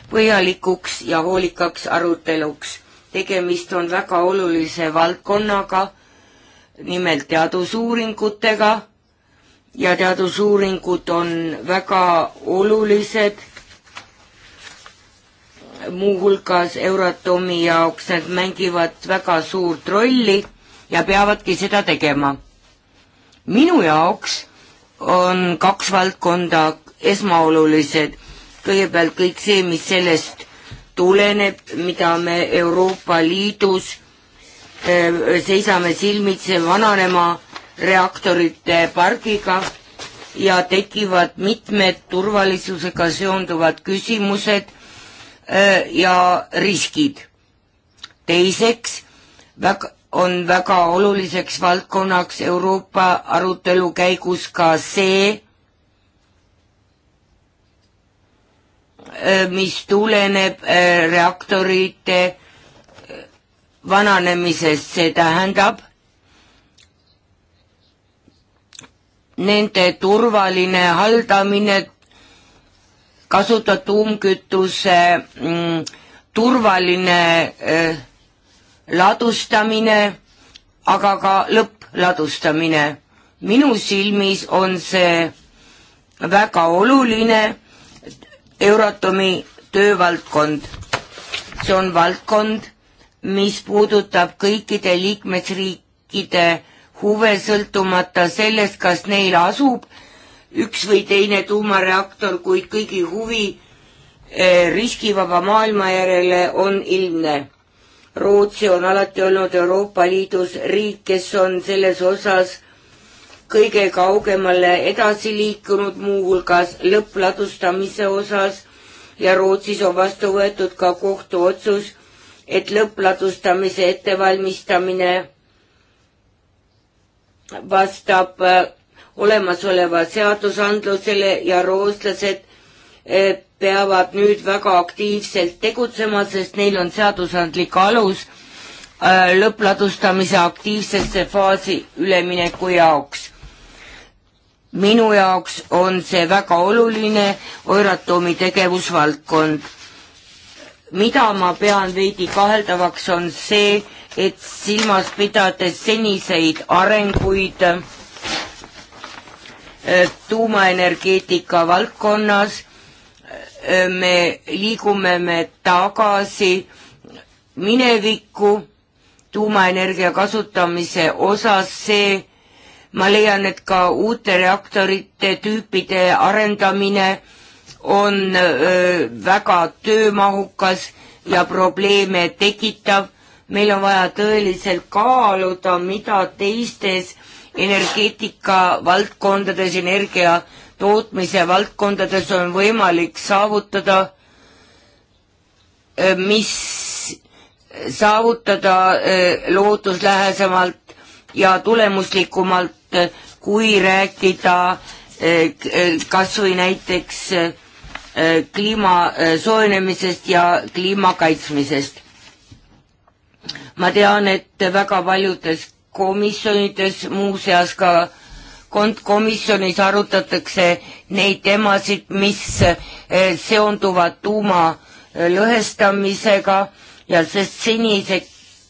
põhjalikuks ja hoolikaks aruteluks. tegemist on väga olulise valdkonnaga, nimelt teadusuuringutega ja teadusuuringud on väga olulised muuhulgas Euratomi jaoks, nad mängivad väga suurt rolli ja peavadki seda tegema. minu jaoks on kaks valdkonda esmaolulised, kõigepealt kõik see, mis sellest tuleneb, mida me Euroopa Liidus eh, seisame silmitsi vananema reaktorite pargiga ja tekivad mitmed turvalisusega seonduvad küsimused ja riskid. teiseks väga, on väga oluliseks valdkonnaks Euroopa arutelu käigus ka see, mis tuleneb reaktorite vananemisest, see tähendab nende turvaline haldamine kasuta tuumkütuse mm, turvaline öö, eh, ladustamine, aga ka lõppladustamine. minu silmis on see väga oluline Euratomi töövaldkond. see on valdkond, mis puudutab kõikide liikmesriikide huve, sõltumata sellest, kas neil asub üks või teine tuumareaktor, kuid kõigi huvi eh, riskivaba maailma järele on ilmne. Rootsi on alati olnud Euroopa Liidus riik, kes on selles osas kõige kaugemale edasi liikunud, muuhulgas lõppladustamise osas ja Rootsis on vastu võetud ka kohtuotsus, et lõppladustamise ettevalmistamine vastab eh, olemasoleva seadusandlusele ja rootslased eh, peavad nüüd väga aktiivselt tegutsema, sest neil on seadusandlik alus eh, lõppladustamise aktiivsesse faasi ülemineku jaoks. minu jaoks on see väga oluline Euratomi tegevusvaldkond. mida ma pean veidi kaheldavaks, on see, et silmas pidades seniseid arenguid äh, Äh, tuumaenergeetika valdkonnas äh, me liigume me tagasi minevikku tuumaenergia kasutamise osas, see ma leian, et ka uute reaktorite tüüpide arendamine on öö, äh, väga töömahukas ja probleeme tekitav. meil on vaja tõeliselt kaaluda, mida teistes energeetika valdkondades, energia tootmise valdkondades on võimalik saavutada, eh, mis saavutada eh, lootuslähesemalt ja tulemuslikumalt, kui rääkida eh, kas või näiteks kliima soojenemisest ja kliima kaitsmisest. ma tean, et väga paljudes komisjonides, muuseas ka komisjonis arutatakse neid teemasid, mis eh, seonduvad tuuma eh, lõhestamisega ja sest seni see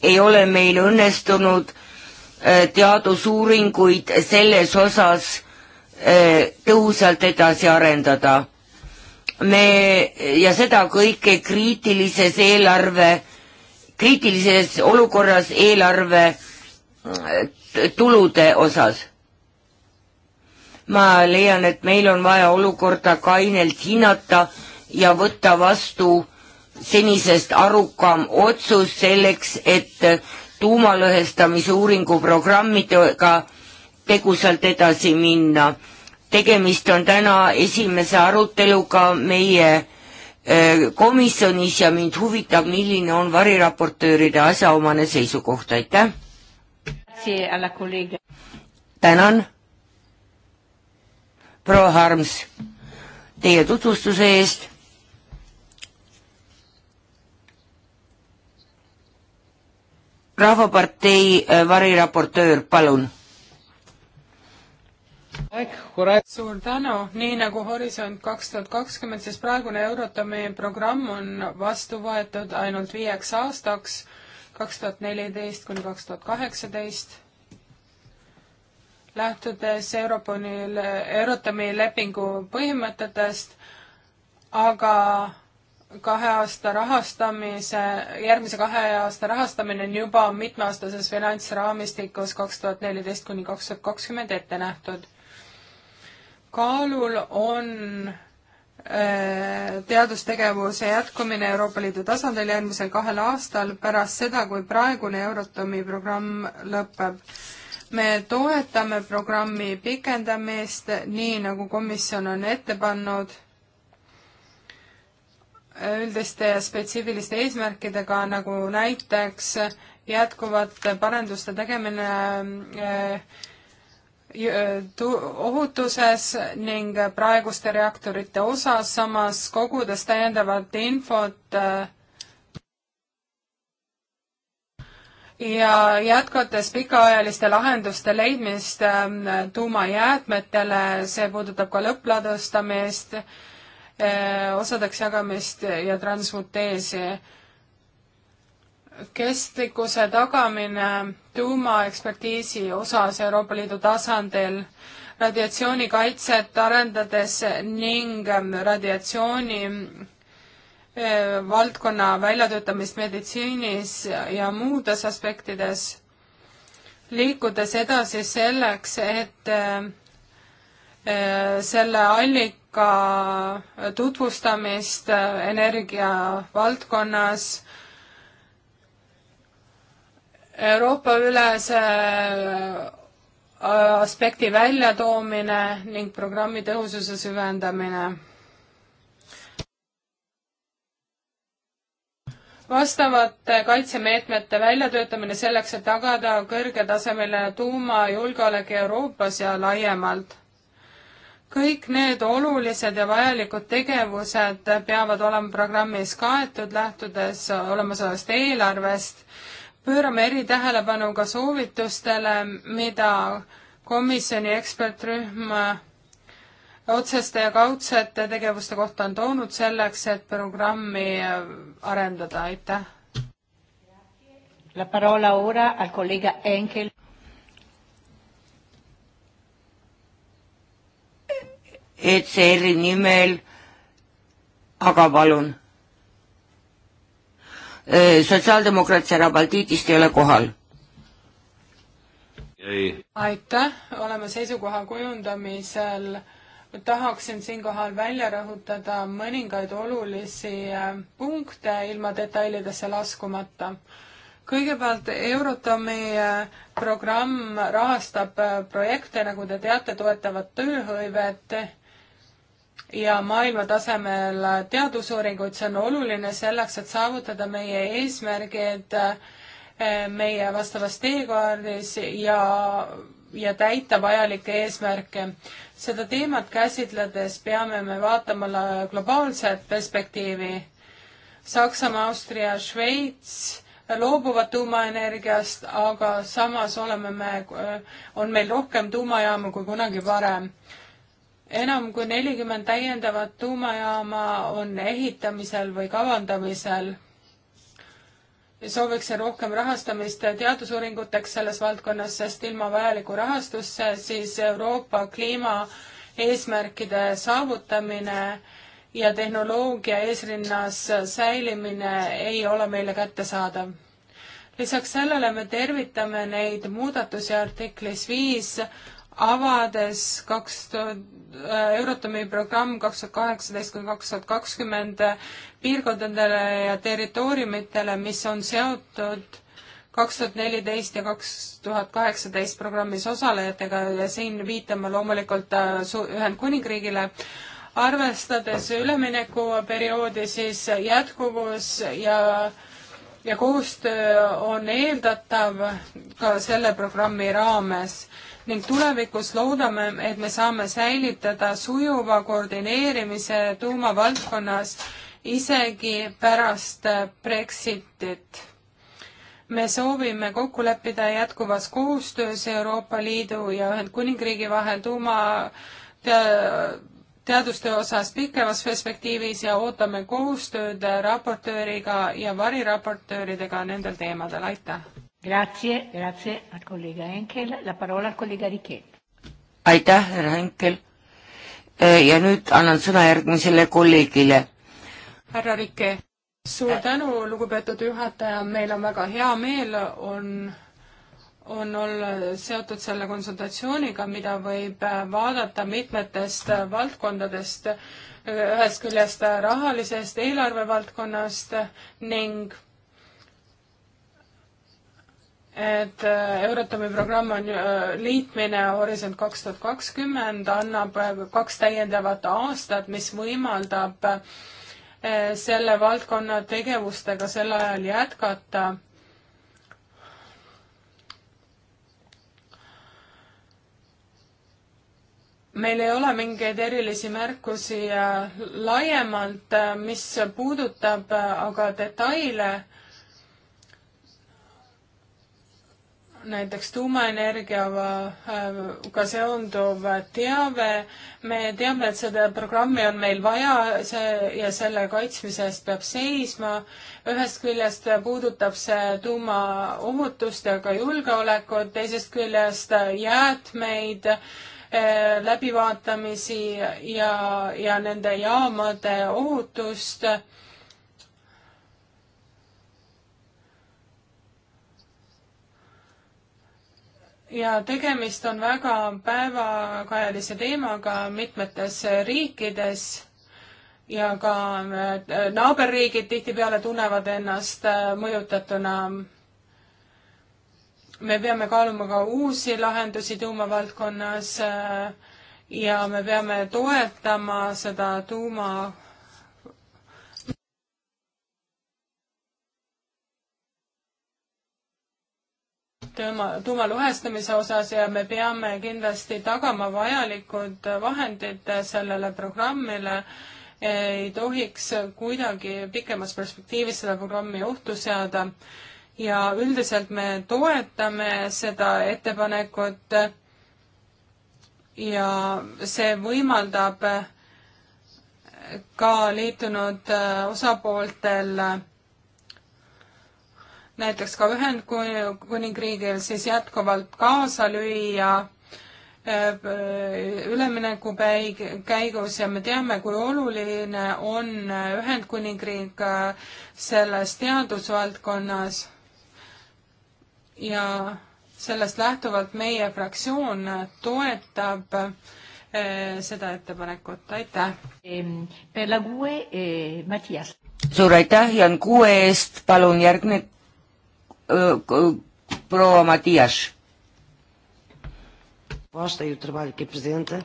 ei ole meil õnnestunud eh, teadusuuringuid selles osas tõhusalt edasi arendada. me ja seda kõike kriitilises eelarve, kriitilises olukorras eelarve tulude osas. ma leian, et meil on vaja olukorda kainelt hinnata ja võtta vastu senisest arukam otsus selleks, et tuumalõhestamise uuringuprogrammidega tegusalt edasi minna. tegemist on täna esimese aruteluga meie äh, komisjonis ja mind huvitab, milline on variraportööride asjaomane seisukoht, aitäh! tänan, proua Harms, teie tutvustuse eest. rahvapartei äh, variraportöör, palun suur tänu, nii nagu Horisont kaks tuhat kakskümmend, siis praegune Eurotami programm on vastu võetud ainult viieks aastaks kaks tuhat neliteist kuni kaks tuhat kaheksateist, lähtudes Europoli, Eurotami lepingu põhimõtetest, aga kahe aasta rahastamise, järgmise kahe aasta rahastamine on juba mitmeaastases finantsraamistikus kaks tuhat neliteist kuni kaks tuhat kakskümmend ette nähtud. kaalul on Äh, teadustegevuse jätkumine Euroopa Liidu tasandil järgmisel kahel aastal pärast seda, kui praegune Eurotomi programm lõpeb. me toetame programmi pikendamist, nii nagu komisjon on ette pannud, äh, üldiste ja spetsiifiliste eesmärkidega, nagu näiteks jätkuvate parenduste tegemine äh, ohutuses ning praeguste reaktorite osas, samas kogudes täiendavat infot äh, ja jätkates pikaajaliste lahenduste leidmist äh, tuumajäätmetele, see puudutab ka lõppladustamist, äh, osadeks jagamist ja transmuteesi kestlikkuse tagamine tuumaekspertiisi osas Euroopa Liidu tasandil, radiatsioonikaitset arendades ning radiatsiooni eh, valdkonna väljatöötamist meditsiinis ja muudes aspektides, liikudes edasi selleks, et eh, selle allika tutvustamist eh, energia valdkonnas Euroopa-ülese äh, aspekti väljatoomine ning programmi tõhususe süvendamine. vastavate kaitsemeetmete väljatöötamine selleks, et tagada kõrgetasemeline tuumajulgeolek Euroopas ja laiemalt kõik need olulised ja vajalikud tegevused peavad olema programmis kaetud, lähtudes olemasolevast eelarvest pöörame eritähelepanu ka soovitustele, mida komisjoni ekspertrühm otseste ja kaudsete tegevuste kohta on toonud selleks, et programmi arendada, aitäh. La parola ora al collega Enkel. ECR-i nimel, aga palun Äh, sotsiaaldemokraat Sarah Baltitist ei ole kohal. aitäh, oleme seisukoha kujundamisel. tahaksin siinkohal välja rõhutada mõningaid olulisi äh, punkte ilma detailidesse laskumata. kõigepealt Eurotomi äh, programm rahastab projekte, nagu te teate, toetavad tööhõivet ja maailma tasemel teadusuuringuid, see on oluline selleks, et saavutada meie eesmärgid eh, meie vastavas teekaardis ja, ja täita vajalikke eesmärke. seda teemat käsitledes peame me vaatama globaalset perspektiivi. Saksamaa, Austria, Šveits loobuvad tuumaenergiast, aga samas oleme me, eh, on meil rohkem tuumajaamu kui kunagi varem enam kui nelikümmend täiendavat tuumajaama on ehitamisel või kavandamisel. sooviks rohkem rahastamist teadusuuringuteks selles valdkonnas, sest ilma vajaliku rahastusse siis Euroopa kliimaeesmärkide saavutamine ja tehnoloogia eesrinnas säilimine ei ole meile kättesaadav. lisaks sellele me tervitame neid muudatusi artiklis viis avades kaks tuhat äh, Euratomi programm kaks tuhat kaheksateist kuni kaks tuhat kakskümmend äh, piirkondadele ja territooriumitele, mis on seotud kaks tuhat neliteist ja kaks tuhat kaheksateist programmis osalejatega ja siin viitame loomulikult äh, Ühendkuningriigile, arvestades üleminekuperioodi, siis jätkuvus ja ja koostöö on eeldatav ka selle programmi raames ning tulevikus loodame, et me saame säilitada sujuva koordineerimise tuumavaldkonnas isegi pärast äh, Brexitit. me soovime kokku leppida jätkuvas koostöös Euroopa Liidu ja Ühendkuningriigi vahel tuuma teadustöö osas pikemas perspektiivis ja ootame koostööd raportööriga ja variraportööridega nendel teemadel, aitäh! Grazie, grazie al kolleeg Henkel, la parola al kolleeg Riquet. aitäh, härra Henkel. Eh, ja nüüd annan sõna järgmisele kolleegile. härra Riquet, suur tänu, lugupeetud juhataja, meil on väga hea meel, on on olla seotud selle konsultatsiooniga, mida võib vaadata mitmetest valdkondadest, ühest küljest rahalisest eelarvevaldkonnast ning et äh, Euratomi programm on äh, liitmine Horisont kaks tuhat kakskümmend, annab äh, kaks täiendavat aastat, mis võimaldab selle valdkonna tegevustega sel ajal jätkata. meil ei ole mingeid erilisi märkusi laiemalt, mis puudutab aga detaile näiteks tuumaenergiaga äh, seonduv teave. me teame, et seda programmi on meil vaja see ja selle kaitsmise eest peab seisma. ühest küljest puudutab see tuumaohutust ja ka julgeolekut, teisest küljest jäätmeid äh,, läbivaatamisi ja, ja nende jaamade ohutust äh, ja tegemist on väga päevakajalise teemaga mitmetes riikides ja ka äh, naaberriigid tihtipeale tunnevad ennast äh, mõjutatuna. me peame kaaluma ka uusi lahendusi tuumavaldkonnas äh, ja me peame toetama seda tuuma tuuma, tuumalõhestamise osas ja me peame kindlasti tagama vajalikud vahendid sellele programmile. ei tohiks kuidagi pikemas perspektiivis seda programmi ohtu seada ja üldiselt me toetame seda ettepanekut ja see võimaldab ka liitunud äh, osapooltel näiteks ka Ühendkuningriigil siis jätkuvalt kaasa lüüa eh, ülemineku käigus ja me teame, kui oluline on Ühendkuningriik eh, selles teadusvaldkonnas ja sellest lähtuvalt meie fraktsioon toetab eh, seda ettepanekut, aitäh. E, suur aitäh Jan Kuue eest, palun järgne proua Matias. Posta e o trabalho que apresenta.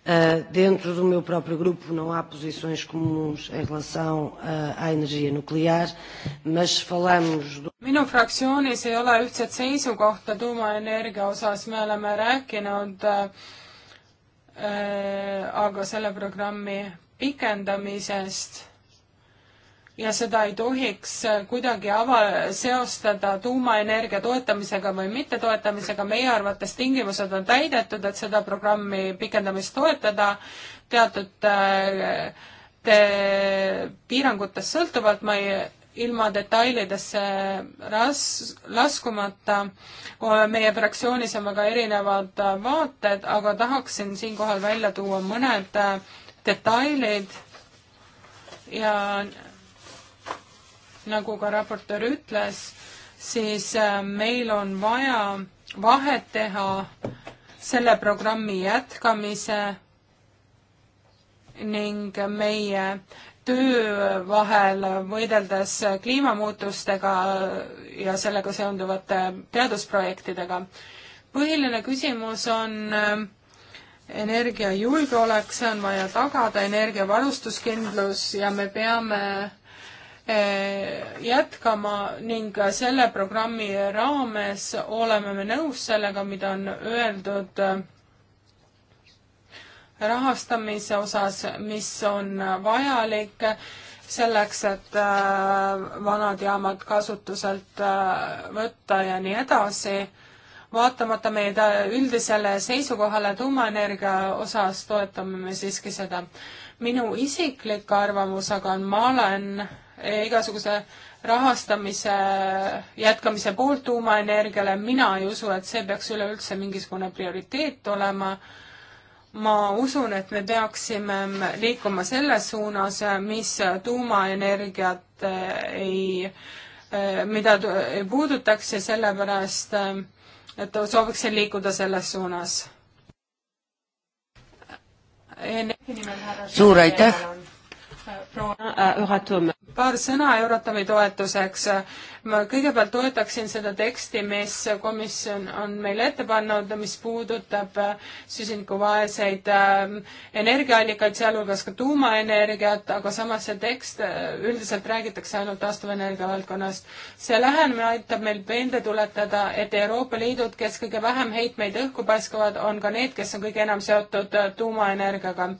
Uh, dentro do meu próprio grupo não há posições comuns em relação uh, à energia nuclear, mas falamos do... minu fraktsioonis ei ole ühtset seisukohta tuumaenergia osas, me oleme rääkinud äh, aga selle programmi pikendamisest ja seda ei tohiks äh, kuidagi ava-, seostada tuumaenergia toetamisega või mittetoetamisega, meie arvates tingimused on täidetud, et seda programmi pikendamist toetada teatud äh, te, piirangutest sõltuvalt, ma ei, ilma detailidesse ras-, laskumata, meie fraktsioonis on väga erinevad äh, vaated, aga tahaksin siinkohal välja tuua mõned detailid ja nagu ka raportöör ütles, siis äh, meil on vaja vahet teha selle programmi jätkamise ning meie töö vahel võideldes kliimamuutustega ja sellega seonduvate teadusprojektidega. põhiline küsimus on äh, energiajulgeolek, see on vaja tagada, energiavarustuskindlus ja me peame jätkama ning selle programmi raames oleme me nõus sellega, mida on öeldud rahastamise osas, mis on vajalik selleks, et äh, vanad jaamad kasutuselt äh, võtta ja nii edasi. vaatamata meie üldisele seisukohale tuumaenergia osas toetame me siiski seda. minu isiklik arvamus aga on, ma olen Eh, igasuguse rahastamise jätkamise poolt tuumaenergiale, mina ei usu, et see peaks üleüldse mingisugune prioriteet olema. ma usun, et me peaksime liikuma selles suunas, mis tuumaenergiat eh, ei, eh, mida ei puudutaks ja sellepärast, et sooviksin liikuda selles suunas. suur aitäh! paar sõna Euratomi toetuseks. ma kõigepealt toetaksin seda teksti, mis komisjon on meile ette pannud, mis puudutab äh, süsinikuvaeseid ähm, energiaallikaid, sealhulgas ka tuumaenergiat, aga samas see tekst, äh, üldiselt räägitakse ainult taastuvenergia valdkonnast. see lähenemine aitab meil meelde tuletada, et Euroopa Liidud, kes kõige vähem heitmeid õhku paiskavad, on ka need, kes on kõige enam seotud äh, tuumaenergiaga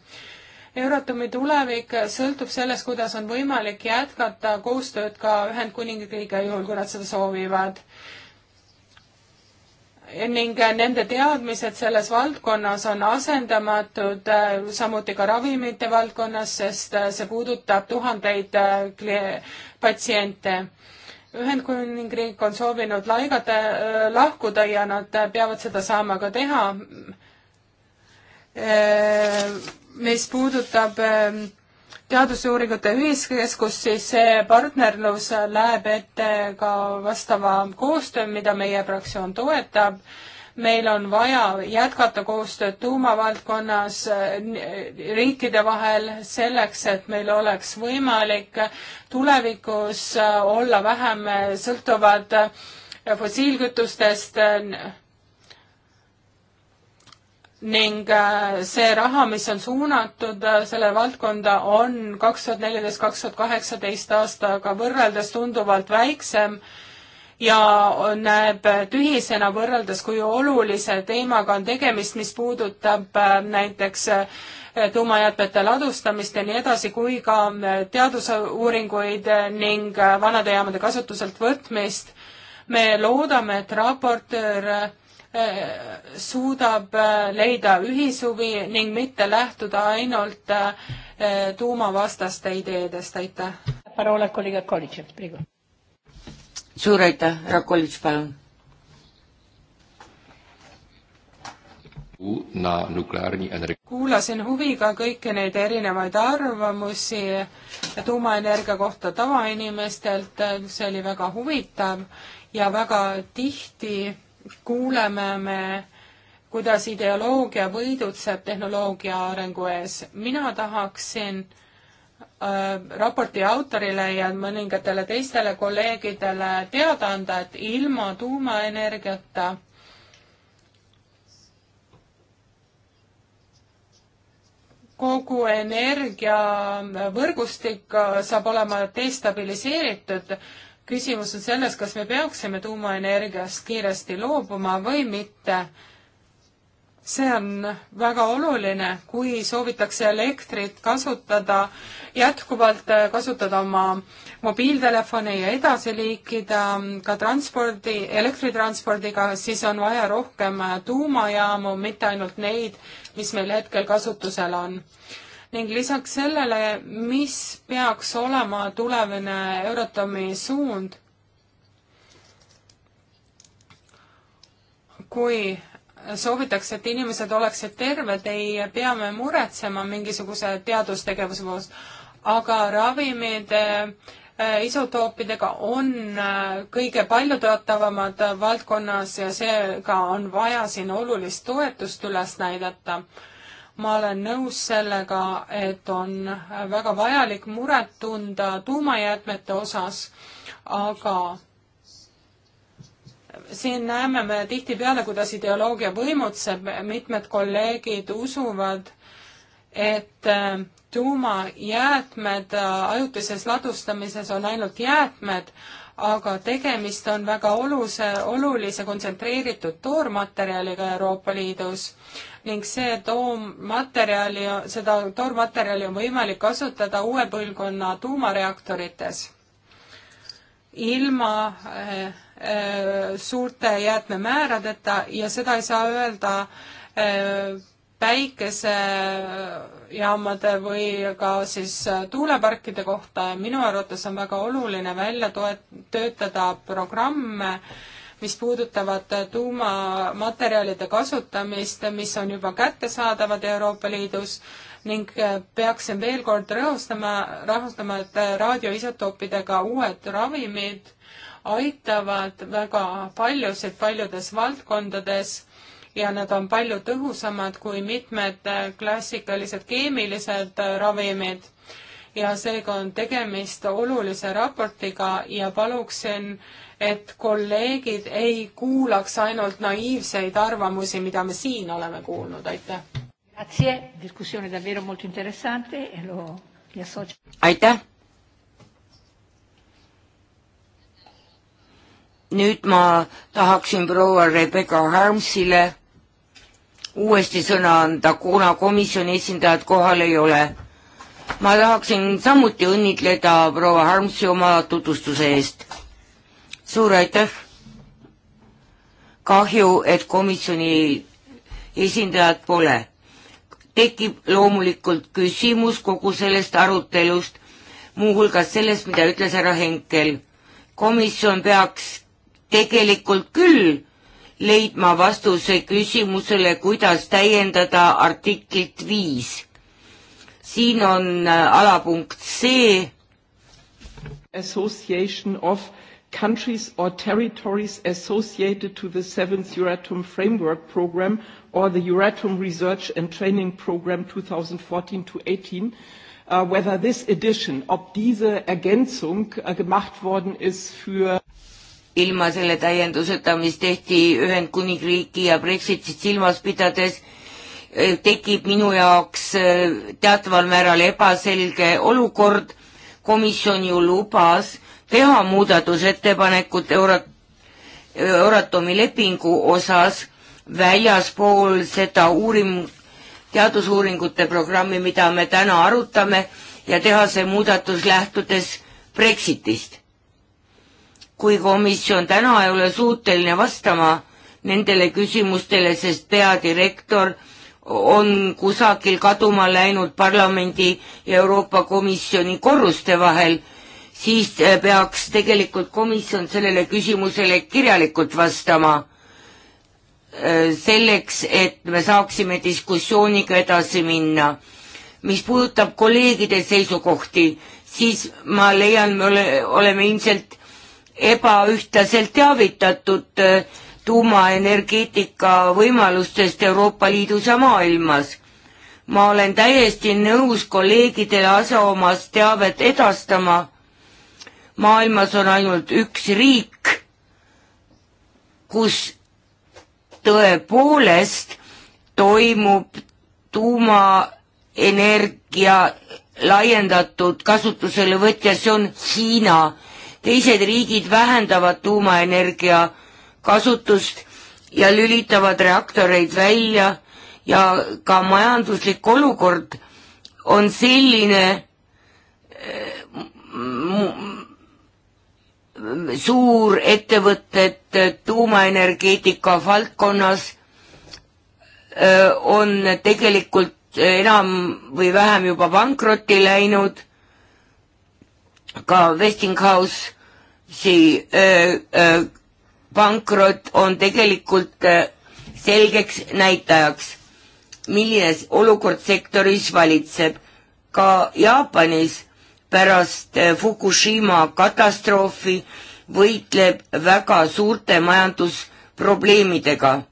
Euratomi tulevik sõltub sellest, kuidas on võimalik jätkata koostööd ka Ühendkuningriigiga, juhul kui nad seda soovivad. ning nende teadmised selles valdkonnas on asendamatud, äh, samuti ka ravimite valdkonnas, sest äh, see puudutab tuhandeid äh, patsiente Ühendkuningriik on soovinud laigata, lahkuda ja nad peavad seda saama ka teha mis puudutab ähm, teadusuuringute ühiskeskust, siis see partnerlus läheb ette ka vastava koostöö, mida meie fraktsioon toetab. meil on vaja jätkata koostööd tuumavaldkonnas äh, riikide vahel selleks, et meil oleks võimalik tulevikus äh, olla vähem äh, sõltuvad fossiilkütustest ning äh, see raha, mis on suunatud äh, selle valdkonda, on kaks tuhat neliteist, kaks tuhat kaheksateist aastaga võrreldes tunduvalt väiksem ja näeb tühisena võrreldes, kui olulise teemaga on tegemist, mis puudutab äh, näiteks tuumajäätmete ladustamist ja nii edasi, kui ka teadusuuringuid ning vanade jaamade kasutuselt võtmist. me loodame, et raportöör suudab äh, leida ühishuvi ning mitte lähtuda ainult äh, tuumavastaste ideedest, aitäh. suur aitäh, härra Kolitš, palun. kuulasin huviga kõiki neid erinevaid arvamusi tuumaenergia kohta tavainimestelt, see oli väga huvitav ja väga tihti kuuleme me, kuidas ideoloogia võidutseb tehnoloogia arengu ees. mina tahaksin äh, raporti autorile ja mõningatele teistele kolleegidele teada anda, et ilma tuumaenergiata kogu energiavõrgustik äh, saab olema destabiliseeritud küsimus on selles, kas me peaksime tuumaenergiast kiiresti loobuma või mitte. see on väga oluline, kui soovitakse elektrit kasutada, jätkuvalt äh, kasutada oma mobiiltelefone ja edasi liikida mm, ka transpordi, elektritranspordiga, siis on vaja rohkem äh, tuumajaamu, mitte ainult neid, mis meil hetkel kasutusel on ning lisaks sellele, mis peaks olema tulevane Euratomi suund, kui soovitakse, et inimesed oleksid terved, ei pea me muretsema mingisuguse teadustegevuse poolt, aga ravimid äh, isotoopidega on äh, kõige paljutõotavamad valdkonnas ja seega on vaja siin olulist toetust üles näidata ma olen nõus sellega, et on väga vajalik muret tunda tuumajäätmete osas, aga siin näeme me tihtipeale, kuidas ideoloogia võimutseb, mitmed kolleegid usuvad, et äh, tuumajäätmed äh, ajutises ladustamises on ainult jäätmed, aga tegemist on väga oluse, olulise kontsentreeritud toormaterjaliga Euroopa Liidus ning see toommaterjali, seda toormaterjali on võimalik kasutada uue põlvkonna tuumareaktorites ilma äh, äh, suurte jäätmemääradeta ja seda ei saa öelda äh, päikesejaamade või ka siis äh, tuuleparkide kohta ja minu arvates on väga oluline välja toet-, töötada programme äh, mis puudutavad tuumamaterjalide kasutamist, mis on juba kättesaadavad Euroopa Liidus ning äh, peaksin veel kord rõhustama, rõhustama, et äh, raadioisotoopidega uued ravimid aitavad väga paljusid paljudes valdkondades ja nad on palju tõhusamad kui mitmed äh, klassikalised keemilised ravimid ja seega on tegemist olulise raportiga ja paluksin, et kolleegid ei kuulaks ainult naiivseid arvamusi, mida me siin oleme kuulnud, aitäh. E aitäh. nüüd ma tahaksin proua Rebecca Harmsile uuesti sõna anda, kuna komisjoni esindajat kohal ei ole ma tahaksin samuti õnnitleda proua Harmsi oma tutvustuse eest. suur aitäh! kahju, et komisjoni esindajat pole. tekib loomulikult küsimus kogu sellest arutelust, muuhulgas sellest, mida ütles härra Henkel. komisjon peaks tegelikult küll leidma vastuse küsimusele, kuidas täiendada artiklit viis siin on äh, alapunkt C. Association of countries or territories associated to the seventh Euratom Framework Program or the Euratom Research and Training Program 2014 to 18, uh, whether this addition, ob diese Ergänzung uh, gemacht worden ist für ilma selle täienduseta, mis tehti Ühendkuningriiki ja Brexitit silmas pidades Äh, tekib minu jaoks äh, teataval määral ebaselge olukord, komisjon ju lubas teha muudatusettepanekut Euro-, Euratomi lepingu osas väljaspool seda uurim-, teadusuuringute programmi, mida me täna arutame, ja teha see muudatus lähtudes Brexitist. kui komisjon täna ei ole suuteline vastama nendele küsimustele, sest peadirektor on kusagil kaduma läinud parlamendi ja Euroopa Komisjoni korruste vahel, siis eh, peaks tegelikult komisjon sellele küsimusele kirjalikult vastama, eh, selleks, et me saaksime diskussiooniga edasi minna. mis puudutab kolleegide seisukohti, siis ma leian, me ole, oleme ilmselt ebaühtlaselt teavitatud äh, tuumaenergeetika võimalustest Euroopa Liidus ja maailmas. ma olen täiesti nõus kolleegidele asjaomast teavet edastama. maailmas on ainult üks riik, kus tõepoolest toimub tuumaenergia laiendatud kasutuselevõtt ja see on Hiina. teised riigid vähendavad tuumaenergia kasutust ja lülitavad reaktoreid välja ja ka majanduslik olukord on selline eh, suurettevõtted tuumaenergeetika valdkonnas eh, on tegelikult enam või vähem juba pankrotti läinud, ka Westinghouse'i eh, pankrot on tegelikult äh, selgeks näitajaks, milline olukord sektoris valitseb. ka Jaapanis pärast äh, Fukushima katastroofi võitleb väga suurte majandusprobleemidega.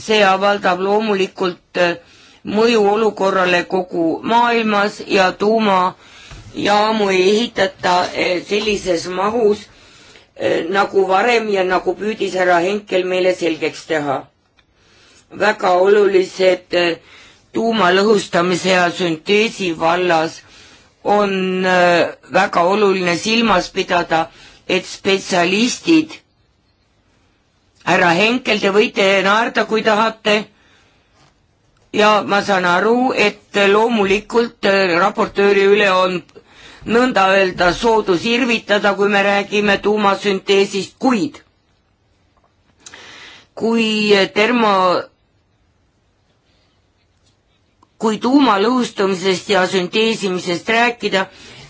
see avaldab loomulikult äh, mõju olukorrale kogu maailmas ja tuumajaamu ei ehitata sellises mahus, Eh, nagu varem ja nagu püüdis härra Henkel meile selgeks teha. väga olulised eh, tuumalõhustamise ja sünteesi vallas on eh, väga oluline silmas pidada, et spetsialistid, härra Henkel, te võite naerda, kui tahate, ja ma saan aru, et loomulikult raportööri üle on nõnda öelda soodusirvitada, kui me räägime tuumasünteesist, kuid kui termo, kui tuumalõhustumisest ja sünteesimisest rääkida,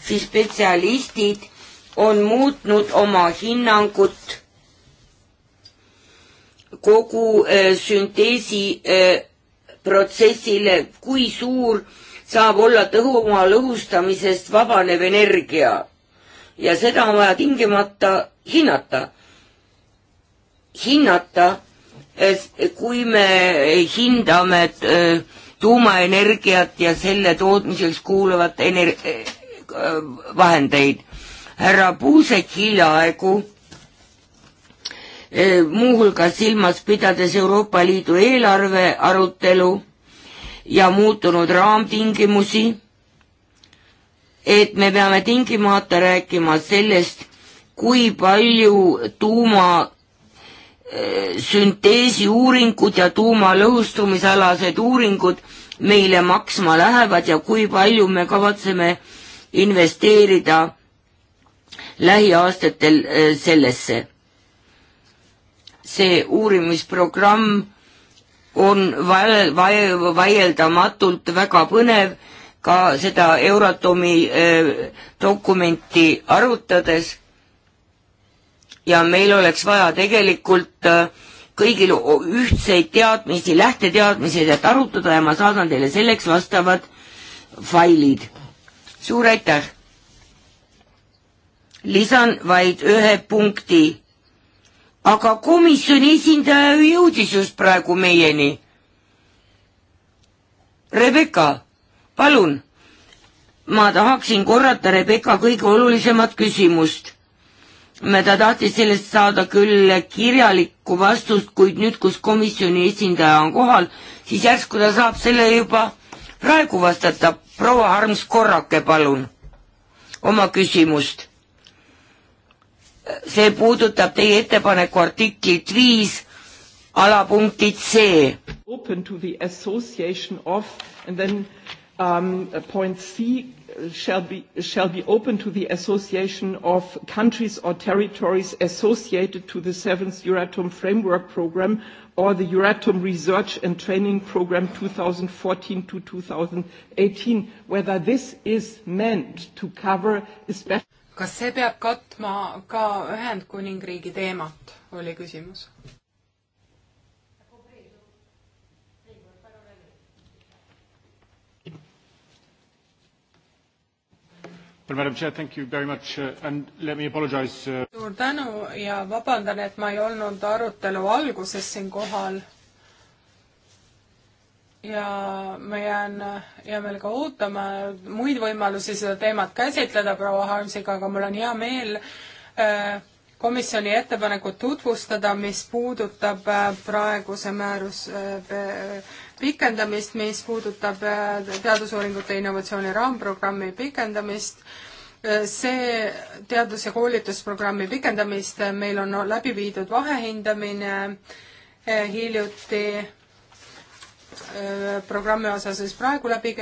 siis spetsialistid on muutnud oma hinnangut kogu äh, sünteesi äh, protsessile, kui suur äh, saab olla tõhuma lõhustamisest vabanev energia. ja seda on vaja tingimata hinnata. hinnata, kui me hindame äh, tuumaenergiat ja selle tootmiseks kuuluvat ener-, äh, äh, vahendeid. härra Puusek hiljaaegu muuhulgas silmas pidades Euroopa Liidu eelarve arutelu ja muutunud raamtingimusi, et me peame tingimata rääkima sellest, kui palju tuuma eh, sünteesi uuringud ja tuumalõhustumisalased uuringud meile maksma lähevad ja kui palju me kavatseme investeerida lähiaastatel eh, sellesse. see uurimisprogramm on vael, vael, vaieldamatult väga põnev ka seda Euratomi eh, dokumenti arutades ja meil oleks vaja tegelikult eh, kõigil ühtseid teadmisi, lähteteadmisi, et arutada ja ma saadan teile selleks vastavad failid. suur aitäh! lisan vaid ühe punkti aga komisjoni esindaja jõudis just praegu meieni. Rebecca, palun, ma tahaksin korrata Rebecca kõige olulisemat küsimust ta tahtis sellest saada küll kirjalikku vastust, kuid nüüd, kus komisjoni esindaja on kohal, siis järsku ta saab selle juba praegu vastata. proua Harms, korrake palun oma küsimust see puudutab teie ettepaneku artiklit viis alapunktid C. Open to the association of and then um, point C uh, shall be, shall be open to the association of countries or territories associated to the seventh Euratom Framework Program or the Euratom Research and Training Program 2014 to 2018, whether this is meant to cover especially kas see peab katma ka Ühendkuningriigi teemat, oli küsimus. Uh, uh, suur tänu ja vabandan, et ma ei olnud arutelu alguses siin kohal ja ma jään hea meelega ootama muid võimalusi seda teemat käsitleda proua Harmsiga, aga mul on hea meel äh, komisjoni ettepanekut tutvustada, mis puudutab äh, praeguse määruse äh, pikendamist, mis puudutab teadusuuringute innovatsiooni raamprogrammi pikendamist see teadus- ja koolitusprogrammi pikendamist, meil on läbi viidud vahehindamine hiljuti Äh, programmi osas, mis praegu läbi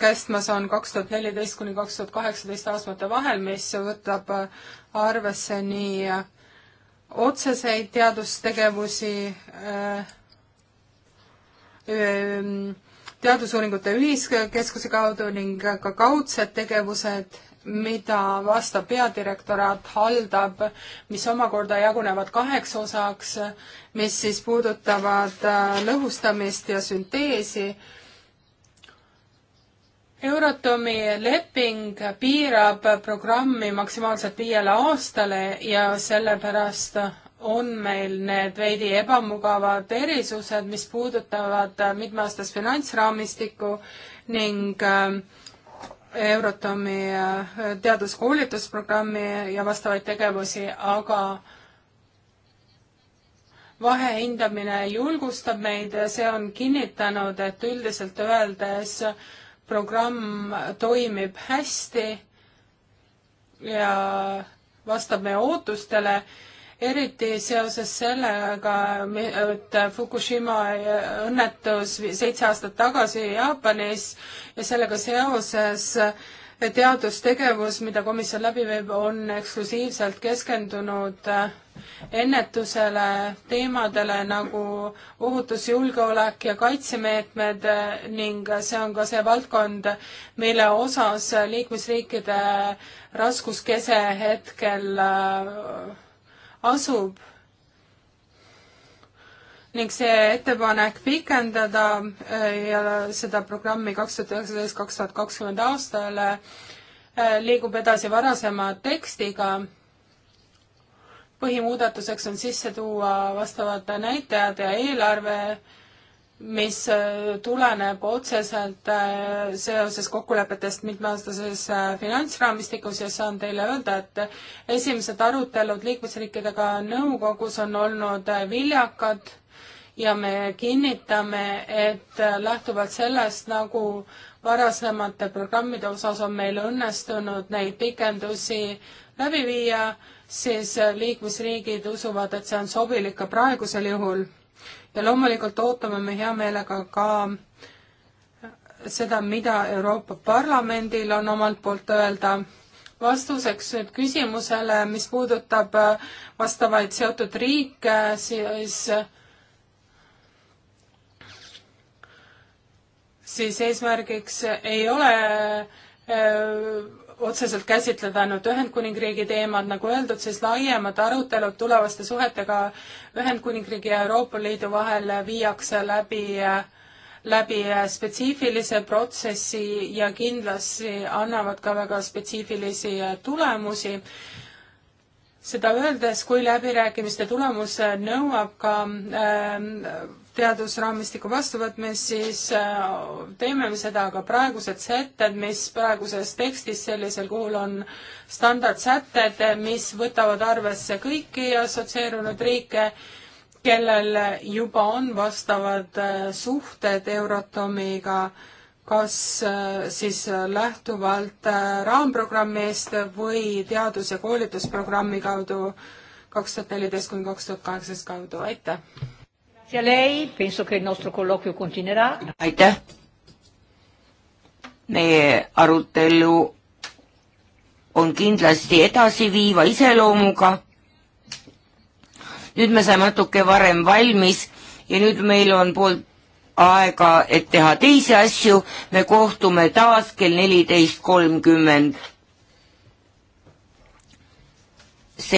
kästmas on, kaks tuhat neliteist kuni kaks tuhat kaheksateist aastate vahel, mis võtab äh, arvesse nii äh, otseseid teadustegevusi, mm, teadusuuringute ühiskeskuse kaudu ning ka kaudsed tegevused mida vastav peadirektoraat haldab, mis omakorda jagunevad kaheks osaks, mis siis puudutavad äh, lõhustamist ja sünteesi. Euratomi leping piirab programmi maksimaalselt viiele aastale ja sellepärast on meil need veidi ebamugavad erisused, mis puudutavad mitmeaastast finantsraamistikku ning äh, Eurotomi äh, teaduskoolitusprogrammi ja vastavaid tegevusi, aga vahehindamine julgustab meid, see on kinnitanud, et üldiselt öeldes programm toimib hästi ja vastab meie ootustele eriti seoses sellega, et Fukushima õnnetus seitse aastat tagasi Jaapanis ja sellega seoses teadustegevus, mida komisjon läbi viib, on eksklusiivselt keskendunud ennetusele, teemadele nagu ohutus, julgeolek ja kaitsemeetmed ning see on ka see valdkond, mille osas liikmesriikide raskuskese hetkel asub ning see ettepanek pikendada äh, ja seda programmi kaks tuhat üheksateist, kaks tuhat kakskümmend aastale äh, liigub edasi varasema tekstiga. põhimuudatuseks on sisse tuua vastavad näitajad ja eelarve äh, mis äh, tuleneb otseselt äh, seoses kokkulepetest mitmeaastases äh, finantsraamistikus ja saan teile öelda, et esimesed arutelud liikmesriikidega nõukogus on olnud viljakad ja me kinnitame, et lähtuvalt sellest, nagu varasemate programmide osas on meil õnnestunud neid pikendusi läbi viia, siis liikmesriigid usuvad, et see on sobilik ka praegusel juhul ja loomulikult ootame me hea meelega ka seda, mida Euroopa Parlamendil on omalt poolt öelda. vastuseks nüüd küsimusele, mis puudutab äh, vastavaid seotud riike, siis siis eesmärgiks ei ole äh, otseselt käsitleda ainult Ühendkuningriigi teemad, nagu öeldud, siis laiemad arutelud tulevaste suhetega Ühendkuningriigi ja Euroopa Liidu vahel viiakse läbi, läbi spetsiifilise protsessi ja kindlasti annavad ka väga spetsiifilisi tulemusi. seda öeldes, kui läbirääkimiste tulemus nõuab ka äh, teadusraamistiku vastuvõtmist, siis äh, teeme me seda, aga praegused sätted, mis praeguses tekstis sellisel kuhul on standardsätted, mis võtavad arvesse kõiki assotsieerunud riike, kellel juba on vastavad äh, suhted Euratomiga, kas äh, siis lähtuvalt raamprogrammist või teadus- ja koolitusprogrammi kaudu kaks tuhat neliteist kuni kaks tuhat kaheksateist kaudu, aitäh! Grazie a lei, penso che il nostro colloquio continuerà. aitäh. meie arutelu on kindlasti edasiviiva iseloomuga. nüüd me saime natuke varem valmis ja nüüd meil on pool aega, et teha teisi asju. me kohtume taas kell neliteist kolmkümmend